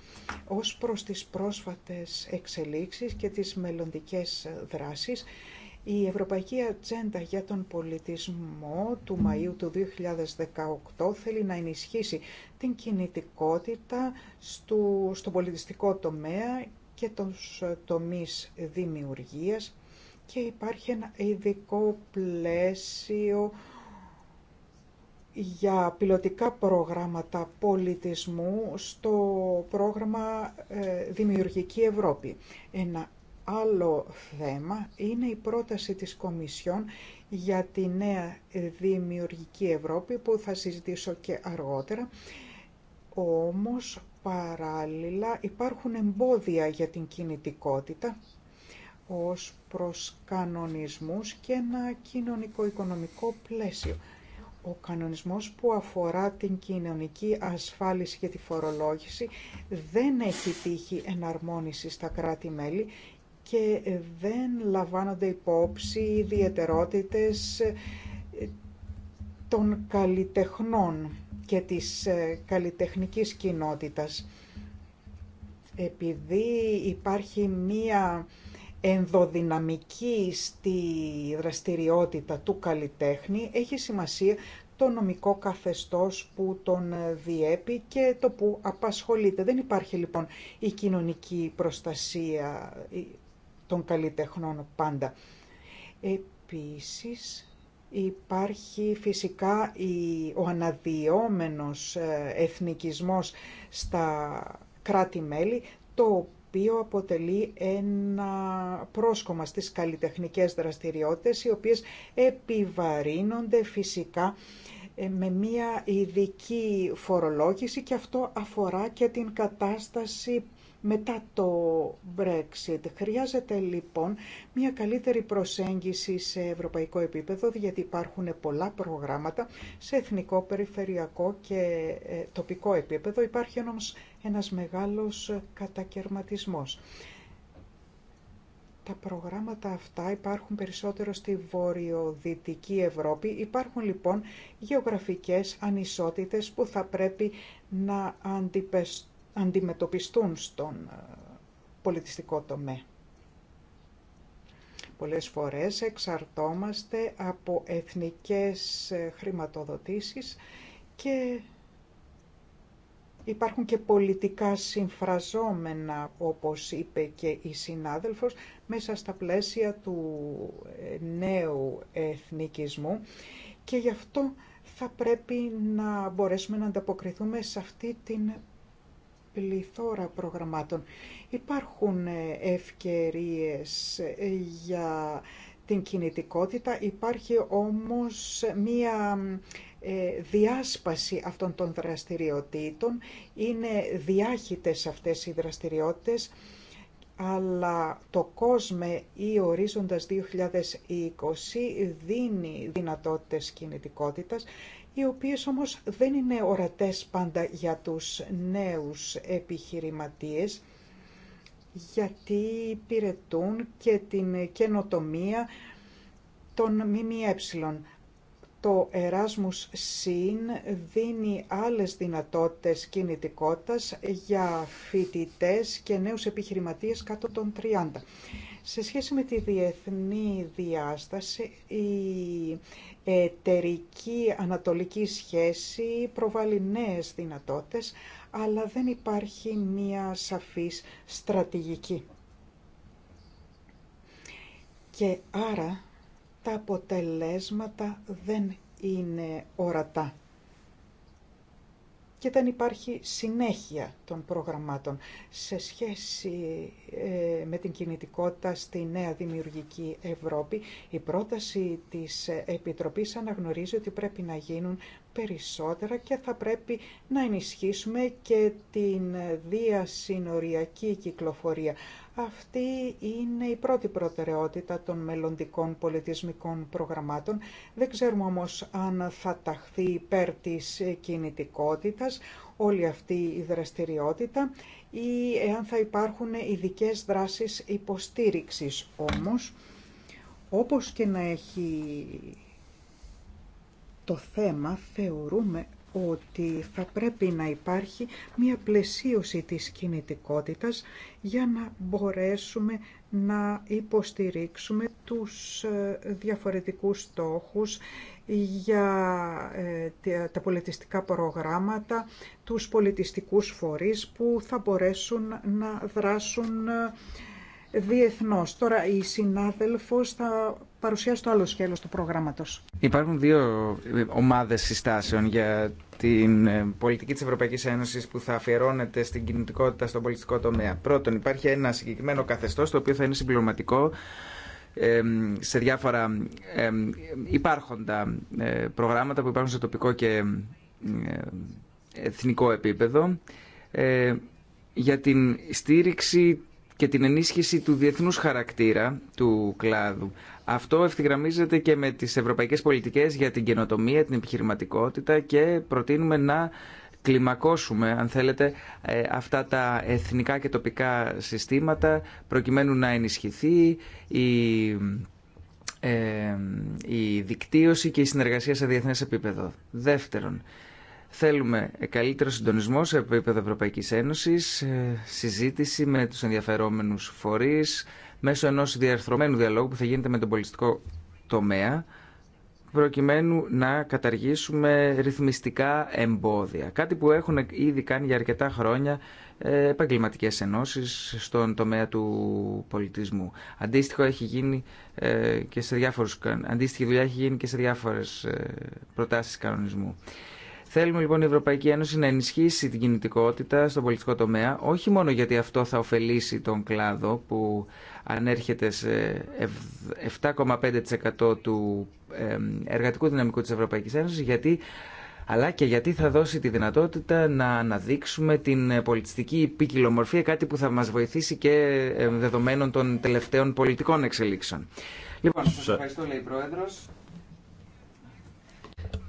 Ως προς τις πρόσφατες εξελίξεις και τις μελλοντικές δράσεις, η Ευρωπαϊκή Ατζέντα για τον Πολιτισμό του Μαΐου του 2018 θέλει να ενισχύσει την κινητικότητα στο, στον πολιτιστικό τομέα και τους ε, τομείς δημιουργίας και υπάρχει ένα ειδικό πλαίσιο για πιλωτικά προγράμματα πολιτισμού στο πρόγραμμα ε, Δημιουργική Ευρώπη. Ένα άλλο θέμα είναι η πρόταση της Κομισιόν για τη νέα δημιουργική Ευρώπη που θα συζητήσω και αργότερα. Όμως παράλληλα υπάρχουν εμπόδια για την κινητικότητα ως προς κανονισμούς και ένα κοινωνικο-οικονομικό πλαίσιο. Ο κανονισμός που αφορά την κοινωνική ασφάλιση και τη φορολόγηση δεν έχει τύχει εναρμόνιση στα κράτη-μέλη και δεν λαμβάνονται υπόψη οι ιδιαιτερότητες ε, των καλλιτεχνών και της ε, καλλιτεχνικής κοινότητας. Επειδή υπάρχει μία ενδοδυναμική στη δραστηριότητα του καλλιτέχνη, έχει σημασία το νομικό καθεστώς που τον ε, διέπει και το που απασχολείται. Δεν υπάρχει λοιπόν η κοινωνική προστασία των καλλιτεχνών πάντα. Επίσης υπάρχει φυσικά η, ο αναδιώμενος ε, εθνικισμός στα κράτη-μέλη, το οποίο αποτελεί ένα πρόσκομα στις καλλιτεχνικές δραστηριότητες, οι οποίες επιβαρύνονται φυσικά ε, με μία ειδική φορολόγηση και αυτό αφορά και την κατάσταση μετά το Brexit. Χρειάζεται λοιπόν μια καλύτερη προσέγγιση σε ευρωπαϊκό επίπεδο, γιατί υπάρχουν πολλά προγράμματα σε εθνικό, περιφερειακό και ε, τοπικό επίπεδο. Υπάρχει όμως ένας μεγάλος κατακαιρματισμός. Τα προγράμματα αυτά υπάρχουν περισσότερο στη βορειοδυτική Ευρώπη. Υπάρχουν λοιπόν γεωγραφικές ανισότητες που θα πρέπει να αντιπεστούν αντιμετωπιστούν στον ε, πολιτιστικό τομέα. Πολλές φορές εξαρτόμαστε από εθνικές ε, χρηματοδοτήσεις και υπάρχουν και πολιτικά συμφραζόμενα, όπως είπε και η συνάδελφος, μέσα στα πλαίσια του ε, νέου εθνικισμού και γι' αυτό θα πρέπει να μπορέσουμε να ανταποκριθούμε σε αυτή την πληθώρα προγραμμάτων. Υπάρχουν ε, ευκαιρίες ε, για την κινητικότητα, υπάρχει όμως μία ε, διάσπαση αυτών των δραστηριοτήτων, είναι διάχυτες αυτές οι δραστηριότητες, αλλά το κόσμο ή ορίζοντας 2020 δίνει δυνατότητες κινητικότητας οι οποίες όμως δεν είναι ορατές πάντα για τους νέους επιχειρηματίες, γιατί υπηρετούν και την καινοτομία των ΜΜΕ το Erasmus ΣΥΝ δίνει άλλες δυνατότητες κινητικότητας για φοιτητές και νέους επιχειρηματίες κάτω των 30. Σε σχέση με τη διεθνή διάσταση, η εταιρική ανατολική σχέση προβάλλει νέες δυνατότητες, αλλά δεν υπάρχει μία σαφής στρατηγική. Και άρα τα αποτελέσματα δεν είναι ορατά και δεν υπάρχει συνέχεια των προγραμμάτων σε σχέση ε, με την κινητικότητα στη νέα δημιουργική Ευρώπη. Η πρόταση της Επιτροπής αναγνωρίζει ότι πρέπει να γίνουν περισσότερα και θα πρέπει να ενισχύσουμε και την διασυνοριακή κυκλοφορία. Αυτή είναι η πρώτη προτεραιότητα των μελλοντικών πολιτισμικών προγραμμάτων. Δεν ξέρουμε όμως αν θα ταχθεί υπέρ της κινητικότητας όλη αυτή η δραστηριότητα ή εάν θα υπάρχουν ειδικέ δράσεις υποστήριξης όμως. Όπως και να έχει το θέμα, θεωρούμε ότι θα πρέπει να υπάρχει μία πλαισίωση της κινητικότητας για να μπορέσουμε να υποστηρίξουμε τους ε, διαφορετικούς στόχους για ε, τα πολιτιστικά προγράμματα, τους πολιτιστικούς φορείς που θα μπορέσουν να δράσουν ε, διεθνώς. Τώρα η συνάδελφος θα παρουσιάσει το άλλο σκέλος του προγράμματος. Υπάρχουν δύο ε, ομάδες συστάσεων για την ε, πολιτική της Ευρωπαϊκής Ένωσης που θα αφιερώνεται στην κινητικότητα στον πολιτιστικό τομέα. Πρώτον, υπάρχει ένα συγκεκριμένο καθεστώς το οποίο θα είναι συμπληρωματικό σε διάφορα υπάρχοντα ε, προγράμματα που υπάρχουν σε τοπικό και εθνικό επίπεδο για την στήριξη και την ενίσχυση του διεθνούς χαρακτήρα του κλάδου. Αυτό ευθυγραμμίζεται και με τις ευρωπαϊκές πολιτικές για την καινοτομία, την επιχειρηματικότητα και προτείνουμε να κλιμακώσουμε, αν θέλετε, ε, αυτά τα εθνικά και τοπικά συστήματα προκειμένου να ενισχυθεί η, ε, δικτύωση και η συνεργασία σε διεθνές επίπεδο. Δεύτερον, Θέλουμε καλύτερο συντονισμό σε επίπεδο Ευρωπαϊκή Ένωση. Ε, συζήτηση με τους ενδιαφερόμενους φορείς, μέσω ενός διαρθρωμένου διαλόγου που θα γίνεται με τον πολιτιστικό τομέα, προκειμένου να καταργήσουμε ρυθμιστικά εμπόδια. Κάτι που έχουν ήδη κάνει για αρκετά χρόνια ε, επαγγελματικέ ενώσεις στον τομέα του πολιτισμού. Αντίστοιχο έχει γίνει ε, και σε διάφορους, αντίστοιχη έχει γίνει και σε διάφορες προτάσεις κανονισμού. Θέλουμε λοιπόν η Ευρωπαϊκή Ένωση να ενισχύσει την κινητικότητα στον πολιτικό τομέα, όχι μόνο γιατί αυτό θα ωφελήσει τον κλάδο που ανέρχεται σε 7,5% του εργατικού δυναμικού της Ευρωπαϊκής Ένωσης, γιατί αλλά και γιατί θα δώσει τη δυνατότητα να αναδείξουμε την πολιτιστική ποικιλομορφία, κάτι που θα μας βοηθήσει και δεδομένων των τελευταίων πολιτικών εξελίξεων. Λοιπόν, σας ευχαριστώ λέει η Πρόεδρος.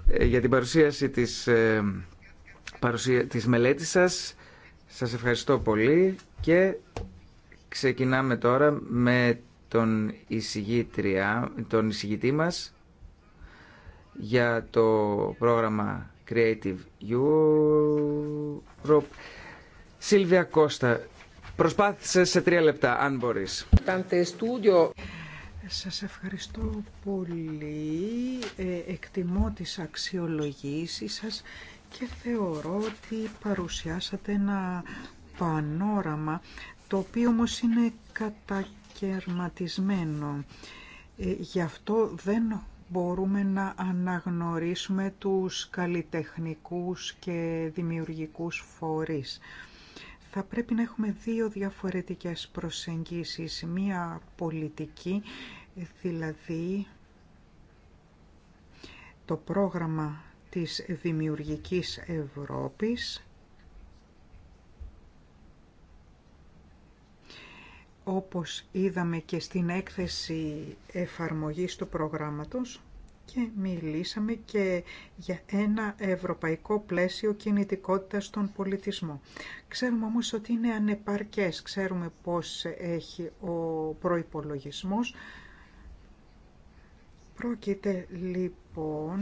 Ε, για την παρουσίαση της, ε, παρουσία, της μελέτης σας. Σας ευχαριστώ πολύ και ξεκινάμε τώρα με τον, εισηγήτρια, τον εισηγητή μας για το πρόγραμμα Creative Europe. Σίλβια Κώστα, προσπάθησε σε τρία λεπτά, αν μπορείς. Σας ευχαριστώ πολύ. Ε, εκτιμώ τις αξιολογήσεις σας και θεωρώ ότι παρουσιάσατε ένα πανόραμα το οποίο όμως είναι κατακαιρματισμένο. Ε, γι' αυτό δεν μπορούμε να αναγνωρίσουμε τους καλλιτεχνικούς και δημιουργικούς φορείς θα πρέπει να έχουμε δύο διαφορετικές προσεγγίσεις. Μία πολιτική, δηλαδή το πρόγραμμα της Δημιουργικής Ευρώπης, όπως είδαμε και στην έκθεση εφαρμογής του προγράμματος, και μιλήσαμε και για ένα ευρωπαϊκό πλαίσιο κινητικότητας στον πολιτισμό. Ξέρουμε όμως ότι είναι ανεπαρκές, ξέρουμε πώς έχει ο προϋπολογισμός. Πρόκειται λοιπόν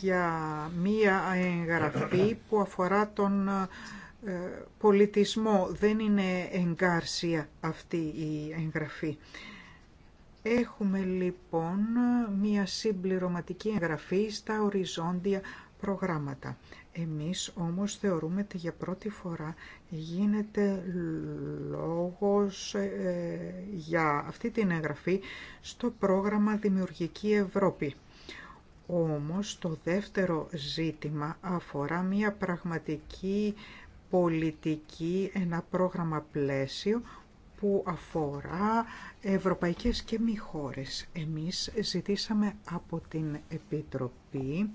για μία εγγραφή που αφορά τον ε, πολιτισμό. Δεν είναι εγκάρσια αυτή η εγγραφή. Έχουμε λοιπόν μία συμπληρωματική εγγραφή στα οριζόντια προγράμματα. Εμείς όμως θεωρούμε ότι για πρώτη φορά γίνεται λόγος ε, για αυτή την εγγραφή στο πρόγραμμα Δημιουργική Ευρώπη. Όμως το δεύτερο ζήτημα αφορά μια πραγματική πολιτική, ένα πρόγραμμα πλαίσιο που αφορά ευρωπαϊκές και μη χώρες. Εμείς ζητήσαμε από την Επιτροπή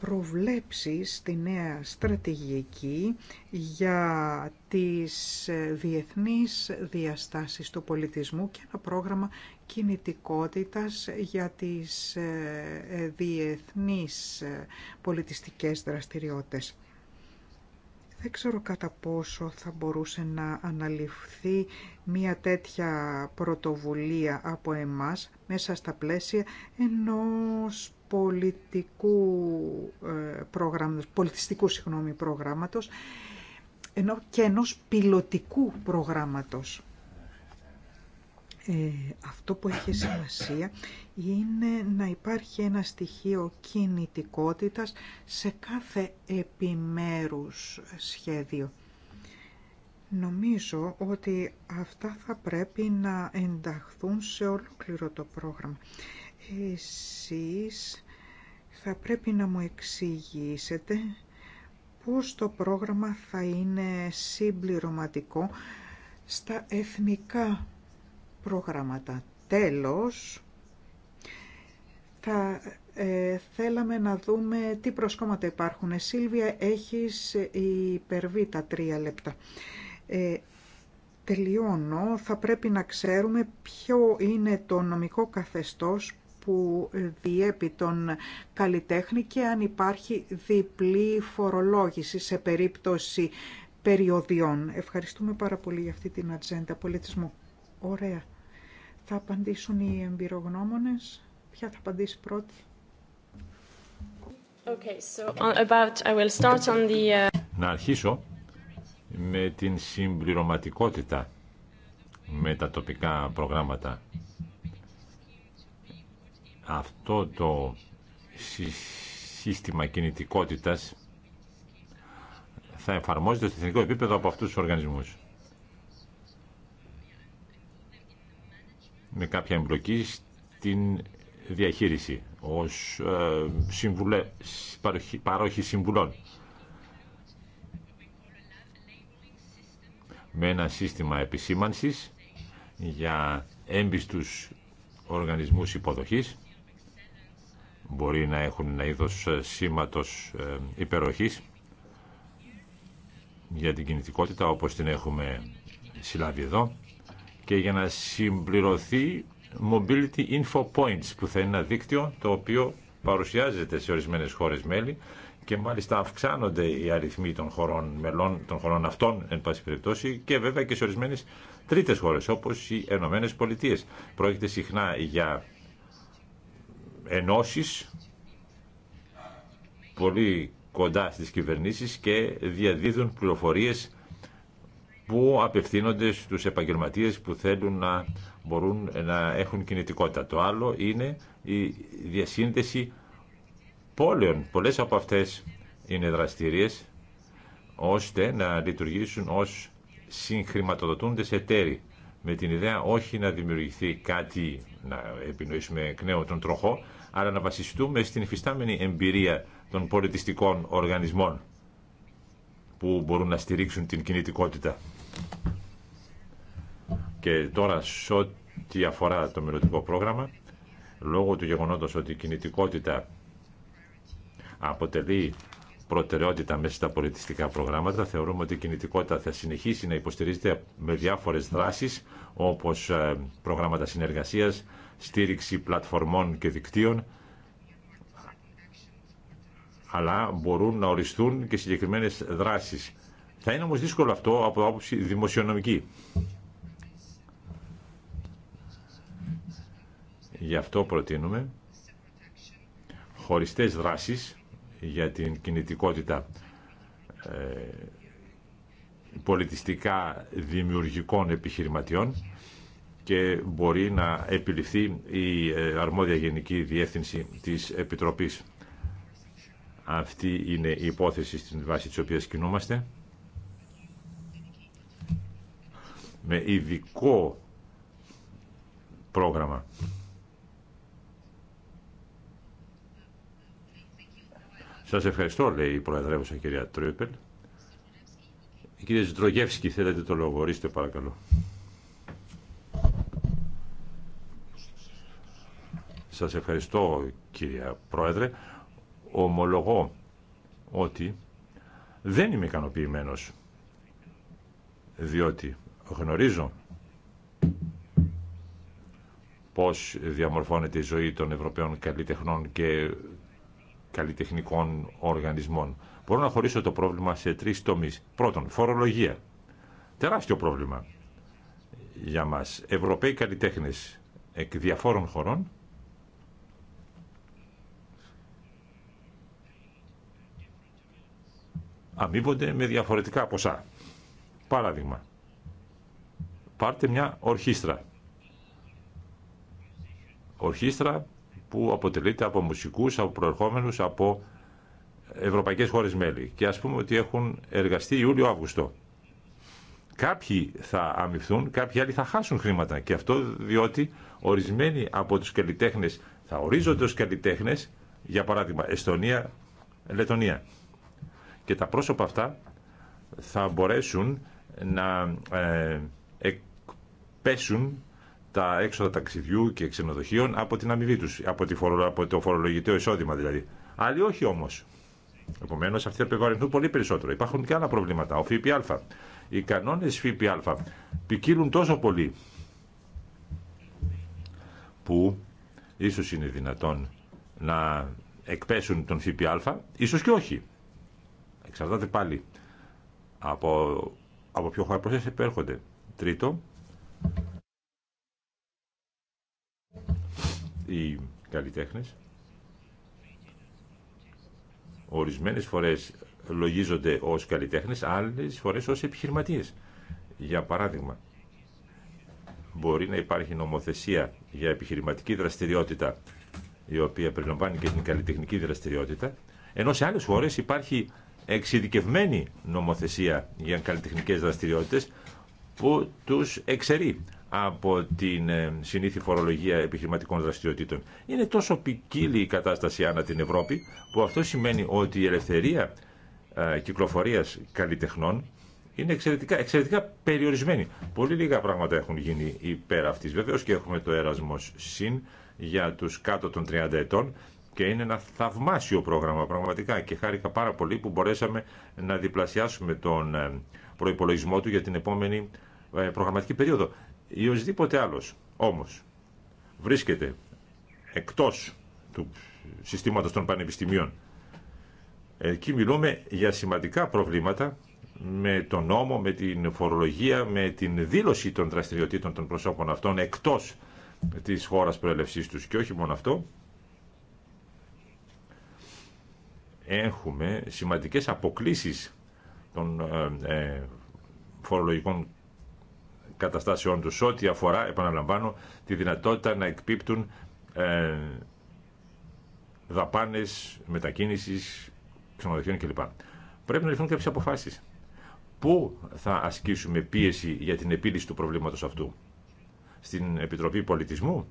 προβλέψεις στη νέα στρατηγική για τις διεθνείς διαστάσεις του πολιτισμού και ένα πρόγραμμα κινητικότητας για τις ε, ε, διεθνείς ε, πολιτιστικές δραστηριότητες. Δεν ξέρω κατά πόσο θα μπορούσε να αναλυφθεί μια τέτοια πρωτοβουλία από εμάς μέσα στα πλαίσια ενός πολιτικού ε, προγράμματος, πολιτιστικού συγγνώμη, προγράμματος ενώ και ενός πιλωτικού προγράμματος. Ε, αυτό που έχει σημασία είναι να υπάρχει ένα στοιχείο κινητικότητας σε κάθε επιμέρους σχέδιο. Νομίζω ότι αυτά θα πρέπει να ενταχθούν σε ολόκληρο το πρόγραμμα. Εσείς θα πρέπει να μου εξηγήσετε πώς το πρόγραμμα θα είναι συμπληρωματικό στα εθνικά προγράμματα. Τέλος, θα ε, θέλαμε να δούμε τι προσκόμματα υπάρχουν. Ε, Σίλβια, έχεις υπερβεί τα τρία λεπτά. Ε, τελειώνω. Θα πρέπει να ξέρουμε ποιο είναι το νομικό καθεστώς που διέπει τον καλλιτέχνη και αν υπάρχει διπλή φορολόγηση σε περίπτωση περιοδιών. Ευχαριστούμε πάρα πολύ για αυτή την ατζέντα πολιτισμού. Ωραία. Θα απαντήσουν οι εμπειρογνώμονες. Ποια θα απαντήσει πρώτη. Okay, so about, I will start on the... Uh, Να αρχίσω με την συμπληρωματικότητα με τα τοπικά προγράμματα. Αυτό το σύστημα κινητικότητας θα εφαρμόζεται στο εθνικό επίπεδο από αυτούς τους οργανισμούς. με κάποια εμπλοκή στην διαχείριση ως ε, συμβουλε, παρόχη συμβουλών. με ένα σύστημα επισήμανσης για έμπιστους οργανισμούς υποδοχής. Μπορεί να έχουν ένα είδος ε, σήματος ε, υπεροχής για την κινητικότητα όπως την έχουμε συλλάβει εδώ και για να συμπληρωθεί Mobility Info Points που θα είναι ένα δίκτυο το οποίο παρουσιάζεται σε ορισμένες χώρες μέλη και μάλιστα αυξάνονται οι αριθμοί των χωρών μελών, των χωρών αυτών εν πάση περιπτώσει και βέβαια και σε ορισμένες τρίτες χώρες όπως οι Ενωμένε Πολιτείε. Πρόκειται συχνά για ενώσεις πολύ κοντά στις κυβερνήσεις και διαδίδουν πληροφορίες που απευθύνονται στους επαγγελματίες που θέλουν να μπορούν να έχουν κινητικότητα. Το άλλο είναι η διασύνδεση πόλεων. Πολλές από αυτές είναι δραστηρίες ώστε να λειτουργήσουν ως συγχρηματοδοτούντες εταίροι με την ιδέα όχι να δημιουργηθεί κάτι, να επινοήσουμε εκ νέου τον τροχό, αλλά να βασιστούμε στην υφιστάμενη εμπειρία των πολιτιστικών οργανισμών που μπορούν να στηρίξουν την κινητικότητα. Και τώρα σε ό,τι αφορά το μελλοντικό πρόγραμμα, λόγω του γεγονότος ότι η κινητικότητα αποτελεί προτεραιότητα μέσα στα πολιτιστικά προγράμματα. Θεωρούμε ότι η κινητικότητα θα συνεχίσει να υποστηρίζεται με διάφορες δράσεις όπως ε, προγράμματα συνεργασίας, στήριξη πλατφορμών και δικτύων αλλά μπορούν να οριστούν και συγκεκριμένες δράσεις θα είναι όμως δύσκολο αυτό από άποψη δημοσιονομική. Γι' αυτό προτείνουμε χωριστές δράσεις για την κινητικότητα ε, πολιτιστικά δημιουργικών επιχειρηματιών και μπορεί να επιληφθεί η ε, αρμόδια γενική διεύθυνση της Επιτροπής. Αυτή είναι η υπόθεση στην βάση της οποίας κινούμαστε. με ειδικό πρόγραμμα. Σας ευχαριστώ, λέει η Προεδρεύουσα κυρία Τρίπελ. Κύριε κυρία Ζητρογεύσκη, θέλετε το λόγο, ορίστε παρακαλώ. Σας ευχαριστώ, κυρία Πρόεδρε. Ομολογώ ότι δεν είμαι ικανοποιημένο διότι Γνωρίζω πώς διαμορφώνεται η ζωή των Ευρωπαίων καλλιτεχνών και καλλιτεχνικών οργανισμών. Μπορώ να χωρίσω το πρόβλημα σε τρεις τομείς. Πρώτον, φορολογία. Τεράστιο πρόβλημα για μας. Ευρωπαίοι καλλιτέχνες εκ διαφόρων χωρών αμείβονται με διαφορετικά ποσά. Παράδειγμα, Πάρτε μια ορχήστρα. Ορχήστρα που αποτελείται από μουσικούς, από προερχόμενους, από ευρωπαϊκές χώρες μέλη. Και ας πούμε ότι έχουν εργαστεί Ιούλιο-Αύγουστο. Κάποιοι θα αμυφθούν, κάποιοι άλλοι θα χάσουν χρήματα. Και αυτό διότι ορισμένοι από τους καλλιτέχνε θα ορίζονται ως καλλιτέχνε, για παράδειγμα Εστονία, Λετωνία. Και τα πρόσωπα αυτά θα μπορέσουν να ε, πέσουν τα έξοδα ταξιδιού και ξενοδοχείων από την αμοιβή του, από, τη φορο, από το φορολογητέο εισόδημα δηλαδή. Άλλοι όχι όμω. Επομένω, αυτοί θα επιβαρυνθούν πολύ περισσότερο. Υπάρχουν και άλλα προβλήματα. Ο ΦΠΑ. Οι κανόνε ΦΠΑ ποικίλουν τόσο πολύ που ίσως είναι δυνατόν να εκπέσουν τον ΦΠΑ, ίσω και όχι. Εξαρτάται πάλι από, από ποιο χώρο προσέσεις Τρίτο, οι καλλιτέχνες ορισμένες φορές λογίζονται ως καλλιτέχνες, άλλες φορές ως επιχειρηματίες. Για παράδειγμα, μπορεί να υπάρχει νομοθεσία για επιχειρηματική δραστηριότητα, η οποία περιλαμβάνει και την καλλιτεχνική δραστηριότητα, ενώ σε άλλες φορές υπάρχει εξειδικευμένη νομοθεσία για καλλιτεχνικές δραστηριότητες, που τους εξαιρεί από την ε, συνήθι φορολογία επιχειρηματικών δραστηριοτήτων. Είναι τόσο ποικίλη η κατάσταση ανά την Ευρώπη που αυτό σημαίνει ότι η ελευθερία ε, κυκλοφορίας καλλιτεχνών είναι εξαιρετικά, εξαιρετικά περιορισμένη. Πολύ λίγα πράγματα έχουν γίνει υπέρ αυτή. βεβαίω και έχουμε το Έρασμό συν για τους κάτω των 30 ετών και είναι ένα θαυμάσιο πρόγραμμα πραγματικά και χάρηκα πάρα πολύ που μπορέσαμε να διπλασιάσουμε τον ε, προπολογισμό του για την επόμενη ε, προγραμματική περίοδο ή οσδήποτε άλλος. Όμως βρίσκεται εκτός του συστήματος των πανεπιστημίων. Εκεί μιλούμε για σημαντικά προβλήματα με τον νόμο, με την φορολογία, με την δήλωση των δραστηριοτήτων των προσώπων αυτών εκτός της χώρας προέλευσής τους. Και όχι μόνο αυτό, έχουμε σημαντικές αποκλίσεις των ε, ε, φορολογικών καταστάσεών τους ό,τι αφορά, επαναλαμβάνω, τη δυνατότητα να εκπίπτουν ε, δαπάνες μετακίνησης ξενοδοχείων κλπ. Πρέπει να ληφθούν κάποιες αποφάσεις. Πού θα ασκήσουμε πίεση για την επίλυση του προβλήματος αυτού. Στην Επιτροπή Πολιτισμού,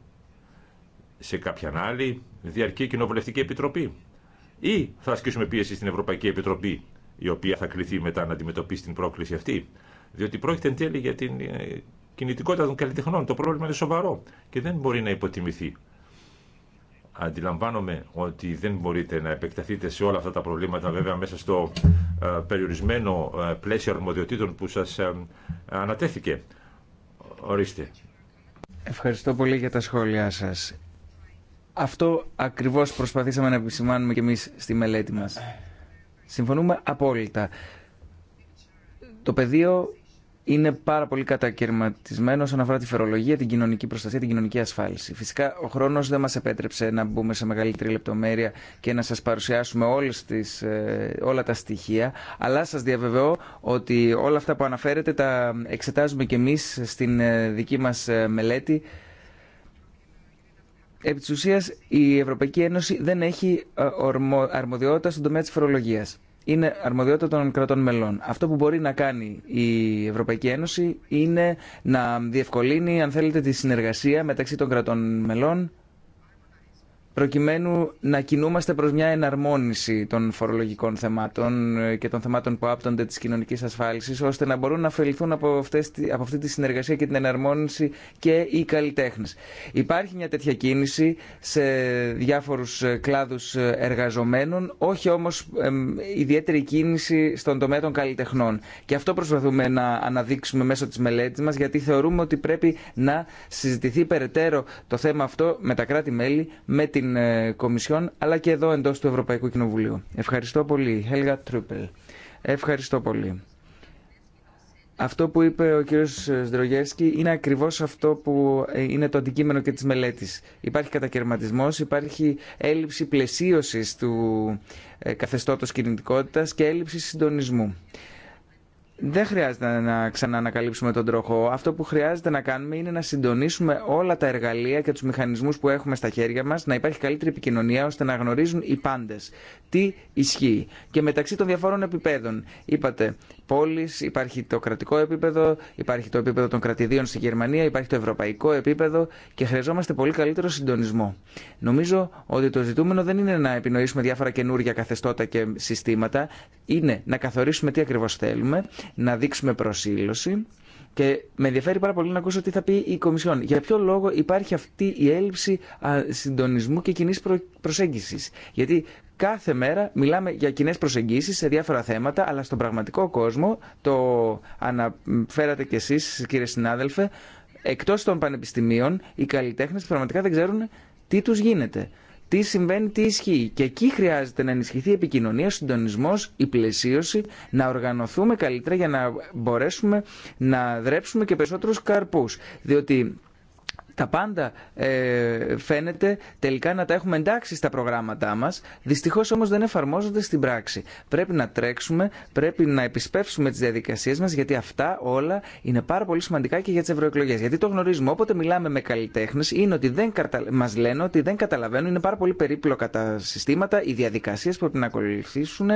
σε κάποιαν άλλη διαρκή κοινοβουλευτική επιτροπή. Ή θα ασκήσουμε πίεση στην Ευρωπαϊκή Επιτροπή η οποία θα κληθεί μετά να αντιμετωπίσει την πρόκληση αυτή. Διότι πρόκειται εν τέλει για την ε, κινητικότητα των καλλιτεχνών. Το πρόβλημα είναι σοβαρό και δεν μπορεί να υποτιμηθεί. Αντιλαμβάνομαι ότι δεν μπορείτε να επεκταθείτε σε όλα αυτά τα προβλήματα βέβαια μέσα στο ε, περιορισμένο ε, πλαίσιο αρμοδιοτήτων που σας ανατέθηκε. Ορίστε. Ευχαριστώ πολύ για τα σχόλιά σας. Αυτό ακριβώς προσπαθήσαμε να επισημάνουμε και εμείς στη μελέτη μας. Συμφωνούμε απόλυτα. Το πεδίο είναι πάρα πολύ κατακαιρματισμένο όσον αφορά τη φερολογία, την κοινωνική προστασία, την κοινωνική ασφάλιση. Φυσικά ο χρόνος δεν μας επέτρεψε να μπούμε σε μεγαλύτερη λεπτομέρεια και να σας παρουσιάσουμε όλες τις, ε, όλα τα στοιχεία, αλλά σας διαβεβαιώ ότι όλα αυτά που αναφέρετε τα εξετάζουμε και εμείς στην ε, δική μας ε, μελέτη επί της ουσίας, η Ευρωπαϊκή Ένωση δεν έχει ε, αρμοδιότητα στον τομέα της φορολογίας. Είναι αρμοδιότητα των κρατών μελών. Αυτό που μπορεί να κάνει η Ευρωπαϊκή Ένωση είναι να διευκολύνει, αν θέλετε, τη συνεργασία μεταξύ των κρατών μελών προκειμένου να κινούμαστε προς μια εναρμόνιση των φορολογικών θεμάτων ε, και των θεμάτων που άπτονται της κοινωνικής ασφάλισης, ώστε να μπορούν να ωφεληθούν από, από αυτή τη συνεργασία και την εναρμόνιση και οι καλλιτέχνε. Υπάρχει μια τέτοια κίνηση σε διάφορους ε, κλάδους ε, εργαζομένων, όχι όμως ιδιαίτερη κίνηση στον τομέα των καλλιτεχνών. Και αυτό προσπαθούμε να αναδείξουμε μέσω της μελέτης μας, γιατί θεωρούμε ότι πρέπει να συζητηθεί περαιτέρω το θέμα αυτό με τα κράτη-μέλη, με στην ε, Κομισιόν αλλά και εδώ εντός του Ευρωπαϊκού Κοινοβουλίου. Ευχαριστώ πολύ. Helga Truppel. Ευχαριστώ πολύ. Αυτό που είπε ο κύριος Σδρογεύσκη είναι ακριβώς αυτό που ε, είναι το αντικείμενο και της μελέτης. Υπάρχει κατακαιρματισμός, υπάρχει έλλειψη πλαισίωσης του ε, καθεστώτος κινητικότητας και έλλειψη συντονισμού. Δεν χρειάζεται να ξαναανακαλύψουμε τον τροχό. Αυτό που χρειάζεται να κάνουμε είναι να συντονίσουμε όλα τα εργαλεία και του μηχανισμού που έχουμε στα χέρια μα, να υπάρχει καλύτερη επικοινωνία ώστε να γνωρίζουν οι πάντε. τι ισχύει. Και μεταξύ των διαφόρων επιπέδων, είπατε, πόλεις, υπάρχει το κρατικό επίπεδο, υπάρχει το επίπεδο των κρατηδίων στη Γερμανία, υπάρχει το ευρωπαϊκό επίπεδο και χρειαζόμαστε πολύ καλύτερο συντονισμό. Νομίζω ότι το ζητούμενο δεν είναι να επινοήσουμε διάφορα καινούργια καθεστώτα και συστήματα, είναι να καθορίσουμε τι ακριβώ θέλουμε να δείξουμε προσήλωση και με ενδιαφέρει πάρα πολύ να ακούσω τι θα πει η Κομισιόν. Για ποιο λόγο υπάρχει αυτή η έλλειψη συντονισμού και κοινή προσέγγιση. Γιατί κάθε μέρα μιλάμε για κοινέ προσεγγίσεις σε διάφορα θέματα, αλλά στον πραγματικό κόσμο, το αναφέρατε κι εσεί, κύριε συνάδελφε, εκτό των πανεπιστημίων, οι καλλιτέχνε πραγματικά δεν ξέρουν τι του γίνεται τι συμβαίνει, τι ισχύει. Και εκεί χρειάζεται να ενισχυθεί η επικοινωνία, ο συντονισμό, η πλαισίωση, να οργανωθούμε καλύτερα για να μπορέσουμε να δρέψουμε και περισσότερου καρπού. Διότι τα πάντα ε, φαίνεται τελικά να τα έχουμε εντάξει στα προγράμματά μα. Δυστυχώ όμω δεν εφαρμόζονται στην πράξη. Πρέπει να τρέξουμε, πρέπει να επισπεύσουμε τι διαδικασίε μα, γιατί αυτά όλα είναι πάρα πολύ σημαντικά και για τι ευρωεκλογέ. Γιατί το γνωρίζουμε, όποτε μιλάμε με καλλιτέχνε είναι ότι δεν μας λένε ότι δεν καταλαβαίνουν, είναι πάρα πολύ περίπλοκα τα συστήματα, οι διαδικασίες πρέπει να ακολουθήσουν,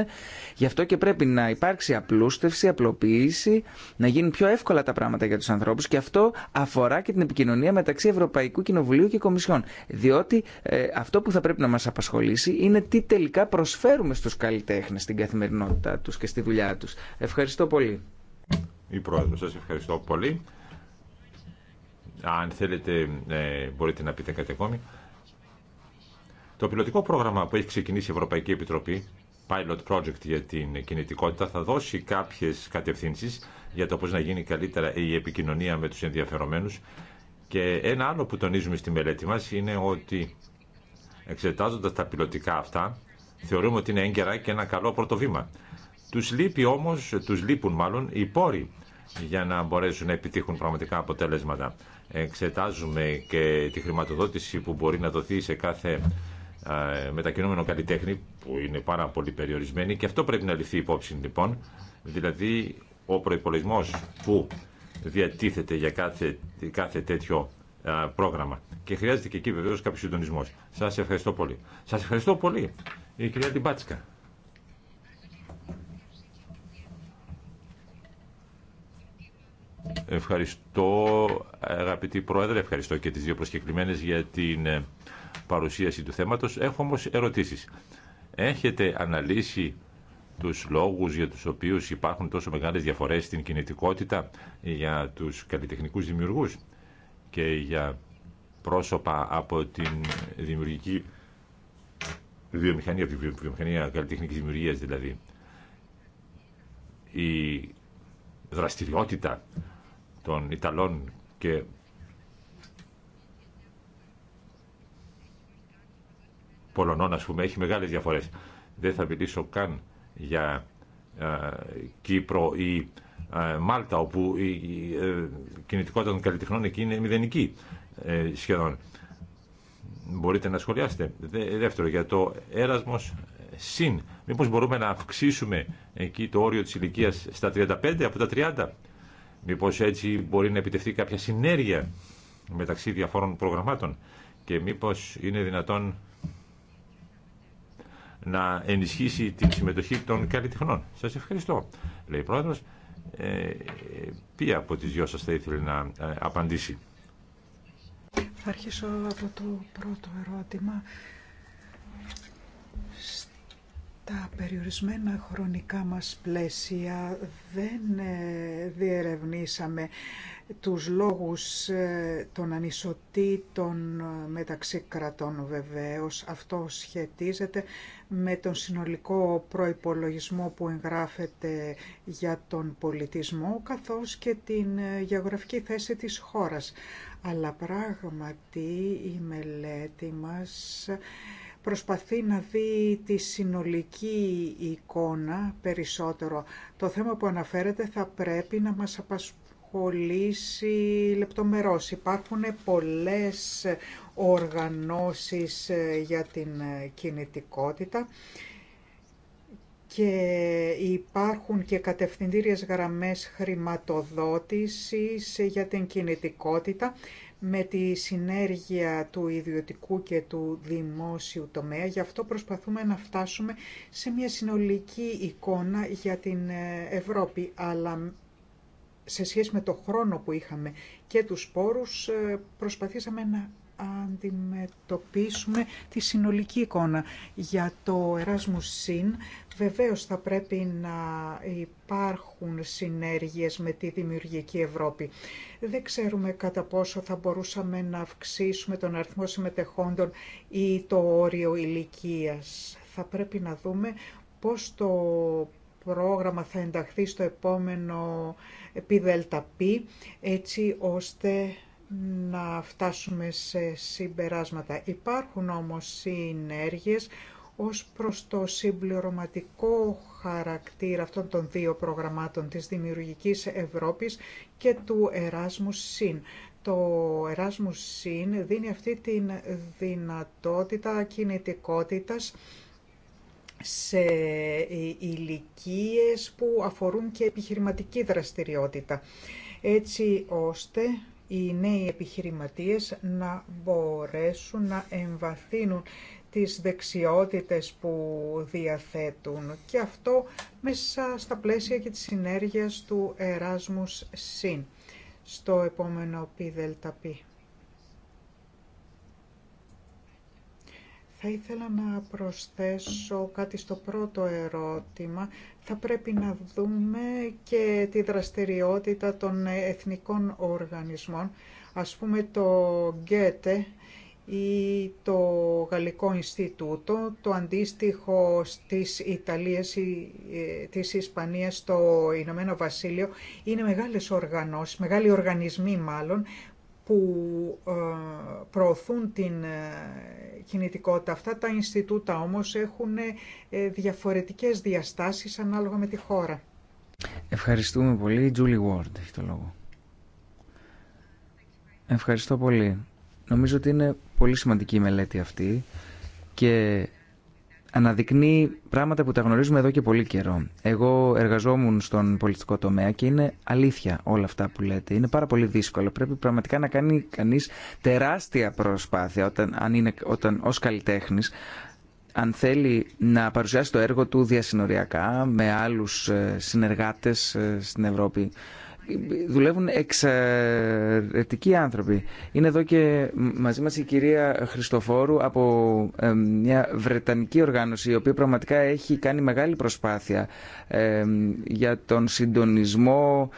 γι' αυτό και πρέπει να υπάρξει απλούστευση, απλοποίηση, να γίνουν πιο εύκολα τα πράγματα για του ανθρώπου. και αυτό αφορά και την επικοινωνία μεταξύ Ευρωπαϊκού Κοινοβουλίου και Κομισιόν. Διότι ε, αυτό που θα πρέπει να μα απασχολήσει είναι τι τελικά προσφέρουμε στου καλλιτέχνε στην καθημερινότητά του και στη δουλειά του. Ευχαριστώ πολύ. Η Πρόεδρο, σας ευχαριστώ πολύ. Αν θέλετε ε, μπορείτε να πείτε κάτι ακόμη. Το πιλωτικό πρόγραμμα που έχει ξεκινήσει η Ευρωπαϊκή Επιτροπή pilot project για την κινητικότητα θα δώσει κάποιε κατευθύνσει για το πώ να γίνει καλύτερα η επικοινωνία με του ενδιαφερομένου. Και ένα άλλο που τονίζουμε στη μελέτη μας είναι ότι εξετάζοντας τα πιλωτικά αυτά, θεωρούμε ότι είναι έγκαιρα και ένα καλό πρώτο βήμα. Τους λείπει όμως, τους λείπουν μάλλον οι πόροι για να μπορέσουν να επιτύχουν πραγματικά αποτέλεσματα. Εξετάζουμε και τη χρηματοδότηση που μπορεί να δοθεί σε κάθε μετακινούμενο καλλιτέχνη που είναι πάρα πολύ περιορισμένη και αυτό πρέπει να λυθεί υπόψη λοιπόν δηλαδή ο προπολογισμό που διατίθεται για κάθε, κάθε τέτοιο πρόγραμμα. Και χρειάζεται και εκεί βεβαίω κάποιο συντονισμό. Σα ευχαριστώ πολύ. Σα ευχαριστώ πολύ, η κυρία Τιμπάτσκα. Ευχαριστώ αγαπητή Πρόεδρε, ευχαριστώ και τις δύο προσκεκλημένες για την ε, παρουσίαση του θέματος. Έχω όμως ερωτήσεις. Έχετε αναλύσει τους λόγους για τους οποίους υπάρχουν τόσο μεγάλες διαφορές στην κινητικότητα για τους καλλιτεχνικούς δημιουργούς και για πρόσωπα από την δημιουργική βιομηχανία, από την βιομηχανία καλλιτεχνικής δημιουργίας δηλαδή. Η δραστηριότητα των Ιταλών και Πολωνών, ας πούμε, έχει μεγάλες διαφορές. Δεν θα μιλήσω καν για ε, Κύπρο ή ε, Μάλτα, όπου η ε, κινητικότητα των καλλιτεχνών εκεί είναι μηδενική σχεδόν. Μπορείτε να σχολιάσετε. Δεύτερο, για το έρασμος συν. Μήπως μπορούμε να αυξήσουμε εκεί το όριο της ηλικία στα 35 από τα 30. Μήπως έτσι μπορεί να επιτευχθεί κάποια συνέργεια μεταξύ διαφόρων προγραμμάτων και μήπως είναι δυνατόν να ενισχύσει την συμμετοχή των καλλιτεχνών. Σας ευχαριστώ. Λέει Πρόεδρος, ε, ποια από τις δυο σας θα ήθελε να ε, απαντήσει. Θα αρχίσω από το πρώτο ερώτημα. Τα περιορισμένα χρονικά μας πλαίσια δεν ε, διερευνήσαμε τους λόγους ε, των ανισοτήτων ε, μεταξύ κρατών βεβαίως. Αυτό σχετίζεται με τον συνολικό προϋπολογισμό που εγγράφεται για τον πολιτισμό καθώς και την ε, γεωγραφική θέση της χώρας. Αλλά πράγματι η μελέτη μας προσπαθεί να δει τη συνολική εικόνα περισσότερο. Το θέμα που αναφέρεται θα πρέπει να μας απασχολήσει λεπτομερώς. Υπάρχουν πολλές οργανώσεις ε, για την ε, κινητικότητα και υπάρχουν και κατευθυντήριες γραμμές χρηματοδότησης ε, για την κινητικότητα με τη συνέργεια του ιδιωτικού και του δημόσιου τομέα. Γι' αυτό προσπαθούμε να φτάσουμε σε μια συνολική εικόνα για την Ευρώπη, αλλά σε σχέση με το χρόνο που είχαμε και τους πόρους ε, προσπαθήσαμε να αντιμετωπίσουμε τη συνολική εικόνα. Για το Erasmus Sin βεβαίως θα πρέπει να υπάρχουν συνέργειες με τη δημιουργική Ευρώπη. Δεν ξέρουμε κατά πόσο θα μπορούσαμε να αυξήσουμε τον αριθμό συμμετεχόντων ή το όριο ηλικίας. Θα πρέπει να δούμε πώς το πρόγραμμα θα ενταχθεί στο επόμενο πι, έτσι ώστε να φτάσουμε σε συμπεράσματα. Υπάρχουν όμως συνέργειες ως προς το συμπληρωματικό χαρακτήρα αυτών των δύο προγραμμάτων της Δημιουργικής Ευρώπης και του Erasmus Συν. Το Erasmus Συν δίνει αυτή τη δυνατότητα κινητικότητας σε ε, ηλικίε που αφορούν και επιχειρηματική δραστηριότητα, έτσι ώστε οι νέοι επιχειρηματίες να μπορέσουν να εμβαθύνουν τις δεξιότητες που διαθέτουν και αυτό μέσα στα πλαίσια και της συνέργειας του Erasmus Συν στο επόμενο ΠΔΠ. Θα ήθελα να προσθέσω κάτι στο πρώτο ερώτημα. Θα πρέπει να δούμε και τη δραστηριότητα των εθνικών οργανισμών. Ας πούμε το ΓΚΕΤΕ ή το Γαλλικό Ινστιτούτο, το αντίστοιχο της Ιταλίας ή ε, της Ισπανίας το Ηνωμένο Βασίλειο, είναι μεγάλες οργανώσεις, μεγάλοι οργανισμοί μάλλον, που ε, προωθούν την ε, κινητικότητα. Αυτά τα Ινστιτούτα όμως έχουν ε, διαφορετικές διαστάσεις ανάλογα με τη χώρα. Ευχαριστούμε πολύ. Η Julie Ward έχει το λόγο. Ευχαριστώ πολύ. Νομίζω ότι είναι πολύ σημαντική η μελέτη αυτή και αναδεικνύει πράγματα που τα γνωρίζουμε εδώ και πολύ καιρό. Εγώ εργαζόμουν στον πολιτικό τομέα και είναι αλήθεια όλα αυτά που λέτε. Είναι πάρα πολύ δύσκολο. Πρέπει πραγματικά να κάνει κανεί τεράστια προσπάθεια όταν, αν είναι, όταν ως καλλιτέχνης αν θέλει να παρουσιάσει το έργο του διασυνοριακά με άλλους ε, συνεργάτες ε, στην Ευρώπη δουλεύουν εξαιρετικοί άνθρωποι. Είναι εδώ και μαζί μας η κυρία Χριστοφόρου από ε, μια Βρετανική οργάνωση η οποία πραγματικά έχει κάνει μεγάλη προσπάθεια ε, για τον συντονισμό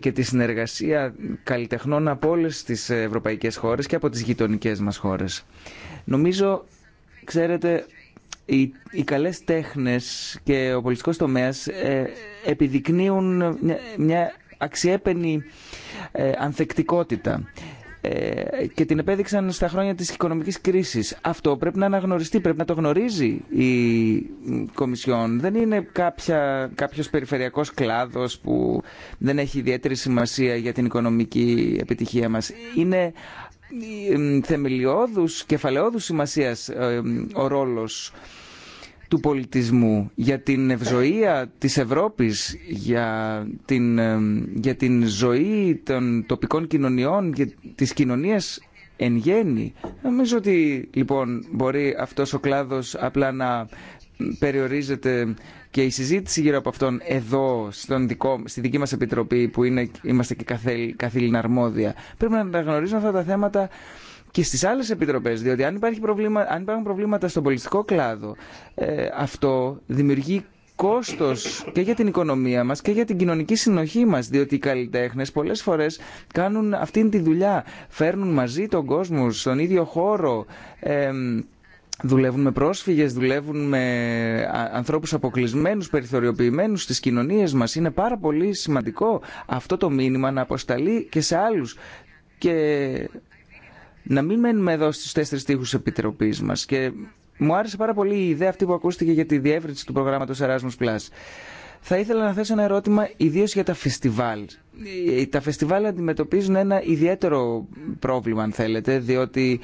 και τη συνεργασία καλλιτεχνών από όλες τις ευρωπαϊκές χώρες και από τις γειτονικές μας χώρες. Νομίζω, ξέρετε, οι, οι καλές τέχνες και ο πολιτικός τομέας ε, επιδεικνύουν μια, μια αξιέπαινη ε, ανθεκτικότητα ε, και την επέδειξαν στα χρόνια της οικονομικής κρίσης. Αυτό πρέπει να αναγνωριστεί, πρέπει να το γνωρίζει η Κομισιόν. Δεν είναι κάποια, κάποιος περιφερειακός κλάδος που δεν έχει ιδιαίτερη σημασία για την οικονομική επιτυχία μας. Είναι ε, θεμελιώδους, κεφαλαιόδους σημασίας ο ρόλος του πολιτισμού, για την ευζοία της Ευρώπης, για την, για την ζωή των τοπικών κοινωνιών, για τις κοινωνίες εν γέννη. Νομίζω ότι λοιπόν μπορεί αυτός ο κλάδος απλά να περιορίζεται και η συζήτηση γύρω από αυτόν εδώ στον δικό, στη δική μας επιτροπή που είναι, είμαστε και καθήλυνα αρμόδια. Πρέπει να αναγνωρίζουμε αυτά τα θέματα και στις άλλες επιτροπές, διότι αν, υπάρχει προβλήμα, αν υπάρχουν προβλήματα στον πολιτικό κλάδο, ε, αυτό δημιουργεί κόστος και για την οικονομία μας και για την κοινωνική συνοχή μας, διότι οι καλλιτέχνες πολλές φορές κάνουν αυτήν τη δουλειά, φέρνουν μαζί τον κόσμο στον ίδιο χώρο, ε, δουλεύουν με πρόσφυγες, δουλεύουν με ανθρώπους αποκλεισμένους, περιθωριοποιημένους στις κοινωνίες μας. Είναι πάρα πολύ σημαντικό αυτό το μήνυμα να αποσταλεί και σε άλλους. Και να μην μένουμε εδώ στου τέσσερις τείχου επιτροπή Επιτροπής μας και μου άρεσε πάρα πολύ η ιδέα αυτή που ακούστηκε για τη διεύρυνση του προγράμματος Erasmus+. Θα ήθελα να θέσω ένα ερώτημα ιδίως για τα φεστιβάλ ε, τα φεστιβάλ αντιμετωπίζουν ένα ιδιαίτερο πρόβλημα αν θέλετε διότι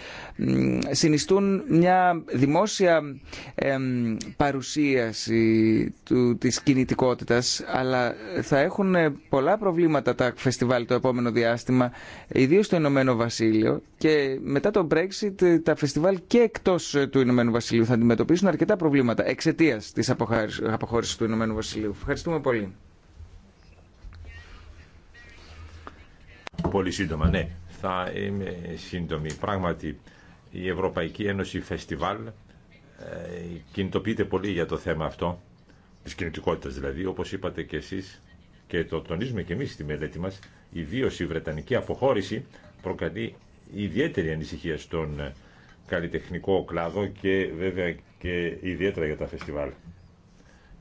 συνιστούν μια δημόσια παρουσίαση του, της κινητικότητας αλλά θα έχουν ε, πολλά προβλήματα τα φεστιβάλ το επόμενο διάστημα ιδίως στο Ηνωμένο Βασίλειο και μετά το Brexit ε, τα φεστιβάλ και εκτός του Ηνωμένου Βασιλείου θα αντιμετωπίσουν αρκετά προβλήματα εξαιτία της αποχώρησης του Ηνωμένου Βασιλείου. Ευχαριστούμε πολύ. Πολύ σύντομα, ναι. Θα είμαι σύντομη. Πράγματι, η Ευρωπαϊκή Ένωση Φεστιβάλ ε, κινητοποιείται πολύ για το θέμα αυτό, τη κινητικότητα δηλαδή, όπως είπατε και εσείς και το τονίζουμε και εμείς στη μελέτη μας, ιδίω η βρετανική αποχώρηση προκαλεί ιδιαίτερη ανησυχία στον ε, καλλιτεχνικό κλάδο και βέβαια και ιδιαίτερα για τα φεστιβάλ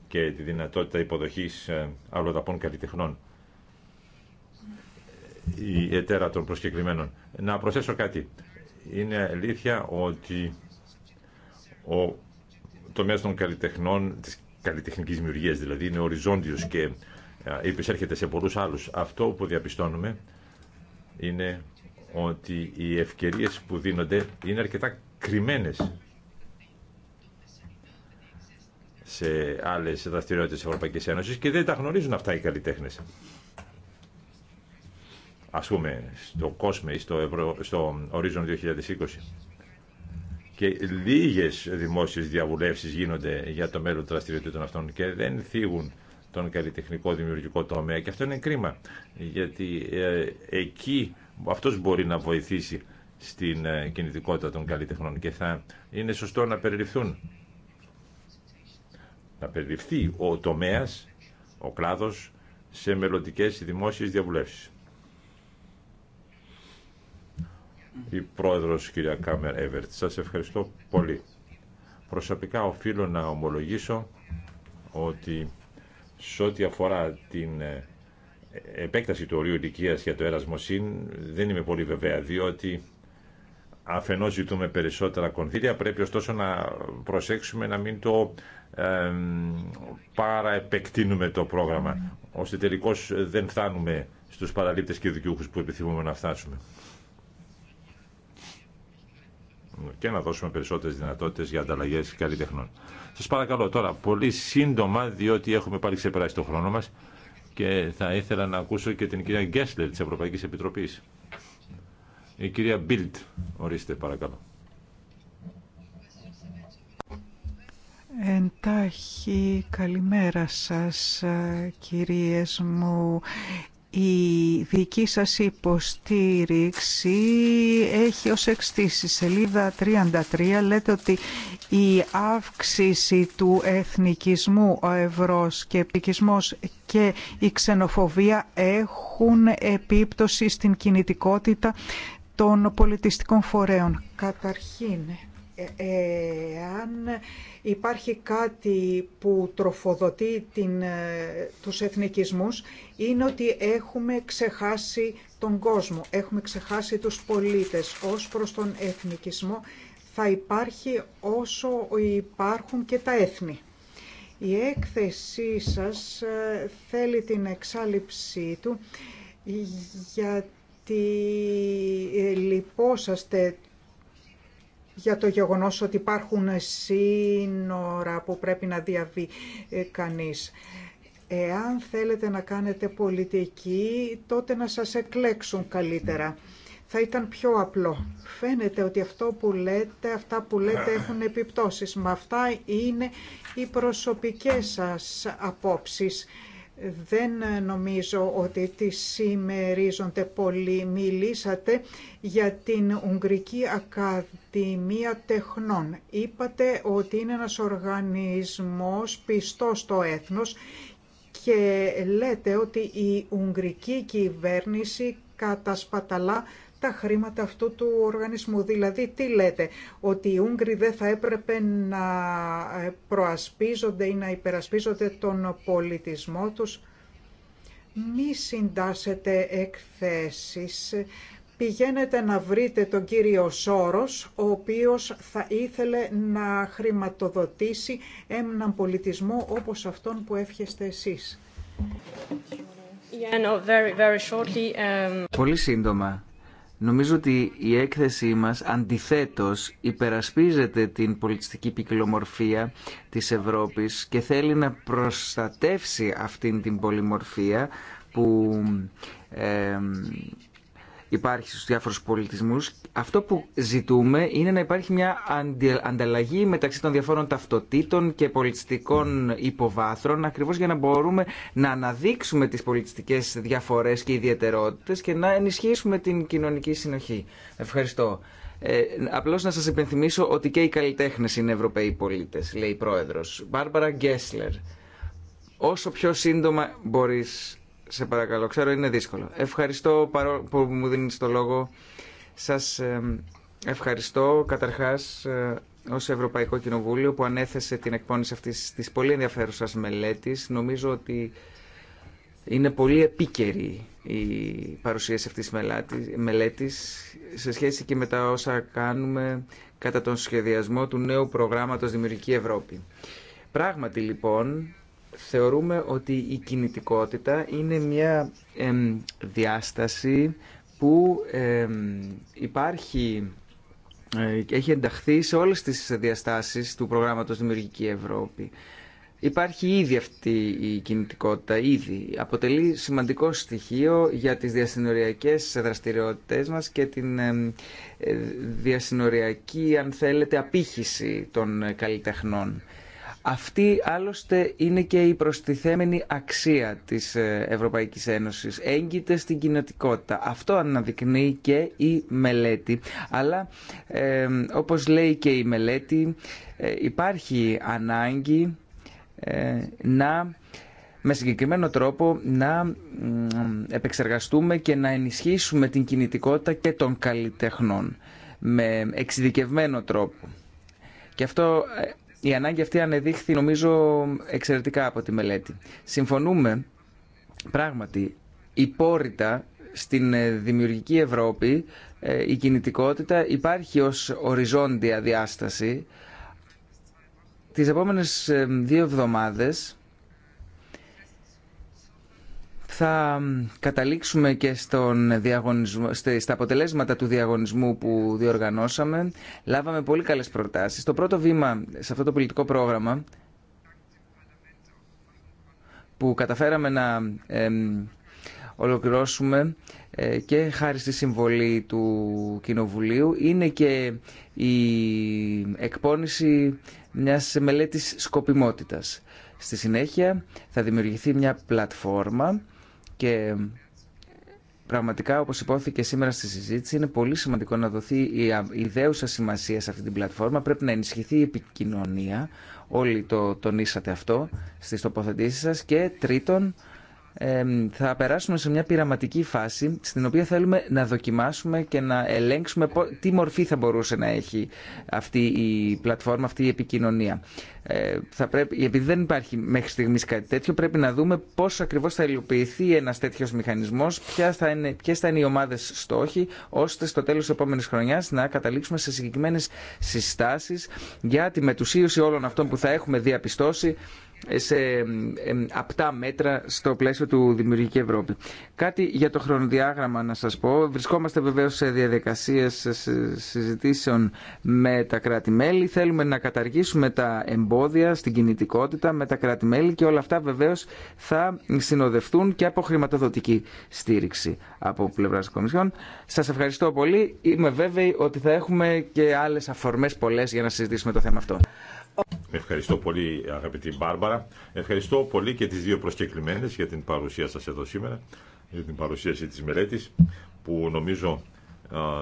και τη δυνατότητα υποδοχής ε, αλλοδαπών καλλιτεχνών η εταίρα των προσκεκριμένων. Να προσθέσω κάτι. Είναι αλήθεια ότι ο τομέας των καλλιτεχνών, της καλλιτεχνικής δημιουργίας δηλαδή, είναι οριζόντιος και υπησέρχεται σε πολλούς άλλους. Αυτό που διαπιστώνουμε είναι ότι οι ευκαιρίες που δίνονται είναι αρκετά κρυμμένες σε άλλες δραστηριότητες της Ευρωπαϊκής Ένωσης και δεν τα γνωρίζουν αυτά οι καλλιτέχνες ας πούμε, στο κόσμο ή στο, Ευρω... ορίζον 2020. Και λίγες δημόσιες διαβουλεύσεις γίνονται για το μέλλον των δραστηριοτήτων αυτών και δεν θίγουν τον καλλιτεχνικό δημιουργικό τομέα και αυτό είναι κρίμα γιατί ε, εκεί αυτός μπορεί να βοηθήσει στην ε, κινητικότητα των καλλιτεχνών και θα είναι σωστό να περιληφθούν να περιληφθεί ο τομέας, ο κλάδος σε μελλοντικέ δημόσιες διαβουλεύσεις. η πρόεδρος κυρία Κάμερ Έβερτ, Σας ευχαριστώ πολύ. Προσωπικά οφείλω να ομολογήσω ότι σε ό,τι αφορά την ε, επέκταση του ορίου ηλικία για το έρασμο δεν είμαι πολύ βεβαία διότι αφενός ζητούμε περισσότερα κονδύλια πρέπει ωστόσο να προσέξουμε να μην το ε, παραεπεκτείνουμε το πρόγραμμα ώστε τελικώς δεν φτάνουμε στους παραλήπτες και δικιούχους που επιθυμούμε να φτάσουμε και να δώσουμε περισσότερες δυνατότητες για ανταλλαγές καλλιτεχνών. Σας παρακαλώ τώρα πολύ σύντομα διότι έχουμε πάλι ξεπεράσει το χρόνο μας και θα ήθελα να ακούσω και την κυρία Γκέσλερ της Ευρωπαϊκής Επιτροπής. Η κυρία Μπίλτ, ορίστε παρακαλώ. Εντάχει καλημέρα σας ε, κυρίες μου. Η δική σας υποστήριξη έχει ως εξή σελίδα 33 λέτε ότι η αύξηση του εθνικισμού, ο ευρωσκεπτικισμός και η ξενοφοβία έχουν επίπτωση στην κινητικότητα των πολιτιστικών φορέων. Καταρχήν, αν ε, υπάρχει κάτι που τροφοδοτεί την, ε, τους εθνικισμούς είναι ότι έχουμε ξεχάσει τον κόσμο, έχουμε ξεχάσει τους πολίτες ως προς τον εθνικισμό θα υπάρχει όσο υπάρχουν και τα έθνη. Η έκθεσή σας ε, θέλει την εξάλληψή του γιατί λυπόσαστε για το γεγονός ότι υπάρχουν σύνορα που πρέπει να διαβεί ε, κανείς. Εάν θέλετε να κάνετε πολιτική, τότε να σας εκλέξουν καλύτερα. Θα ήταν πιο απλό. Φαίνεται ότι αυτό που λέτε, αυτά που λέτε έχουν επιπτώσεις. Μα αυτά είναι οι προσωπικές σας απόψεις δεν νομίζω ότι τη σημερίζονται πολύ. Μιλήσατε για την Ουγγρική Ακαδημία Τεχνών. Είπατε ότι είναι ένας οργανισμός πιστός στο έθνος και λέτε ότι η Ουγγρική κυβέρνηση κατασπαταλά τα χρήματα αυτού του οργανισμού. Δηλαδή, τι λέτε, ότι οι Ούγγροι δεν θα έπρεπε να ε, προασπίζονται ή να υπερασπίζονται τον πολιτισμό τους. Μη συντάσετε εκθέσεις. Πηγαίνετε να βρείτε τον κύριο Σόρος, ο οποίος θα ήθελε να χρηματοδοτήσει έναν πολιτισμό όπως αυτόν που εύχεστε εσείς. Um, Πολύ σύντομα. Νομίζω ότι η έκθεσή μας αντιθέτως υπερασπίζεται την πολιτιστική ποικιλομορφία της Ευρώπης και θέλει να προστατεύσει αυτήν την πολυμορφία που ε, υπάρχει στους διάφορους πολιτισμούς. Αυτό που ζητούμε είναι να υπάρχει μια ανταλλαγή μεταξύ των διαφόρων ταυτοτήτων και πολιτιστικών υποβάθρων ακριβώς για να μπορούμε να αναδείξουμε τις πολιτιστικές διαφορές και ιδιαιτερότητες και να ενισχύσουμε την κοινωνική συνοχή. Ευχαριστώ. Ε, Απλώ να σα υπενθυμίσω ότι και οι καλλιτέχνε είναι Ευρωπαίοι πολίτε, λέει η πρόεδρο. Μπάρμπαρα Γκέσλερ. Όσο πιο σύντομα μπορεί σε παρακαλώ, ξέρω είναι δύσκολο. Ευχαριστώ που μου δίνεις το λόγο. Σας ευχαριστώ καταρχάς ε, ως Ευρωπαϊκό Κοινοβούλιο που ανέθεσε την εκπόνηση αυτής της πολύ ενδιαφέρουσας μελέτης. Νομίζω ότι είναι πολύ επίκαιρη η παρουσίαση αυτής της μελέτης σε σχέση και με τα όσα κάνουμε κατά τον σχεδιασμό του νέου προγράμματος Δημιουργική Ευρώπη. Πράγματι λοιπόν θεωρούμε ότι η κινητικότητα είναι μια διάσταση που υπάρχει ε, έχει ενταχθεί σε όλες τις διαστάσεις του προγράμματος Δημιουργική Ευρώπη. Υπάρχει ήδη αυτή η κινητικότητα, ήδη. Αποτελεί σημαντικό στοιχείο για τις διασυνοριακές δραστηριότητες μας και την ε, διασυνοριακή, αν θέλετε, απήχηση των καλλιτεχνών. Αυτή άλλωστε είναι και η προστιθέμενη αξία της ε, Ευρωπαϊκής Ένωσης. Έγκυται στην κοινοτικότητα. Αυτό αναδεικνύει και η μελέτη. Αλλά ε, όπως λέει και η μελέτη ε, υπάρχει ανάγκη ε, να με συγκεκριμένο τρόπο να επεξεργαστούμε και να ενισχύσουμε την κινητικότητα και των καλλιτεχνών με εξειδικευμένο τρόπο. Και αυτό η ανάγκη αυτή ανεδείχθη νομίζω εξαιρετικά από τη μελέτη. Συμφωνούμε πράγματι υπόρρητα στην ε, δημιουργική Ευρώπη ε, η κινητικότητα υπάρχει ως οριζόντια διάσταση. Τις επόμενες ε, δύο εβδομάδες θα καταλήξουμε και στον διαγωνισμό, στα αποτελέσματα του διαγωνισμού που διοργανώσαμε. Λάβαμε πολύ καλές προτάσεις. Το πρώτο βήμα σε αυτό το πολιτικό πρόγραμμα που καταφέραμε να ολοκληρώσουμε ε, και χάρη στη συμβολή του Κοινοβουλίου είναι και η εκπόνηση μιας μελέτης σκοπιμότητας. Στη συνέχεια θα δημιουργηθεί μια πλατφόρμα και πραγματικά, όπως υπόθηκε σήμερα στη συζήτηση, είναι πολύ σημαντικό να δοθεί η ιδέουσα σημασία σε αυτή την πλατφόρμα. Πρέπει να ενισχυθεί η επικοινωνία. Όλοι το τονίσατε αυτό στις τοποθετήσεις σας. Και τρίτον, θα περάσουμε σε μια πειραματική φάση στην οποία θέλουμε να δοκιμάσουμε και να ελέγξουμε τι μορφή θα μπορούσε να έχει αυτή η πλατφόρμα, αυτή η επικοινωνία. Ε, θα πρέπει, επειδή δεν υπάρχει μέχρι στιγμή κάτι τέτοιο, πρέπει να δούμε πώ ακριβώ θα υλοποιηθεί ένα τέτοιο μηχανισμό, ποιε θα είναι, ποιες θα είναι οι ομάδε στόχοι, ώστε στο τέλο τη επόμενη χρονιά να καταλήξουμε σε συγκεκριμένε συστάσει για τη μετουσίωση όλων αυτών που θα έχουμε διαπιστώσει σε απτά μέτρα στο πλαίσιο του Δημιουργική Ευρώπη. Κάτι για το χρονοδιάγραμμα να σας πω. Βρισκόμαστε βεβαίως σε διαδικασίες συζητήσεων με τα κράτη-μέλη. Θέλουμε να καταργήσουμε τα εμπόδια στην κινητικότητα με τα κράτη-μέλη και όλα αυτά βεβαίως θα συνοδευτούν και από χρηματοδοτική στήριξη από πλευράς Κομισιόν. Σας ευχαριστώ πολύ. Είμαι βέβαιη ότι θα έχουμε και άλλες αφορμές πολλές για να συζητήσουμε το θέμα αυτό. Ευχαριστώ πολύ αγαπητή Μπάρμπαρα. Ευχαριστώ πολύ και τις δύο προσκεκλημένες για την παρουσία σας εδώ σήμερα, για την παρουσίαση της μελέτης που νομίζω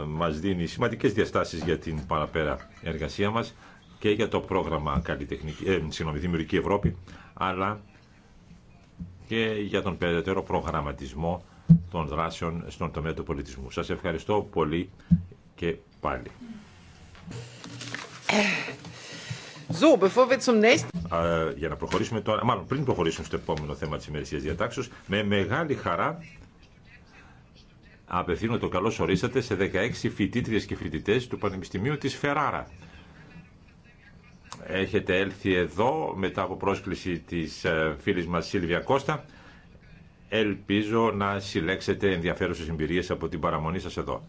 μας δίνει σημαντικές διαστάσεις για την παραπέρα εργασία μας και για το πρόγραμμα καλλιτεχνική, ε, Δημιουργική Ευρώπη, αλλά και για τον περαιτέρω προγραμματισμό των δράσεων στον τομέα του πολιτισμού. Σας ευχαριστώ πολύ και πάλι. So, για να προχωρήσουμε τώρα, μάλλον πριν προχωρήσουμε στο επόμενο θέμα της ημερησίας διατάξεως, με μεγάλη χαρά απευθύνω το καλό ορίσατε σε 16 φοιτήτριες και φοιτητές του Πανεπιστημίου της Φεράρα. Έχετε έλθει εδώ μετά από πρόσκληση της ε, φίλης μας Σίλβια Κώστα. Ελπίζω να συλλέξετε ενδιαφέρουσες εμπειρίες από την παραμονή σας εδώ.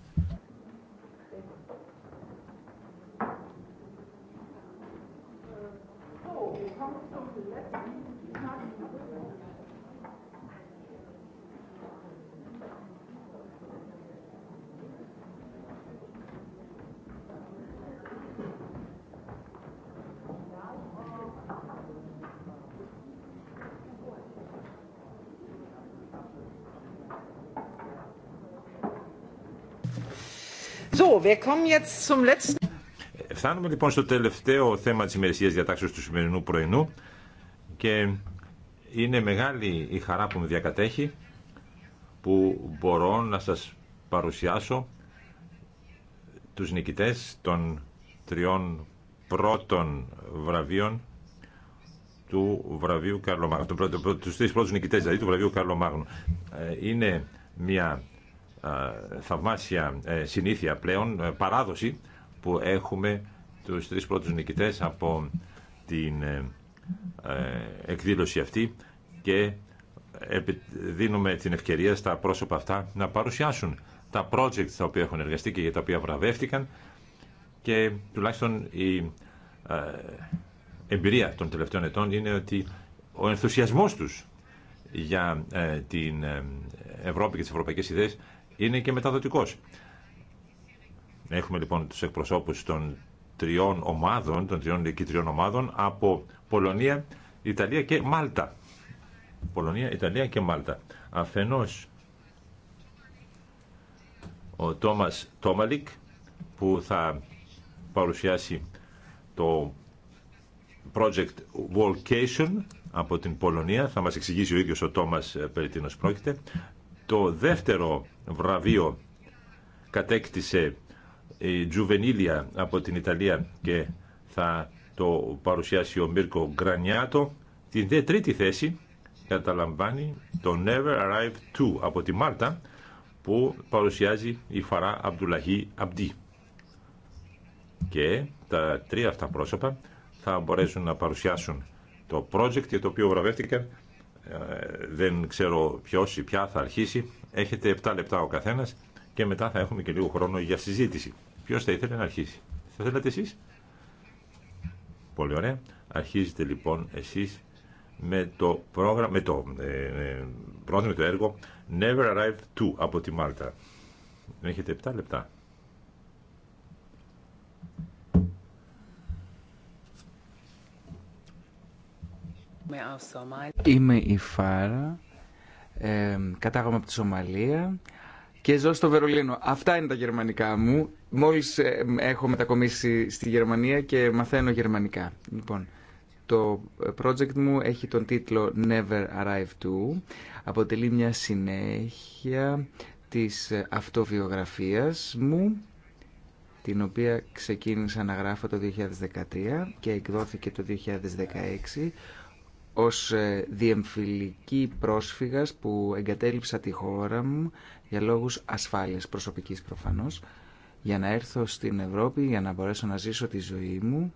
Φτάνουμε λοιπόν στο τελευταίο θέμα της ημερησίας διατάξεως του σημερινού πρωινού και είναι μεγάλη η χαρά που με διακατέχει που μπορώ να σας παρουσιάσω τους νικητές των τριών πρώτων βραβείων του βραβείου Καρλομάγνου. Τους τρεις πρώτους νικητές δηλαδή του βραβείου Καρλομάγνου. Ε, είναι μια θαυμάσια ε, συνήθεια πλέον, ε, παράδοση που έχουμε τους τρεις πρώτους νικητές από την ε, εκδήλωση αυτή και δίνουμε την ευκαιρία στα πρόσωπα αυτά να παρουσιάσουν τα projects τα οποία έχουν εργαστεί και για τα οποία βραβεύτηκαν και τουλάχιστον η εμπειρία των τελευταίων ετών είναι ότι ο ενθουσιασμός τους για την Ευρώπη και τις ευρωπαϊκές ιδέες είναι και μεταδοτικό. Έχουμε λοιπόν τους εκπροσώπους των τριών ομάδων, των τριών τριών ομάδων από Πολωνία, Ιταλία και Μάλτα. Πολωνία, Ιταλία και Μάλτα. Αφενός ο Τόμας Τόμαλικ που θα παρουσιάσει το project Walkation από την Πολωνία. Θα μας εξηγήσει ο ίδιος ο Τόμας ε, περί τίνος πρόκειται. Το δεύτερο βραβείο κατέκτησε η Τζουβενίλια από την Ιταλία και θα το παρουσιάσει ο Μίρκο Γκρανιάτο. Την τρίτη θέση καταλαμβάνει το Never Arrive 2 από τη Μάρτα που παρουσιάζει η Φαρά Αμπτουλαχή Αμπτή. Και τα τρία αυτά πρόσωπα θα μπορέσουν να παρουσιάσουν το project το οποίο βραβεύτηκαν ε, δεν ξέρω ποιο ή ποια θα αρχίσει. Έχετε 7 λεπτά ο καθένας και μετά θα έχουμε και λίγο χρόνο για συζήτηση. Ποιο θα ήθελε να αρχίσει. Θα θέλατε εσεί, Πολύ ωραία. Αρχίζετε λοιπόν εσείς με το, ε, ε, πρόγραμμα, με το ε, πρόγραμμα, το έργο Never arrive 2 από τη Μάλτα. Έχετε 7 λεπτά. Είμαι η Φάρα, ε, κατάγομαι από τη Σομαλία και ζω στο Βερολίνο. Αυτά είναι τα γερμανικά μου. Μόλις ε, έχω μετακομίσει στη Γερμανία και μαθαίνω γερμανικά. Λοιπόν, το project μου έχει τον τίτλο Never Arrive To. Αποτελεί μια συνέχεια της αυτοβιογραφίας μου την οποία ξεκίνησα να γράφω το 2013 και εκδόθηκε το 2016 ως ε, διεμφυλική πρόσφυγας που εγκατέλειψα τη χώρα μου για λόγους ασφάλειας προσωπικής προφανώς για να έρθω στην Ευρώπη, για να μπορέσω να ζήσω τη ζωή μου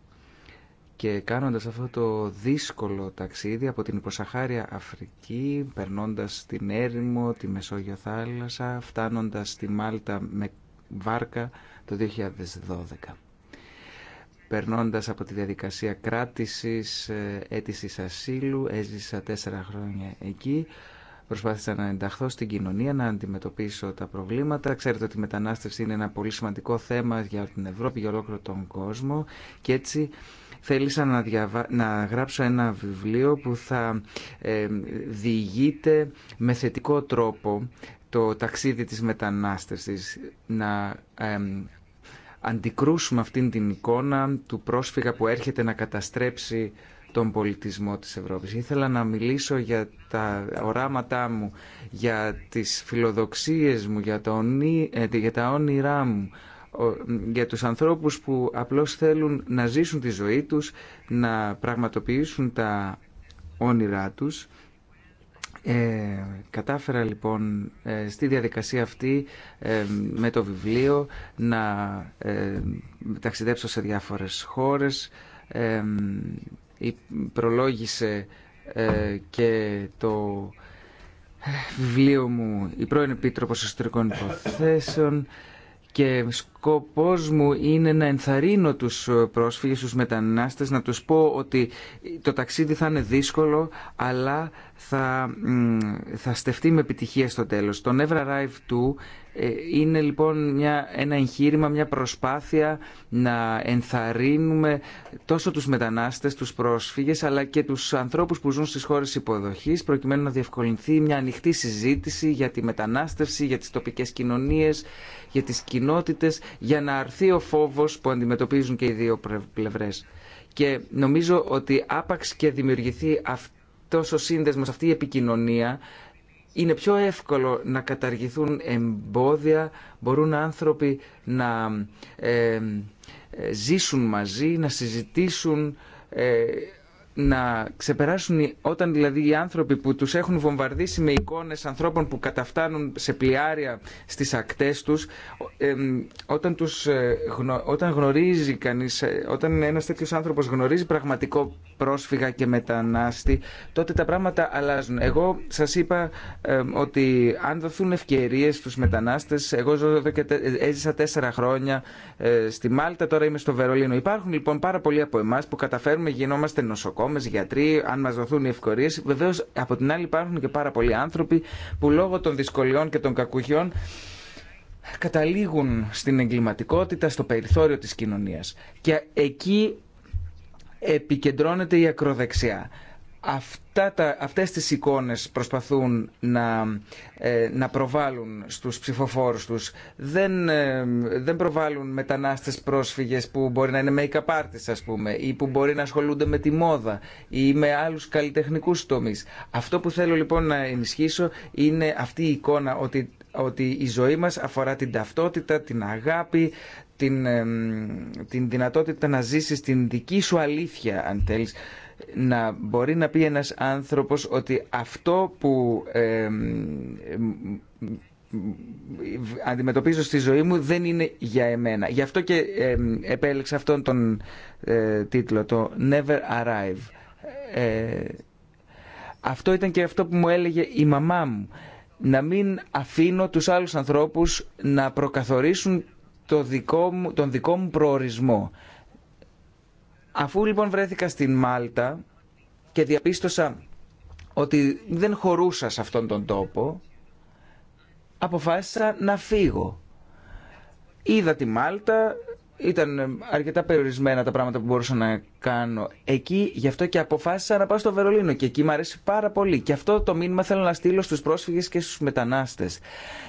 και κάνοντας αυτό το δύσκολο ταξίδι από την υποσαχάρια Αφρική, περνώντας την έρημο, τη Μεσόγειο θάλασσα, φτάνοντας στη Μάλτα με βάρκα το 2012 περνώντας από τη διαδικασία κράτησης, ε, αίτησης ασύλου, έζησα τέσσερα χρόνια εκεί. Προσπάθησα να ενταχθώ στην κοινωνία, να αντιμετωπίσω τα προβλήματα. Ξέρετε ότι η μετανάστευση είναι ένα πολύ σημαντικό θέμα για την Ευρώπη, για ολόκληρο τον κόσμο. Και έτσι θέλησα να, να γράψω ένα βιβλίο που θα ε, διηγείται με θετικό τρόπο το ταξίδι της μετανάστευσης. Να ε, αντικρούσουμε αυτήν την εικόνα του πρόσφυγα που έρχεται να καταστρέψει τον πολιτισμό της Ευρώπης. Ήθελα να μιλήσω για τα οράματά μου, για τις φιλοδοξίες μου, για τα ε, όνειρά μου, για τους ανθρώπους που απλώς θέλουν να ζήσουν τη ζωή τους, να πραγματοποιήσουν τα όνειρά τους ε, κατάφερα λοιπόν ε, στη διαδικασία αυτή ε, με το βιβλίο να ταξιδέψω σε διάφορες χώρες. Προλόγησε και το βιβλίο μου η πρώην Επίτροπος Ιστορικών Υποθέσεων και σκοπός μου είναι να ενθαρρύνω τους πρόσφυγες, τους μετανάστες, να τους πω ότι το ταξίδι θα είναι δύσκολο, αλλά θα, θα στεφτεί με επιτυχία στο τέλος. Το Never Arrive 2 ε, είναι λοιπόν μια, ένα εγχείρημα, μια προσπάθεια να ενθαρρύνουμε τόσο τους μετανάστες, τους πρόσφυγες, αλλά και τους ανθρώπους που ζουν στις χώρες υποδοχής, προκειμένου να διευκολυνθεί μια ανοιχτή συζήτηση για τη μετανάστευση, για τις τοπικές κοινωνίες, για τις κοινότητες, για να αρθεί ο φόβος που αντιμετωπίζουν και οι δύο πλευρές. Και νομίζω ότι άπαξ και δημιουργηθεί αυτός ο σύνδεσμος, αυτή η επικοινωνία, είναι πιο εύκολο να καταργηθούν εμπόδια, μπορούν άνθρωποι να ε, ε, ζήσουν μαζί, να συζητήσουν ε, να ξεπεράσουν όταν δηλαδή οι άνθρωποι που τους έχουν βομβαρδίσει με εικόνες ανθρώπων που καταφτάνουν σε πλοιάρια στις ακτές τους όταν, τους, ε, όταν γνωρίζει κανείς, ε, όταν ένας τέτοιος άνθρωπος γνωρίζει πραγματικό πρόσφυγα και μετανάστη, τότε τα πράγματα αλλάζουν. Εγώ σα είπα ότι αν δοθούν ευκαιρίε στους μετανάστε, εγώ ζω εδώ και έζησα τέσσερα χρόνια ε, στη Μάλτα, τώρα είμαι στο Βερολίνο. Υπάρχουν λοιπόν πάρα πολλοί από εμά που καταφέρουμε, γινόμαστε νοσοκόμε, γιατροί, αν μα δοθούν οι ευκαιρίες. βεβαίω από την άλλη υπάρχουν και πάρα πολλοί άνθρωποι που λόγω των δυσκολιών και των κακουχιών καταλήγουν στην εγκληματικότητα, στο περιθώριο της κοινωνίας. Και εκεί επικεντρώνεται η ακροδεξιά. Αυτά τα, αυτές τις εικόνες προσπαθούν να, ε, να προβάλλουν στους ψηφοφόρους τους. Δεν, ε, δεν προβάλλουν μετανάστες πρόσφυγες που μπορεί να είναι make-up artists ας πούμε ή που μπορεί να ασχολούνται με τη μόδα ή με άλλους καλλιτεχνικούς τομείς. Αυτό που θέλω λοιπόν να ενισχύσω είναι αυτή η εικόνα ότι ότι η ζωή μας αφορά την ταυτότητα, την αγάπη, την, την δυνατότητα να ζήσεις την δική σου αλήθεια αν θέλει. να μπορεί να πει ένας άνθρωπος ότι αυτό που αντιμετωπίζω στη ζωή μου δεν είναι για εμένα. Γι' αυτό και επέλεξα αυτόν τον ε, τίτλο, το Never Arrive. Ε, αυτό ήταν και αυτό που μου έλεγε η μαμά μου. Να μην αφήνω τους άλλους ανθρώπους να προκαθορίσουν το δικό μου, τον δικό μου προορισμό. Αφού λοιπόν βρέθηκα στην Μάλτα και διαπίστωσα ότι δεν χωρούσα σε αυτόν τον τόπο, αποφάσισα να φύγω. Είδα τη Μάλτα, ήταν αρκετά περιορισμένα τα πράγματα που μπορούσα να κάνω εκεί, γι' αυτό και αποφάσισα να πάω στο Βερολίνο και εκεί μου αρέσει πάρα πολύ. Και αυτό το μήνυμα θέλω να στείλω στους πρόσφυγες και στους μετανάστες.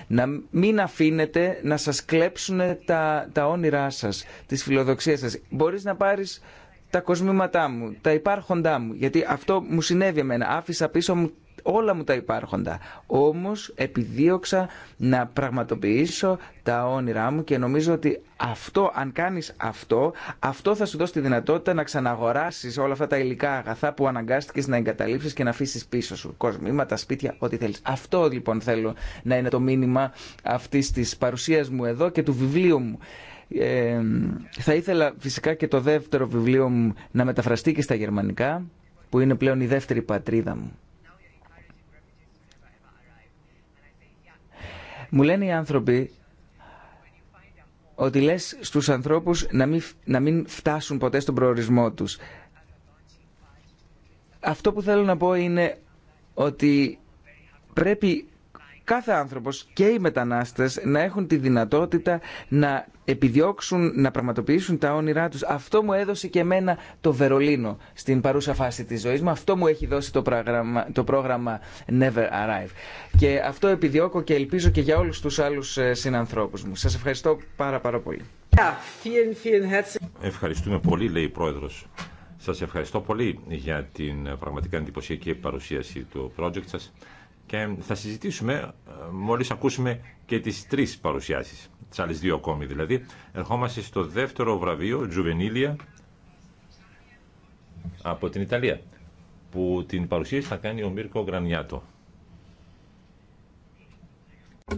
Να μην αφήνετε να σας κλέψουν τα, τα όνειρά σας, τις φιλοδοξίες σας. Μπορείς να πάρεις τα κοσμήματά μου, τα υπάρχοντά μου, γιατί αυτό μου συνέβη εμένα. Άφησα πίσω μου όλα μου τα υπάρχοντα. Όμως επιδίωξα να πραγματοποιήσω τα όνειρά μου και νομίζω ότι αυτό, αν κάνεις αυτό, αυτό θα σου δώσει τη δυνατότητα να ξαναγοράσεις όλα αυτά τα υλικά αγαθά που αναγκάστηκες να εγκαταλείψεις και να αφήσει πίσω σου. Κοσμήματα, σπίτια, ό,τι θέλεις. Αυτό λοιπόν θέλω να είναι το μήνυμα αυτή της παρουσίας μου εδώ και του βιβλίου μου. Ε, θα ήθελα φυσικά και το δεύτερο βιβλίο μου να μεταφραστεί και στα γερμανικά, που είναι πλέον η δεύτερη πατρίδα μου. Μου λένε οι άνθρωποι ότι λες στους ανθρώπους να μην, να μην φτάσουν ποτέ στον προορισμό τους. Αυτό που θέλω να πω είναι ότι πρέπει κάθε άνθρωπος και οι μετανάστες να έχουν τη δυνατότητα να επιδιώξουν, να πραγματοποιήσουν τα όνειρά τους. Αυτό μου έδωσε και εμένα το Βερολίνο στην παρούσα φάση της ζωής μου. Αυτό μου έχει δώσει το πρόγραμμα, το πρόγραμμα Never Arrive. Και αυτό επιδιώκω και ελπίζω και για όλους τους άλλους ε, συνανθρώπους μου. Σας ευχαριστώ πάρα πάρα πολύ. Ευχαριστούμε πολύ, λέει η Πρόεδρος. Σας ευχαριστώ πολύ για την ε, πραγματικά εντυπωσιακή παρουσίαση του project σας και θα συζητήσουμε ε, μόλις ακούσουμε και τις τρεις παρουσιάσεις, τις άλλες δύο ακόμη δηλαδή. Ερχόμαστε στο δεύτερο βραβείο, Τζουβενίλια, από την Ιταλία, που την παρουσίαση θα κάνει ο Μίρκο Γκρανιάτο.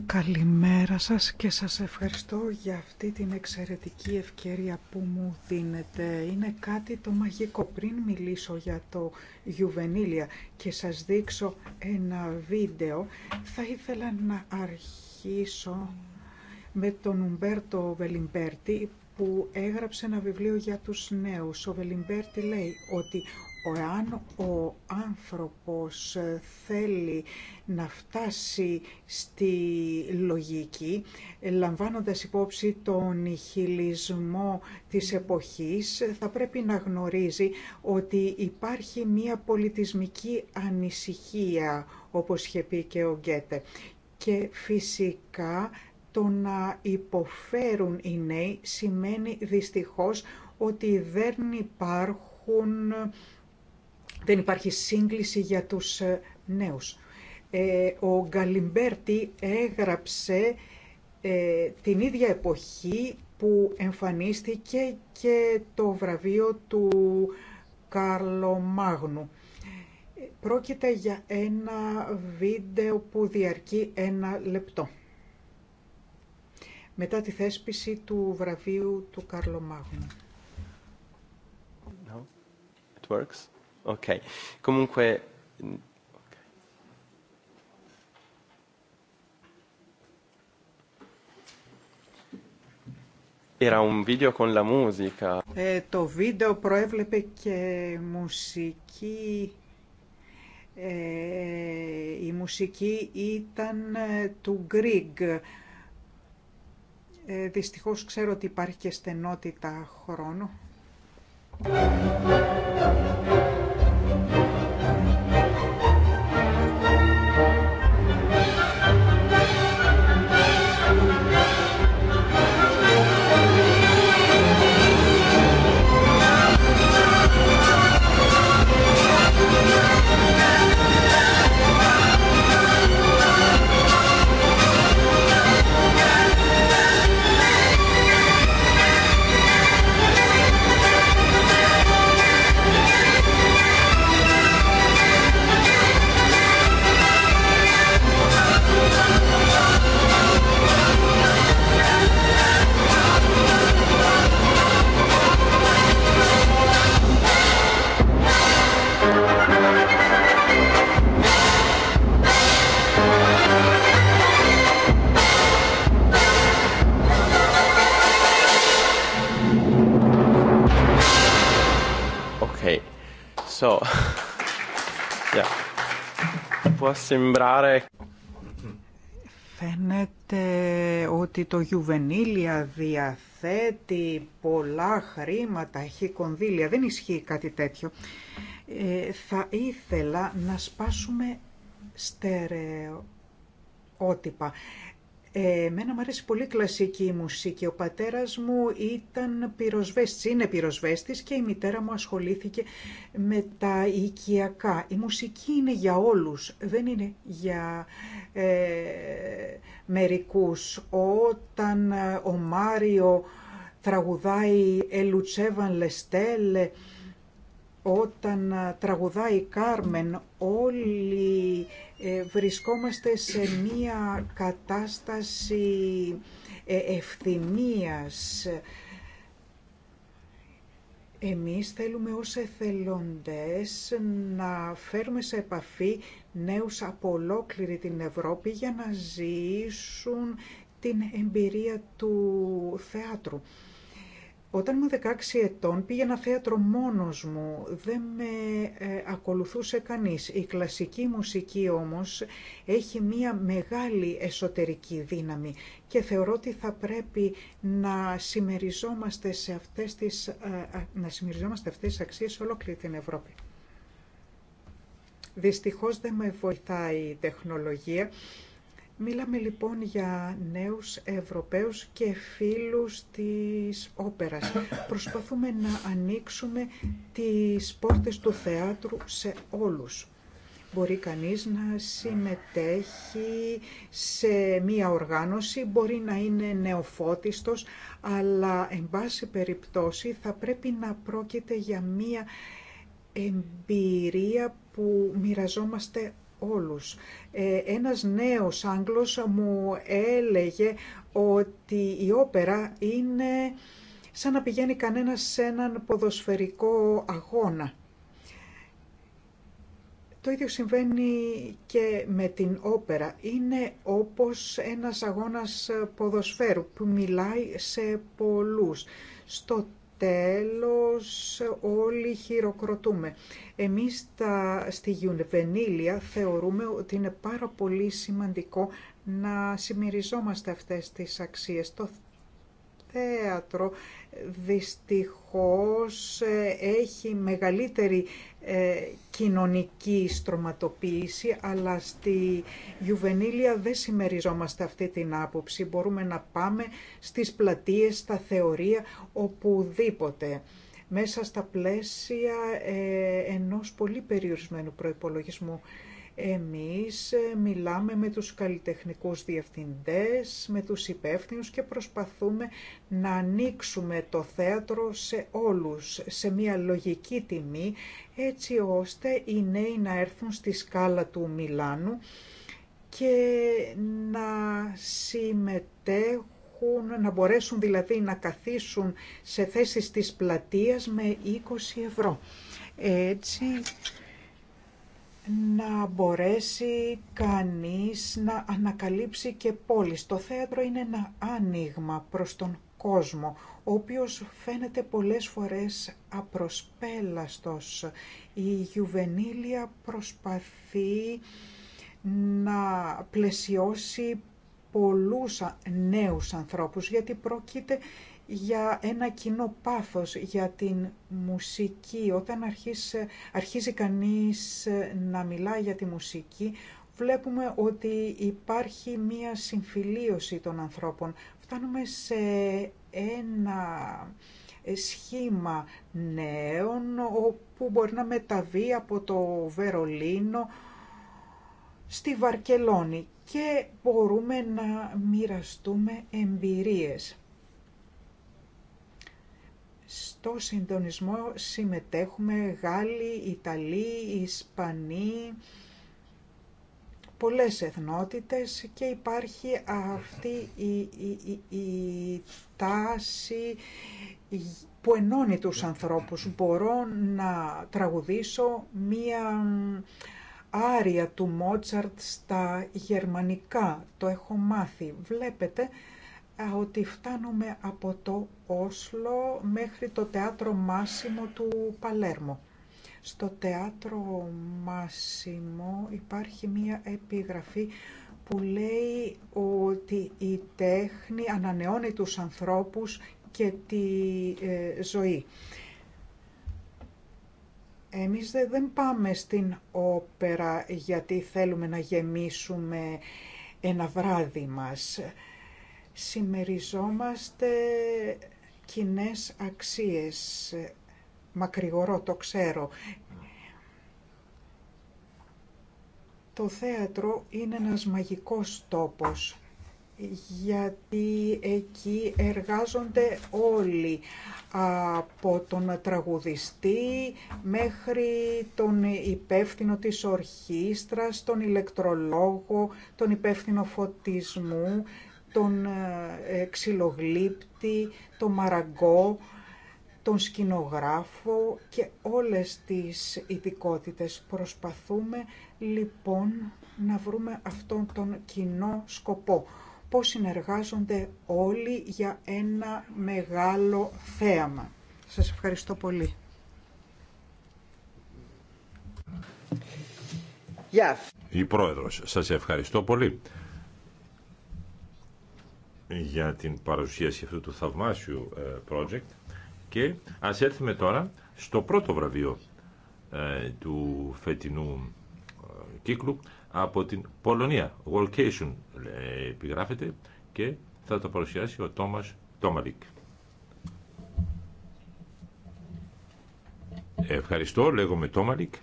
Καλημέρα σας και σας ευχαριστώ για αυτή την εξαιρετική ευκαιρία που μου δίνετε. Είναι κάτι το μαγικό. Πριν μιλήσω για το Γιουβενίλια και σας δείξω ένα βίντεο, θα ήθελα να αρχίσω με τον Ουμπέρτο Βελιμπέρτη που έγραψε ένα βιβλίο για τους νέους. Ο Βελιμπέρτη λέει ότι Εάν ο άνθρωπος ε, θέλει να φτάσει στη λογική, ε, λαμβάνοντας υπόψη τον ηχηλισμό της εποχής, ε, θα πρέπει να γνωρίζει ότι υπάρχει μία πολιτισμική ανησυχία, όπως είχε πει και ο Γκέτε. Και φυσικά το να υποφέρουν οι νέοι σημαίνει δυστυχώς ότι δεν υπάρχουν δεν υπάρχει σύγκληση για τους ε, νέους. Ε, ο Γκαλιμπέρτη έγραψε ε, την ίδια εποχή που εμφανίστηκε και το βραβείο του Καρλομάγνου. Πρόκειται για ένα βίντεο που διαρκεί ένα λεπτό. Μετά τη θέσπιση του βραβείου του Καρλομάγνου. No. Ok. το βίντεο προέβλεπε και μουσική. Ε, η μουσική ήταν ε, του Γκρίγκ. Ε, δυστυχώς ξέρω ότι υπάρχει και στενότητα χρόνου. Υπότιτλοι AUTHORWAVE Φαίνεται ότι το Γιουβενίλια διαθέτει πολλά χρήματα, έχει κονδύλια. Δεν ισχύει κάτι τέτοιο. Ε, θα ήθελα να σπάσουμε στερεότυπα. Εμένα μου αρέσει πολύ κλασική μουσική. Ο πατέρας μου ήταν πυροσβέστης, είναι πυροσβέστης και η μητέρα μου ασχολήθηκε με τα οικιακά. Η μουσική είναι για όλους, δεν είναι για ε, μερικούς. Όταν ε, ο Μάριο τραγουδάει «Ελουτσέβαν Λεστέλε», όταν ε, τραγουδάει Κάρμεν, όλοι ε, βρισκόμαστε σε μία κατάσταση ε, ευθυμίας. Εμείς θέλουμε ως εθελοντές να φέρουμε σε επαφή νέους από ολόκληρη την Ευρώπη για να ζήσουν την εμπειρία του θέατρου όταν ήμουν 16 ετών πήγε ένα θέατρο μόνος μου, δεν με ε, ακολουθούσε κανείς. Η κλασική μουσική όμως έχει μία μεγάλη εσωτερική δύναμη και θεωρώ ότι θα πρέπει να συμμεριζόμαστε, σε αυτές τις, ε, ε, να συμμεριζόμαστε αυτές τις αξίες σε ολόκληρη την Ευρώπη. Δυστυχώς δεν με βοηθάει η τεχνολογία Μίλαμε λοιπόν για νέους Ευρωπαίους και φίλους της όπερας. Προσπαθούμε να ανοίξουμε τις πόρτες του θεάτρου σε όλους. Μπορεί κανείς να συμμετέχει σε μία οργάνωση, μπορεί να είναι νεοφώτιστος, αλλά εν πάση περιπτώσει θα πρέπει να πρόκειται για μία εμπειρία που μοιραζόμαστε όλους. Ε, ένας νέος Άγγλος μου έλεγε ότι η όπερα είναι σαν να πηγαίνει κανένας σε έναν ποδοσφαιρικό αγώνα. Το ίδιο συμβαίνει και με την όπερα. Είναι όπως ένας αγώνας ποδοσφαίρου που μιλάει σε πολλούς. Στο τέλος όλοι χειροκροτούμε. Εμείς τα, στη Γιουνβενίλια θεωρούμε ότι είναι πάρα πολύ σημαντικό να συμμεριζόμαστε αυτές τις αξίες. Το θέατρο δυστυχώς ε, έχει μεγαλύτερη ε, κοινωνική στρωματοποίηση, αλλά στη Γιουβενίλια δεν συμμεριζόμαστε αυτή την άποψη. Μπορούμε να πάμε στις πλατείες, στα θεωρία, οπουδήποτε μέσα στα πλαίσια ε, ενός πολύ περιορισμένου προϋπολογισμού. Εμείς ε, μιλάμε με τους καλλιτεχνικούς διευθυντές, με τους υπεύθυνους και προσπαθούμε να ανοίξουμε το θέατρο σε όλους, σε μια λογική τιμή, έτσι ώστε οι νέοι να έρθουν στη σκάλα του Μιλάνου και να συμμετέχουν να μπορέσουν δηλαδή να καθίσουν σε θέσεις της πλατείας με 20 ευρώ. Έτσι να μπορέσει κανείς να ανακαλύψει και πόλεις. Το θέατρο είναι ένα άνοιγμα προς τον κόσμο, ο οποίος φαίνεται πολλές φορές απροσπέλαστος. Η Γιουβενίλια προσπαθεί να πλαισιώσει πολλούς νέους ανθρώπους, γιατί πρόκειται για ένα κοινό πάθος για την μουσική. Όταν αρχίζει, αρχίζει κανείς ε, να μιλά για τη μουσική, βλέπουμε ότι υπάρχει μία συμφιλίωση των ανθρώπων. Φτάνουμε σε ένα ε, σχήμα νέων που μπορεί να μεταβεί από το Βερολίνο στη Βαρκελόνη και μπορούμε να μοιραστούμε εμπειρίες. Στο συντονισμό συμμετέχουμε Γάλλοι, Ιταλοί, Ισπανοί, πολλές εθνότητες και υπάρχει αυτή η, τάση που ενώνει τους ανθρώπους. Μπορώ να τραγουδήσω μία άρια του Μότσαρτ στα γερμανικά. Το έχω μάθει. Βλέπετε ότι φτάνουμε από το Όσλο μέχρι το Τεάτρο Μάσιμο του Παλέρμο. Στο Τεάτρο Μάσιμο υπάρχει μία επιγραφή που λέει ότι η τέχνη ανανεώνει τους ανθρώπους και τη ε, ζωή. Εμείς δεν πάμε στην όπερα γιατί θέλουμε να γεμίσουμε ένα βράδυ μας. Συμμεριζόμαστε κοινέ αξίες. Μακρηγορώ, το ξέρω. Το θέατρο είναι ένας μαγικός τόπος γιατί εκεί εργάζονται όλοι από τον τραγουδιστή μέχρι τον υπεύθυνο της ορχήστρας, τον ηλεκτρολόγο, τον υπεύθυνο φωτισμού, τον ε, ξυλογλύπτη, τον μαραγκό, τον σκηνογράφο και όλες τις ειδικότητε. Προσπαθούμε λοιπόν να βρούμε αυτόν τον κοινό σκοπό. Πώς συνεργάζονται όλοι για ένα μεγάλο θέαμα. Σας ευχαριστώ πολύ. Η Πρόεδρος, σας ευχαριστώ πολύ για την παρουσίαση αυτού του θαυμάσιου ε, project και ας έρθουμε τώρα στο πρώτο βραβείο ε, του φετινού ε, κύκλου από την Πολωνία. Walkation. επιγράφεται και θα το παρουσιάσει ο Τόμας Τόμαλικ. Ευχαριστώ, λέγομαι Τόμαλικ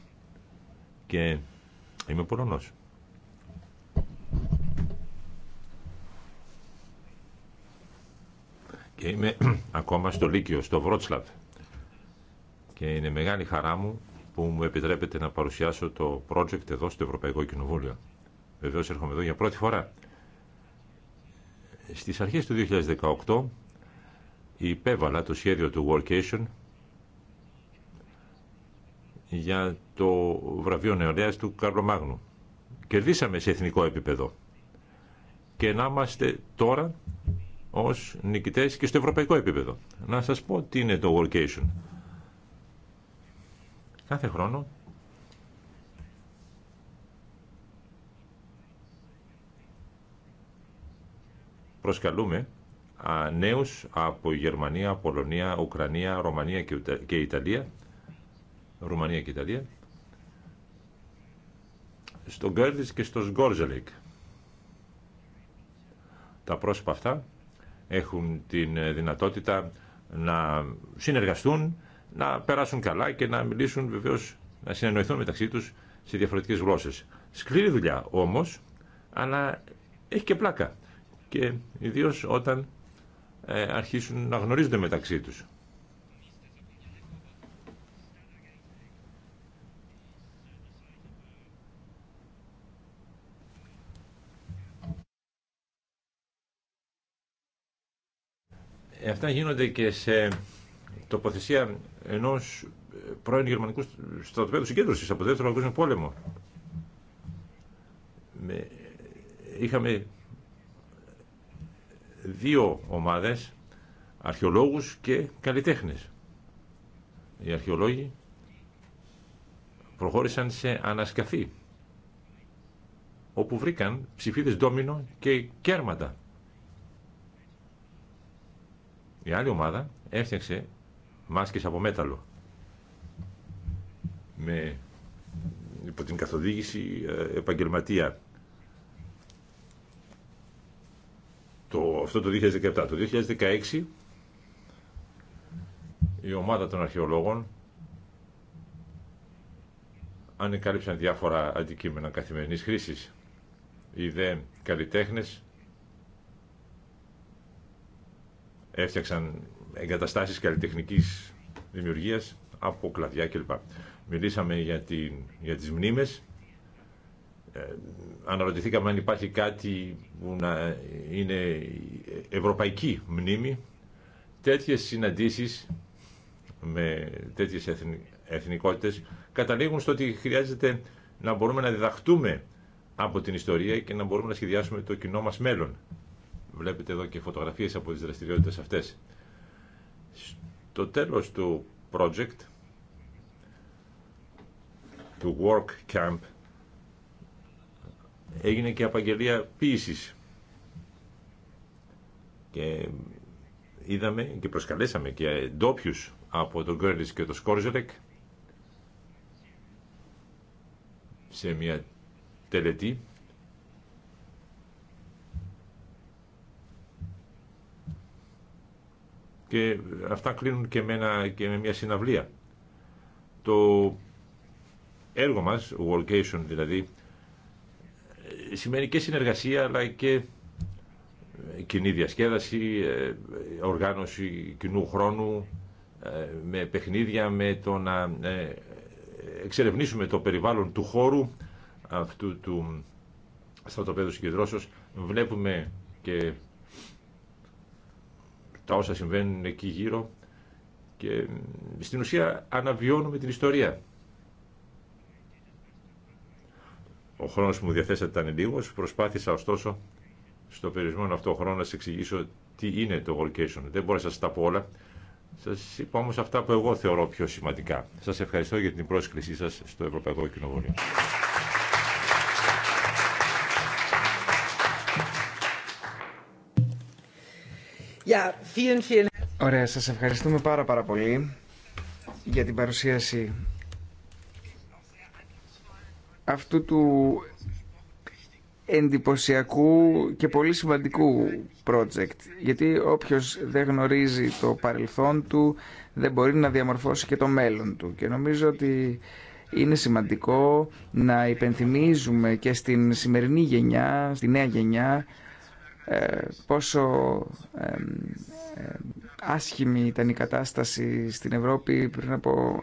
και είμαι Πολωνός. και είμαι ακόμα στο Λύκειο, στο Βρότσλαβ. Και είναι μεγάλη χαρά μου που μου επιτρέπετε να παρουσιάσω το project εδώ στο Ευρωπαϊκό Κοινοβούλιο. Βεβαίω έρχομαι εδώ για πρώτη φορά. Στις αρχές του 2018 υπέβαλα το σχέδιο του Workation για το βραβείο νεολαία του Καρλομάγνου. Κερδίσαμε σε εθνικό επίπεδο. Και να είμαστε τώρα ως νικητές και στο ευρωπαϊκό επίπεδο. Να σας πω τι είναι το Workation. Κάθε χρόνο προσκαλούμε νέους από Γερμανία, Πολωνία, Ουκρανία, Ρωμανία και Ιταλία, Ρουμανία και Ιταλία, στο Γκέρδης και στο Σγκόρζελικ. Τα πρόσωπα αυτά έχουν την ε, δυνατότητα να συνεργαστούν, να περάσουν καλά και να μιλήσουν βεβαίω, να συνεννοηθούν μεταξύ τους σε διαφορετικές γλώσσες. Σκληρή δουλειά όμως, αλλά έχει και πλάκα. Και ιδίω όταν ε, αρχίσουν να γνωρίζονται μεταξύ τους. Αυτά γίνονται και σε τοποθεσία ενός πρώην γερμανικού στρατοπέδου συγκέντρωσης από το δεύτερο παγκόσμιο πόλεμο. Είχαμε δύο ομάδες, αρχαιολόγους και καλλιτέχνες. Οι αρχαιολόγοι προχώρησαν σε ανασκαφή, όπου βρήκαν ψηφίδες ντόμινο και κέρματα η άλλη ομάδα έφτιαξε μάσκες από μέταλλο με, υπό την καθοδήγηση ε, επαγγελματία το, αυτό το 2017. Το 2016 η ομάδα των αρχαιολόγων ανεκάλυψαν διάφορα αντικείμενα καθημερινής χρήσης. Οι δε καλλιτέχνες έφτιαξαν εγκαταστάσεις καλλιτεχνικής δημιουργίας από κλαδιά κλπ. Μιλήσαμε για, την, για τις μνήμες. Ε, αναρωτηθήκαμε αν υπάρχει κάτι που να είναι ευρωπαϊκή μνήμη. Τέτοιες συναντήσεις με τέτοιες εθνικότητες καταλήγουν στο ότι χρειάζεται να μπορούμε να διδαχτούμε από την ιστορία και να μπορούμε να σχεδιάσουμε το κοινό μας μέλλον. Βλέπετε εδώ και φωτογραφίες από τις δραστηριότητες αυτές. Στο τέλος του project, του work camp, έγινε και απαγγελία ποιησης. Και είδαμε και προσκαλέσαμε και ντόπιου από τον Γκέρλις και τον Σκόρζελεκ σε μια τελετή και αυτά κλείνουν και με, και μια συναυλία. Το έργο μας, ...Walkation δηλαδή, σημαίνει και συνεργασία αλλά και κοινή διασκέδαση, ε, οργάνωση κοινού χρόνου, ε, με παιχνίδια, με το να ε, εξερευνήσουμε το περιβάλλον του χώρου αυτού του στρατοπέδου συγκεντρώσεως. Βλέπουμε και τα όσα συμβαίνουν εκεί γύρω και στην ουσία αναβιώνουμε την ιστορία. Ο χρόνος που μου διαθέσατε ήταν λίγος, προσπάθησα ωστόσο στο περιορισμένο αυτό χρόνο να σας εξηγήσω τι είναι το workation. Δεν μπορώ να σας τα πω όλα. Σας είπα όμως αυτά που εγώ θεωρώ πιο σημαντικά. Σας ευχαριστώ για την πρόσκλησή σας στο Ευρωπαϊκό Κοινοβούλιο. Ωραία, σας ευχαριστούμε πάρα πάρα πολύ για την παρουσίαση αυτού του εντυπωσιακού και πολύ σημαντικού project. Γιατί όποιος δεν γνωρίζει το παρελθόν του δεν μπορεί να διαμορφώσει και το μέλλον του. Και νομίζω ότι είναι σημαντικό να υπενθυμίζουμε και στην σημερινή γενιά, στη νέα γενιά, ε, πόσο ε, άσχημη ήταν η κατάσταση στην Ευρώπη πριν από,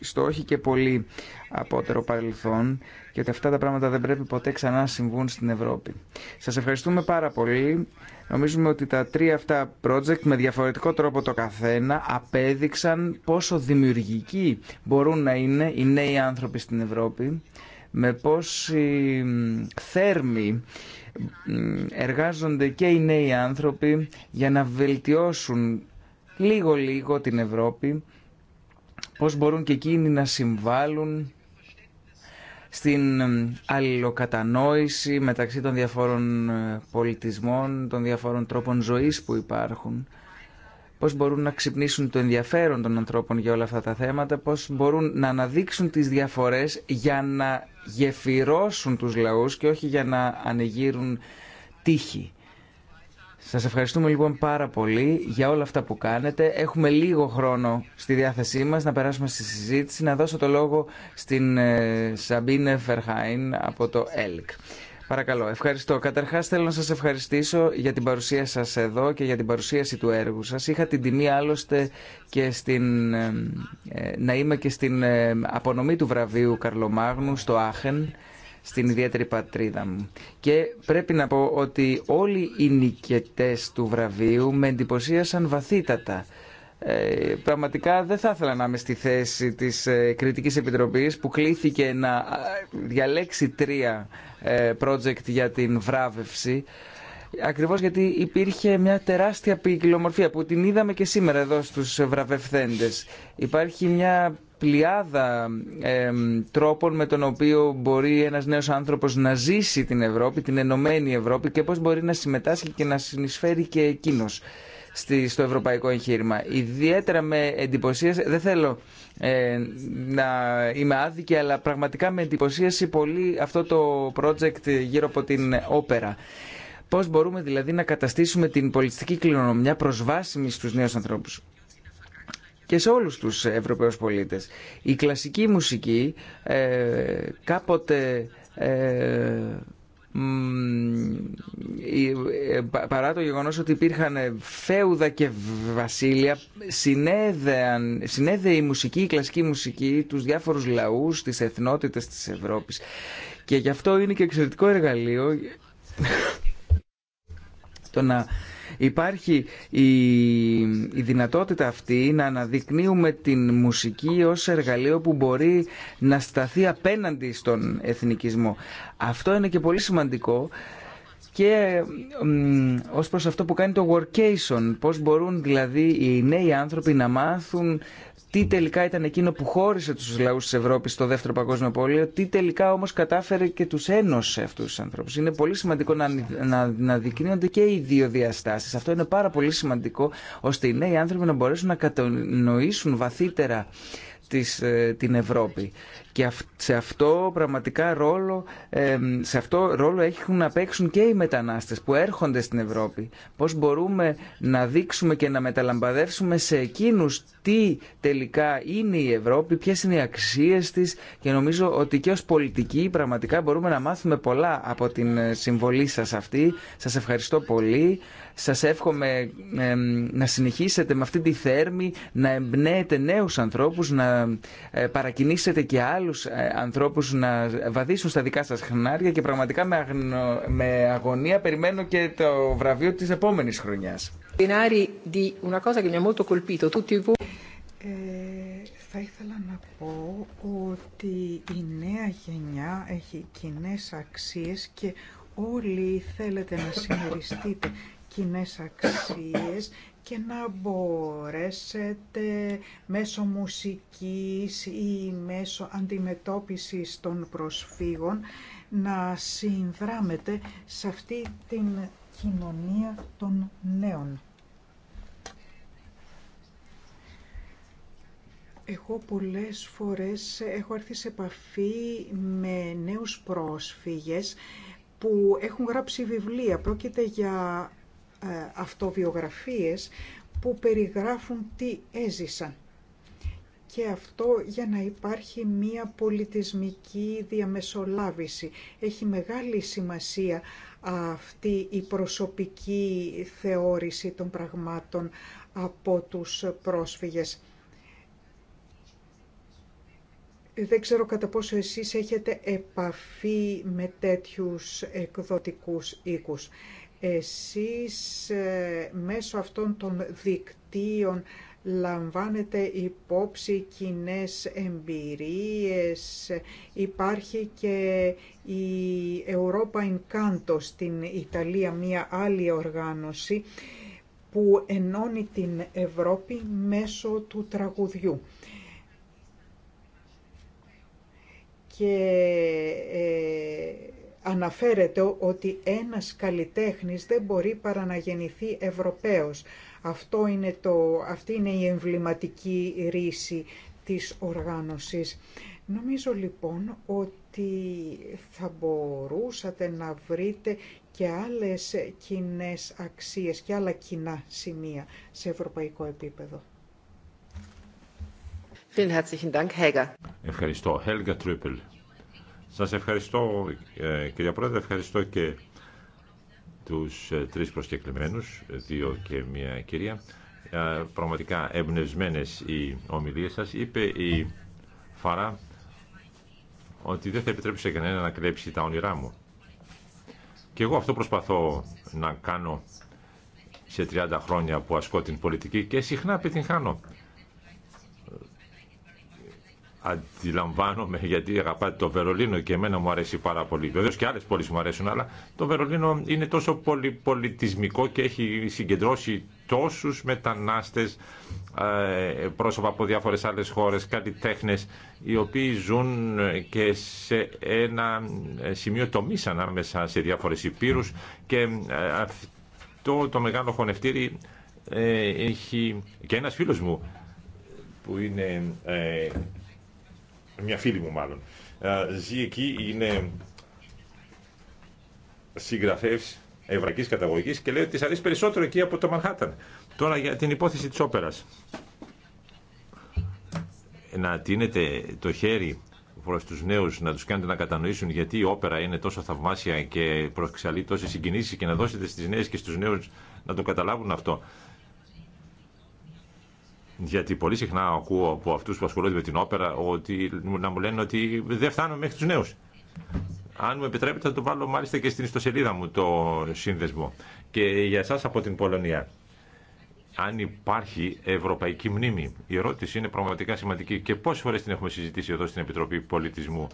στο όχι και πολύ απότερο παρελθόν και ότι αυτά τα πράγματα δεν πρέπει ποτέ ξανά να συμβούν στην Ευρώπη. Σας ευχαριστούμε πάρα πολύ. Νομίζουμε ότι τα τρία αυτά project με διαφορετικό τρόπο το καθένα απέδειξαν πόσο δημιουργικοί μπορούν να είναι οι νέοι άνθρωποι στην Ευρώπη με πόση θέρμη εργάζονται και οι νέοι άνθρωποι για να βελτιώσουν λίγο-λίγο την Ευρώπη, πώς μπορούν και εκείνοι να συμβάλλουν στην ε, αλληλοκατανόηση μεταξύ των διαφόρων ε, πολιτισμών, των διαφόρων τρόπων ζωής που υπάρχουν πώς μπορούν να ξυπνήσουν το ενδιαφέρον των ανθρώπων για όλα αυτά τα θέματα, πώς μπορούν να αναδείξουν τις διαφορές για να γεφυρώσουν τους λαού και όχι για να ανεγείρουν τύχη. Σας ευχαριστούμε λοιπόν πάρα πολύ για όλα αυτά που κάνετε. Έχουμε λίγο χρόνο στη διάθεσή μας να περάσουμε στη συζήτηση, να δώσω το λόγο στην ε, Σαμπίνε Φερχάιν από το ΕΛΚ. Παρακαλώ, ευχαριστώ. Καταρχά θέλω να σα ευχαριστήσω για την παρουσία σα εδώ και για την παρουσίαση του έργου σα. Είχα την τιμή άλλωστε και στην, ε, να είμαι και στην ε, απονομή του βραβείου Καρλομάγνου στο Άχεν, στην ιδιαίτερη πατρίδα μου. Και πρέπει να πω ότι όλοι οι νικητές του βραβείου με εντυπωσίασαν βαθύτατα. Ε, πραγματικά δεν θα ήθελα να είμαι στη θέση της ε, Κριτικής Επιτροπής που κλήθηκε να ε, διαλέξει τρία ε, project για την βράβευση ακριβώς γιατί υπήρχε μια τεράστια ποικιλομορφία που την είδαμε και σήμερα εδώ στους βραβευθέντες. Υπάρχει μια πλειάδα τρόπων με τον οποίο μπορεί ένας νέος άνθρωπος να ζήσει την Ευρώπη, την ενωμένη Ευρώπη και πώς μπορεί να συμμετάσχει και να συνεισφέρει και εκείνος στο ευρωπαϊκό εγχείρημα. Ιδιαίτερα με εντυπωσία, δεν θέλω ε, να είμαι άδικη, αλλά πραγματικά με εντυπωσίασε πολύ αυτό το project γύρω από την όπερα. Πώς μπορούμε δηλαδή να καταστήσουμε την πολιτιστική κληρονομιά προσβάσιμη στους νέους ανθρώπους και σε όλους τους Ευρωπαίους πολίτες. Η κλασική μουσική ε, κάποτε ε, ε, παρά το γεγονός ότι υπήρχαν φέουδα και βασίλεια συνέδεαν, συνέδεε η μουσική, η κλασική μουσική τους διάφορους λαούς, τις εθνότητες της Ευρώπης και γι' αυτό είναι και εξαιρετικό εργαλείο το να Υπάρχει η, δυνατότητα αυτή να αναδεικνύουμε την μουσική ως εργαλείο που μπορεί να σταθεί απέναντι στον εθνικισμό. Αυτό είναι και πολύ σημαντικό και ως προς αυτό που κάνει το workation, πώς μπορούν δηλαδή οι νέοι άνθρωποι να μάθουν τι τελικά ήταν εκείνο που χώρισε τους λαούς της Ευρώπης στο δεύτερο παγκόσμιο πόλεμο, τι τελικά όμως κατάφερε και τους ένωσε αυτούς τους ανθρώπους. Είναι πολύ σημαντικό να, να, και οι δύο διαστάσεις. Αυτό είναι πάρα πολύ σημαντικό ώστε οι νέοι άνθρωποι να μπορέσουν να κατανοήσουν βαθύτερα της, ε, την Ευρώπη. Και σε αυτό πραγματικά ρόλο, σε αυτό ρόλο έχουν να παίξουν και οι μετανάστες που έρχονται στην Ευρώπη. Πώς μπορούμε να δείξουμε και να μεταλαμπαδεύσουμε σε εκείνους τι τελικά είναι η Ευρώπη, ποιες είναι οι αξίες της και νομίζω ότι και ως πολιτικοί πραγματικά μπορούμε να μάθουμε πολλά από την ε, συμβολή σας αυτή. Σας ευχαριστώ πολύ. Σας εύχομαι να συνεχίσετε με αυτή τη θέρμη, να εμπνέετε νέους ανθρώπους, να ε, παρακινήσετε και άλλους ε, ανθρώπους να βαδίσουν στα δικά σας χνάρια και πραγματικά με, με αγωνία περιμένω και το βραβείο της επόμενης χρονιάς. Θα ήθελα να πω ότι η νέα γενιά έχει κοινέ αξίες και όλοι θέλετε να συμμεριστείτε κοινέ αξίε και να μπορέσετε μέσω μουσικής ή μέσω αντιμετώπισης των προσφύγων να συνδράμετε σε αυτή την κοινωνία των νέων. Εγώ πολλές φορές έχω έρθει σε επαφή με νέους πρόσφυγες που έχουν γράψει βιβλία. Πρόκειται για ε, αυτοβιογραφίες που περιγράφουν τι έζησαν. Και αυτό για να υπάρχει μία πολιτισμική διαμεσολάβηση. Έχει μεγάλη σημασία αυτή η προσωπική θεώρηση των πραγμάτων από τους πρόσφυγες. Δεν ξέρω κατά πόσο εσείς έχετε επαφή με τέτοιους εκδοτικούς οίκους. Εσείς ε, μέσω αυτών των δικτύων λαμβάνετε υπόψη κοινέ εμπειρίες. Υπάρχει και η Europa Canto στην Ιταλία, μια άλλη οργάνωση που ενώνει την Ευρώπη μέσω του τραγουδιού. Και ε, αναφέρεται ότι ένας καλλιτέχνης δεν μπορεί παρά να γεννηθεί Ευρωπαίος. Αυτό είναι το, αυτή είναι η εμβληματική ρίση της οργάνωσης. Νομίζω λοιπόν ότι θα μπορούσατε να βρείτε και άλλες κοινέ αξίες και άλλα κοινά σημεία σε ευρωπαϊκό επίπεδο. Ευχαριστώ. Helga Trüppel. Σας ευχαριστώ ε, κυρία Πρόεδρε, ευχαριστώ και τους ε, τρεις προσκεκλημένους, δύο και μια κυρία. Ε, πραγματικά εμπνευσμένε οι ομιλίες σας. Είπε η Φαρά ότι δεν θα επιτρέψει σε κανένα να κλέψει τα όνειρά μου. Και εγώ αυτό προσπαθώ να κάνω σε 30 χρόνια που ασκώ την πολιτική και συχνά επιτυγχάνω αντιλαμβάνομαι γιατί αγαπάτε το Βερολίνο και εμένα μου αρέσει πάρα πολύ. Βεβαίω και άλλε πόλει μου αρέσουν, αλλά το Βερολίνο είναι τόσο πολυπολιτισμικό και έχει συγκεντρώσει τόσου μετανάστε, ε, πρόσωπα από διάφορε άλλε χώρε, καλλιτέχνε, οι οποίοι ζουν και σε ένα ε, σημείο τομή ανάμεσα σε διάφορε υπήρου και ε, αυτό το μεγάλο χωνευτήρι έχει και ένα φίλο μου που είναι μια φίλη μου μάλλον, ε, ζει εκεί, είναι συγγραφέα εβραϊκής καταγωγής και λέει ότι της αρέσει περισσότερο εκεί από το Μανχάταν. Τώρα για την υπόθεση της όπερας. Να τίνετε το χέρι προς τους νέους, να τους κάνετε να κατανοήσουν γιατί η όπερα είναι τόσο θαυμάσια και προξαλεί τόσες συγκινήσεις και να δώσετε στις νέε και στους νέους να το καταλάβουν αυτό. Γιατί πολύ συχνά ακούω από αυτού που ασχολούνται με την όπερα ότι, να μου λένε ότι δεν φτάνουμε μέχρι του νέου. Αν μου επιτρέπετε θα το βάλω μάλιστα και στην ιστοσελίδα μου το σύνδεσμο. Και για εσά από την Πολωνία. Αν υπάρχει ευρωπαϊκή μνήμη. Η ερώτηση είναι πραγματικά σημαντική και πόσε φορέ την έχουμε συζητήσει εδώ στην Επιτροπή Πολιτισμού.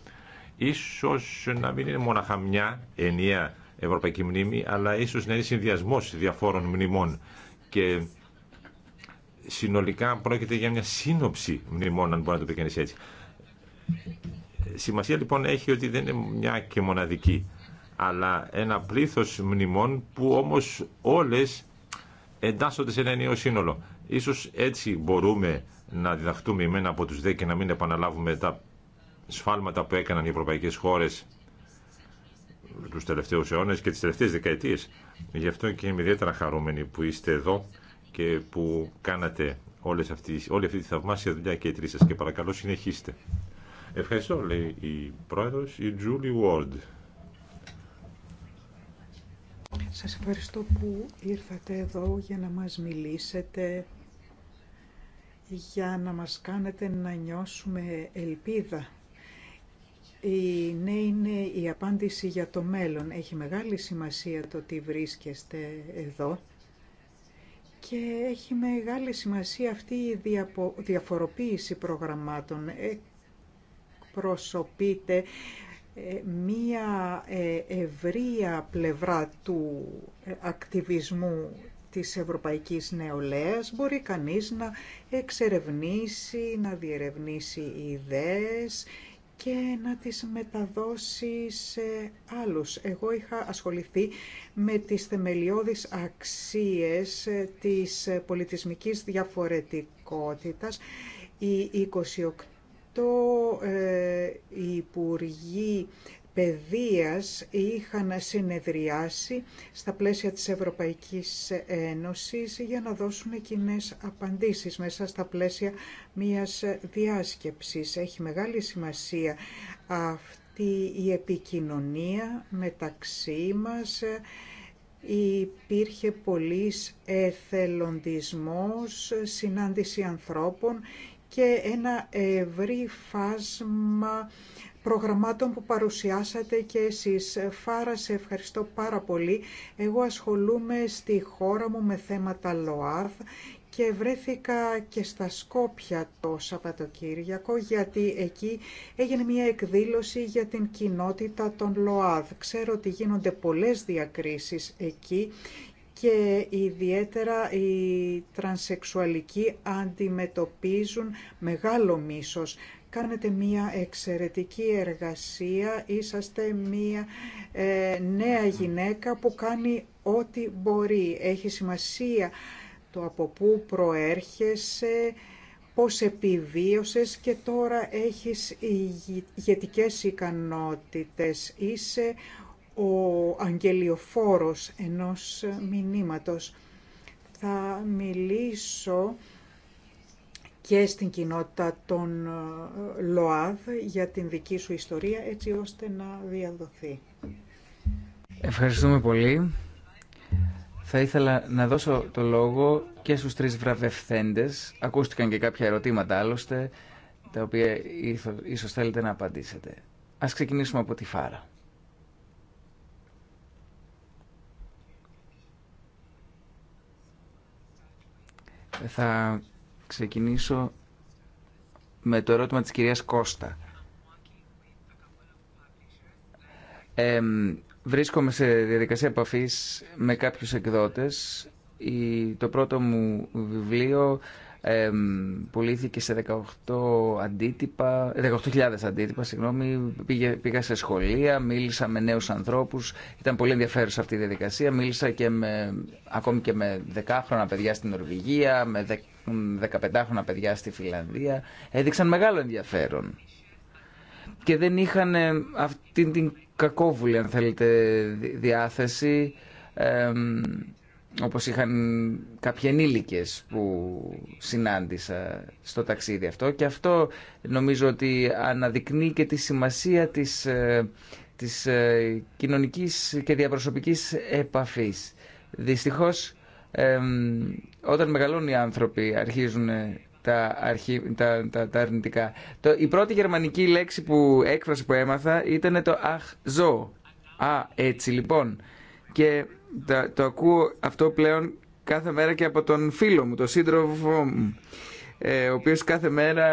Ίσως να μην είναι μοναχα μια ενιαία ευρωπαϊκή μνήμη, αλλά ίσω να είναι συνδυασμό διαφόρων μνημών. Και συνολικά πρόκειται για μια σύνοψη μνημών, αν μπορεί να το πει έτσι. Σημασία λοιπόν έχει ότι δεν είναι μια και μοναδική, αλλά ένα πλήθος μνημών που όμως όλες εντάσσονται σε ένα ενίο σύνολο. Ίσως έτσι μπορούμε να διδαχτούμε εμένα από τους δε και να μην επαναλάβουμε τα σφάλματα που έκαναν οι ευρωπαϊκές χώρες τους τελευταίους αιώνες και τις τελευταίες δεκαετίες. Γι' αυτό και είμαι ιδιαίτερα χαρούμενη που είστε εδώ και που κάνατε όλες αυτές, όλη αυτή τη θαυμάσια δουλειά και οι τρεις σας και παρακαλώ συνεχίστε. Ευχαριστώ, λέει η πρόεδρος, η Julie Ward. Σας ευχαριστώ που ήρθατε εδώ για να μας μιλήσετε, για να μας κάνετε να νιώσουμε ελπίδα. Η ναι είναι η απάντηση για το μέλλον. Έχει μεγάλη σημασία το ότι βρίσκεστε εδώ και έχει μεγάλη σημασία αυτή η διαφοροποίηση προγραμμάτων. Εκπροσωπείται ε, μία ε, ευρεία πλευρά του ε, ακτιβισμού της Ευρωπαϊκής Νεολαίας μπορεί κανείς να εξερευνήσει, να διερευνήσει ιδέες, και να τις μεταδώσει σε άλλους. Εγώ είχα ασχοληθεί με τις θεμελιώδεις αξίες της πολιτισμικής διαφορετικότητας. Οι 28 ε, υπουργοί παιδείας είχαν συνεδριάσει στα πλαίσια της Ευρωπαϊκής Ένωσης για να δώσουν κοινέ απαντήσεις μέσα στα πλαίσια μιας διάσκεψης. Έχει μεγάλη σημασία αυτή η επικοινωνία μεταξύ μας. Υπήρχε πολλής εθελοντισμός, συνάντηση ανθρώπων και ένα ευρύ φάσμα προγραμμάτων που παρουσιάσατε και εσείς. Φάρα, σε ευχαριστώ πάρα πολύ. Εγώ ασχολούμαι στη χώρα μου με θέματα ΛΟΑΔ και βρέθηκα και στα Σκόπια το Σαββατοκύριακο γιατί εκεί έγινε μια εκδήλωση για την κοινότητα των ΛΟΑΔ. Ξέρω ότι γίνονται πολλές διακρίσεις εκεί και ιδιαίτερα οι τρανσεξουαλικοί αντιμετωπίζουν μεγάλο μίσος Κάνετε μία εξαιρετική εργασία, είσαστε μία ε, νέα γυναίκα που κάνει ό,τι μπορεί. Έχει σημασία το από πού προέρχεσαι, πώς επιβίωσες και τώρα έχεις ηγετικές ικανότητες. Είσαι ο αγγελιοφόρος ενός μηνύματος. Θα μιλήσω και στην κοινότητα των ε, ΛΟΑΔ για την δική σου ιστορία έτσι ώστε να διαδοθεί. Ευχαριστούμε πολύ. Θα ήθελα να δώσω το λόγο και στους τρεις βραβευθέντες. Ακούστηκαν και κάποια ερωτήματα άλλωστε, τα οποία ίσως θέλετε να απαντήσετε. Ας ξεκινήσουμε από τη Φάρα. Θα ξεκινήσω με το ερώτημα της κυρίας Κώστα. Ε, βρίσκομαι σε διαδικασία επαφής με κάποιους εκδότες. Η, το πρώτο μου βιβλίο ε, πουλήθηκε σε 18 αντίτυπα, 18.000 αντίτυπα, συγγνώμη, πήγε, πήγα σε σχολεία, μίλησα με νέους ανθρώπους, ήταν πολύ ενδιαφέρουσα αυτή η διαδικασία, μίλησα και με, ακόμη και με 10 παιδιά στην Νορβηγία, με 15χρονα παιδιά στη Φιλανδία, έδειξαν μεγάλο ενδιαφέρον και δεν είχαν ε, αυτή την κακόβουλη, αν θέλετε, διάθεση, όπως είχαν κάποιοι ενήλικες που συνάντησα στο ταξίδι αυτό και αυτό νομίζω ότι αναδεικνύει και τη σημασία της, ε, της ε, κοινωνικής και διαπροσωπικής επαφής. Δυστυχώς όταν μεγαλώνουν οι άνθρωποι αρχίζουν ε, τα, τα, τα, αρνητικά. Το, η πρώτη γερμανική λέξη που έκφραση που έμαθα ήταν το «αχ, ζω». Α, έτσι λοιπόν. Και το ακούω αυτό πλέον κάθε μέρα και από τον φίλο μου, τον σύντροφο μου ε, ο οποίος κάθε μέρα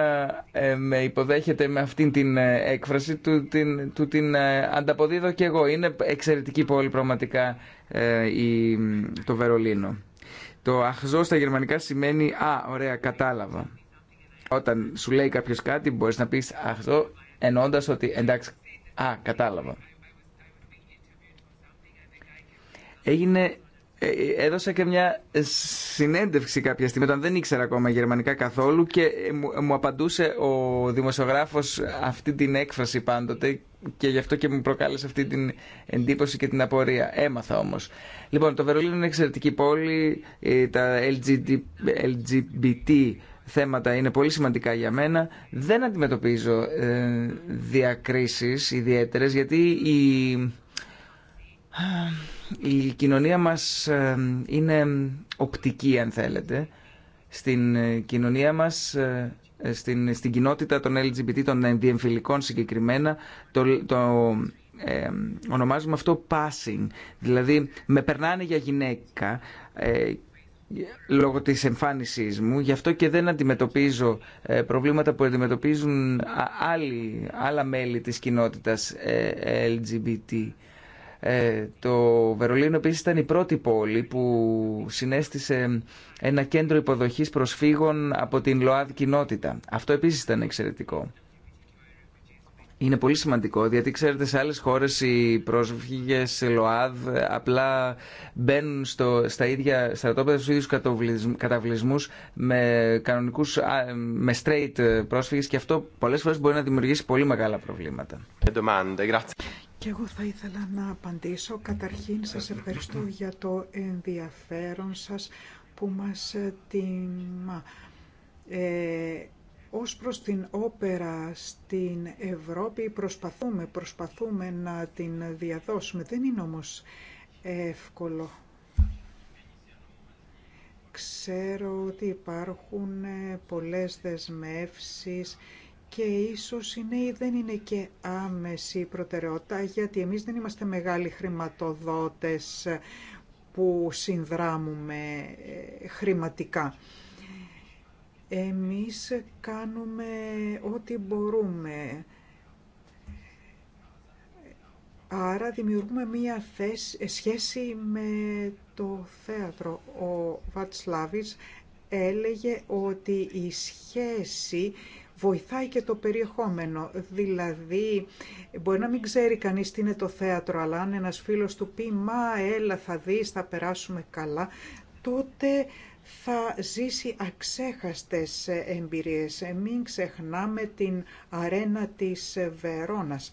ε, με υποδέχεται με αυτήν την ε, έκφραση του την, του την ανταποδίδω και εγώ. Είναι εξαιρετική πόλη πραγματικά η, το Βερολίνο. Το αχζό στα γερμανικά σημαίνει «Α, ωραία, κατάλαβα». Όταν σου λέει κάποιος κάτι μπορείς να πεις αχζό εννοώντας ότι «εντάξει, α, κατάλαβα». έγινε ε, ε, έδωσα και μια συνέντευξη κάποια στιγμή όταν δεν ήξερα ακόμα γερμανικά καθόλου και ε, μου απαντούσε ο δημοσιογράφος αυτή την έκφραση πάντοτε και γι' αυτό και μου προκάλεσε αυτή την εντύπωση και την απορία. Έμαθα όμως. Λοιπόν, το Βερολίνο είναι εξαιρετική πόλη, τα LGBT θέματα είναι πολύ σημαντικά για μένα. Δεν αντιμετωπίζω διακρίσεις ιδιαίτερες γιατί η η κοινωνία μας ε, είναι οπτική αν θέλετε. Στην κοινωνία μας, ε, στην, στην κοινότητα των LGBT, των διεμφυλικών συγκεκριμένα, το, το ε, ονομάζουμε αυτό passing. Δηλαδή με περνάνε για γυναίκα λόγω της εμφάνισής μου, γι' αυτό και δεν αντιμετωπίζω προβλήματα που αντιμετωπίζουν άλλοι, άλλα μέλη της κοινότητας LGBT. Ε, το Βερολίνο επίσης ήταν η πρώτη πόλη που συνέστησε ένα κέντρο υποδοχής προσφύγων από την ΛΟΑΔ κοινότητα. Αυτό επίσης ήταν εξαιρετικό. Είναι πολύ σημαντικό, γιατί ξέρετε σε άλλες χώρες οι πρόσφυγες ΛΟΑΔ απλά μπαίνουν στο, στα ίδια στρατόπεδα στους ίδιους καταβλισμούς με, κανονικούς, με straight πρόσφυγες και αυτό πολλές φορές μπορεί να δημιουργήσει πολύ μεγάλα προβλήματα. Και εγώ θα ήθελα να απαντήσω. Καταρχήν σας ευχαριστώ για το ενδιαφέρον σας που μας τιμά. Ε, ως προς την όπερα στην Ευρώπη προσπαθούμε, προσπαθούμε να την διαδώσουμε. Δεν είναι όμως εύκολο. Ξέρω ότι υπάρχουν πολλές δεσμεύσεις και ίσως νέοι δεν είναι και άμεση προτεραιότητα γιατί εμείς δεν είμαστε μεγάλοι χρηματοδότες που συνδράμουμε ε, χρηματικά. Εμείς κάνουμε ό,τι μπορούμε. Άρα δημιουργούμε μία ε, σχέση με το θέατρο. Ο Βατσλάβης έλεγε ότι η σχέση βοηθάει και το περιεχόμενο. Δηλαδή, μπορεί να μην ξέρει κανείς τι είναι το θέατρο, αλλά αν ένας φίλος του πει «Μα, έλα, θα δεις, θα περάσουμε καλά», τότε θα ζήσει αξέχαστες εμπειρίες. Μην ξεχνάμε την αρένα της Βερόνας.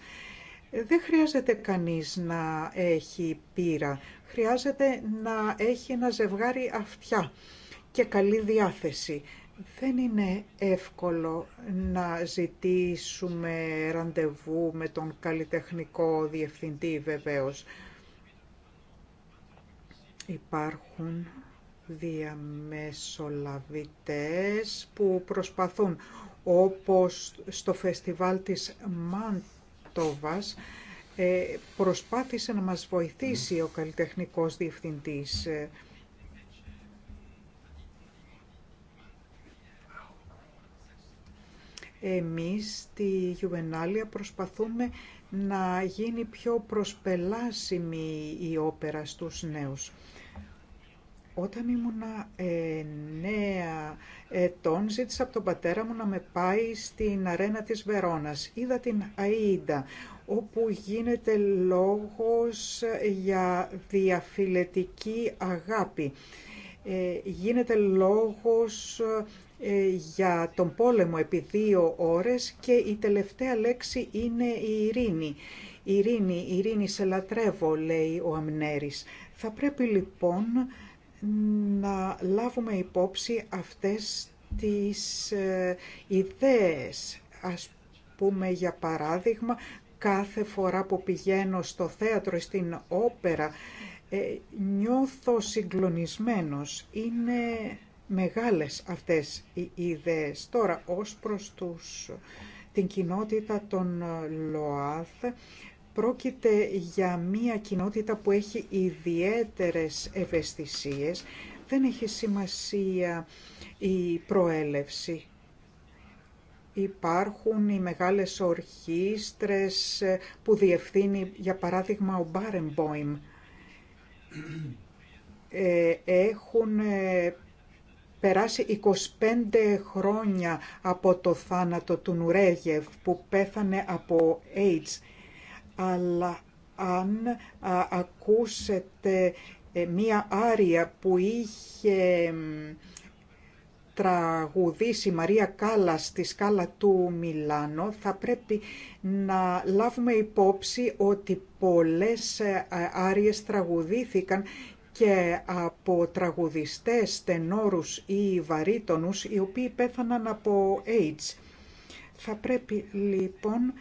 Δεν χρειάζεται κανείς να έχει πείρα. Χρειάζεται να έχει ένα ζευγάρι αυτιά και καλή διάθεση. Δεν είναι εύκολο να ζητήσουμε ραντεβού με τον καλλιτεχνικό διευθυντή βεβαίως. Υπάρχουν διαμεσολαβητές που προσπαθούν όπως στο φεστιβάλ της Μάντοβας ε, προσπάθησε να μας βοηθήσει ναι. ο καλλιτεχνικός διευθυντής ε, Εμείς στη Γιουβενάλια προσπαθούμε να γίνει πιο προσπελάσιμη η όπερα στους νέους. Όταν ήμουνα ε, νέα ετών ζήτησα από τον πατέρα μου να με πάει στην αρένα της Βερόνας. Είδα την Αΐντα όπου γίνεται λόγος για διαφυλετική αγάπη. Ε, γίνεται λόγος ε, για τον πόλεμο επί δύο ώρες και η τελευταία λέξη είναι η ειρήνη. Ειρήνη, ειρήνη σε λατρεύω, λέει ο Αμνέρης. Θα πρέπει λοιπόν να λάβουμε υπόψη αυτές τις ε, ιδέες. Ας πούμε για παράδειγμα, κάθε φορά που πηγαίνω στο θέατρο ή στην όπερα, ε, νιώθω συγκλονισμένος. Είναι μεγάλες αυτές οι ιδέες. Τώρα, ως προς τους, την κοινότητα των ε, ΛΟΑΘ πρόκειται για μία κοινότητα που έχει ιδιαίτερες ευαισθησίες. Δεν έχει σημασία η προέλευση. Υπάρχουν οι μεγάλες ορχήστρες ε, που διευθύνει, για παράδειγμα, ο Μπάρεμποιμ. Ε, έχουν περάσει 25 χρόνια από το θάνατο του Νουρέγευ που πέθανε από AIDS. Αλλά αν ακούσετε ε, μία άρια που είχε τραγουδήσει Μαρία Κάλλα στη σκάλα του Μιλάνο, θα πρέπει να λάβουμε υπόψη ότι πολλές ε, άριες τραγουδήθηκαν και από τραγουδιστές, τενόρους ή βαρύτονους οι οποίοι πέθαναν από AIDS. Θα πρέπει λοιπόν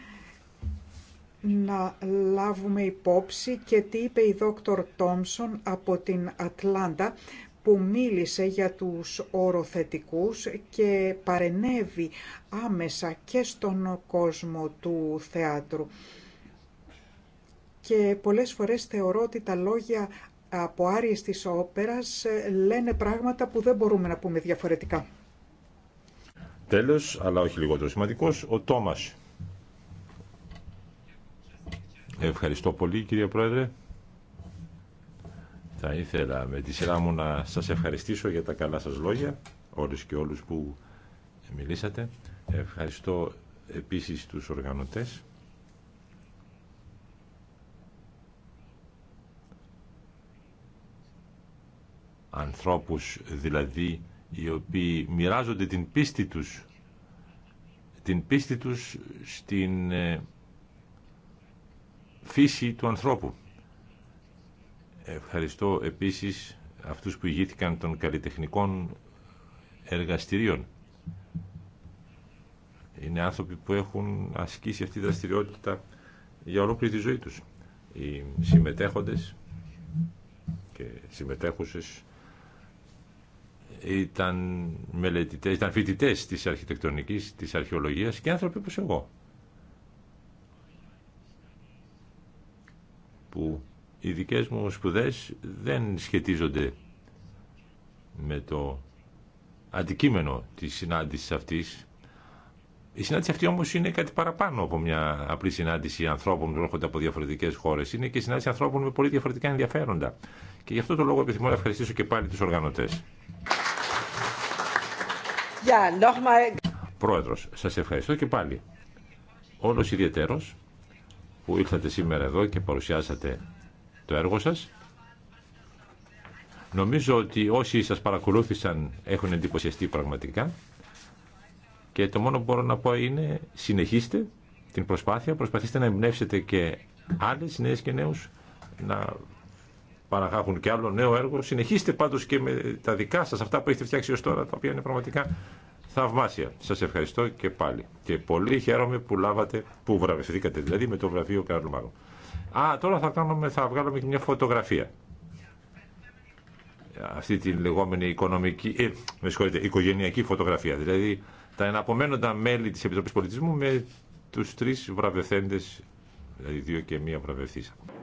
να λάβουμε υπόψη και τι είπε η δόκτωρ Τόμσον από την Ατλάντα που μίλησε για τους οροθετικούς και παρενέβη άμεσα και στον κόσμο του θεάτρου. Και πολλές φορές θεωρώ ότι τα λόγια από άριες της όπερας ε, λένε πράγματα που δεν μπορούμε να πούμε διαφορετικά. Τέλος, αλλά όχι λιγότερο σημαντικός, ο Τόμας. Ευχαριστώ πολύ κύριε Πρόεδρε. Θα ήθελα με τη σειρά μου να σας ευχαριστήσω για τα καλά σας λόγια, όλους και όλους που μιλήσατε. Ευχαριστώ επίσης τους οργανωτές ανθρώπους δηλαδή οι οποίοι μοιράζονται την πίστη τους την πίστη τους στην ε, φύση του ανθρώπου. Ευχαριστώ επίσης αυτούς που ηγήθηκαν των καλλιτεχνικών εργαστηρίων. Είναι άνθρωποι που έχουν ασκήσει αυτή τη δραστηριότητα για ολόκληρη τη ζωή τους. Οι συμμετέχοντες και συμμετέχουσες ήταν, μελετητές, ήταν φοιτητές της αρχιτεκτονικής, της αρχαιολογίας και άνθρωποι όπως εγώ. Που οι δικές μου σπουδές δεν σχετίζονται με το αντικείμενο της συνάντησης αυτής. Η συνάντηση αυτή όμως είναι κάτι παραπάνω από μια απλή συνάντηση ανθρώπων που έρχονται από διαφορετικές χώρες. Είναι και συνάντηση ανθρώπων με πολύ διαφορετικά ενδιαφέροντα. Και γι' αυτό το λόγο επιθυμώ να ευχαριστήσω και πάλι τους οργανωτές. Πρόεδρο, σα Πρόεδρος, σας ευχαριστώ και πάλι. Όλος ιδιαίτερος που ήρθατε σήμερα εδώ και παρουσιάσατε το έργο σας. Νομίζω ότι όσοι σας παρακολούθησαν έχουν εντυπωσιαστεί πραγματικά και το μόνο που μπορώ να πω είναι συνεχίστε την προσπάθεια, προσπαθήστε να εμπνεύσετε και άλλες νέες και νέους να παραγάγουν και άλλο νέο έργο. Συνεχίστε πάντως και με τα δικά σα αυτά που έχετε φτιάξει ω τώρα, τα οποία είναι πραγματικά θαυμάσια. Σα ευχαριστώ και πάλι. Και πολύ χαίρομαι που λάβατε, που βραβευθήκατε δηλαδή με το βραβείο Καρλου Α, τώρα θα, θα βγάλουμε και μια φωτογραφία. Αυτή τη λεγόμενη οικονομική, ε, με συγχωρείτε, οικογενειακή φωτογραφία. Δηλαδή τα εναπομένοντα μέλη τη Επιτροπή Πολιτισμού με του τρει βραβευθέντες, δηλαδή δύο και μία βραβευθήσα.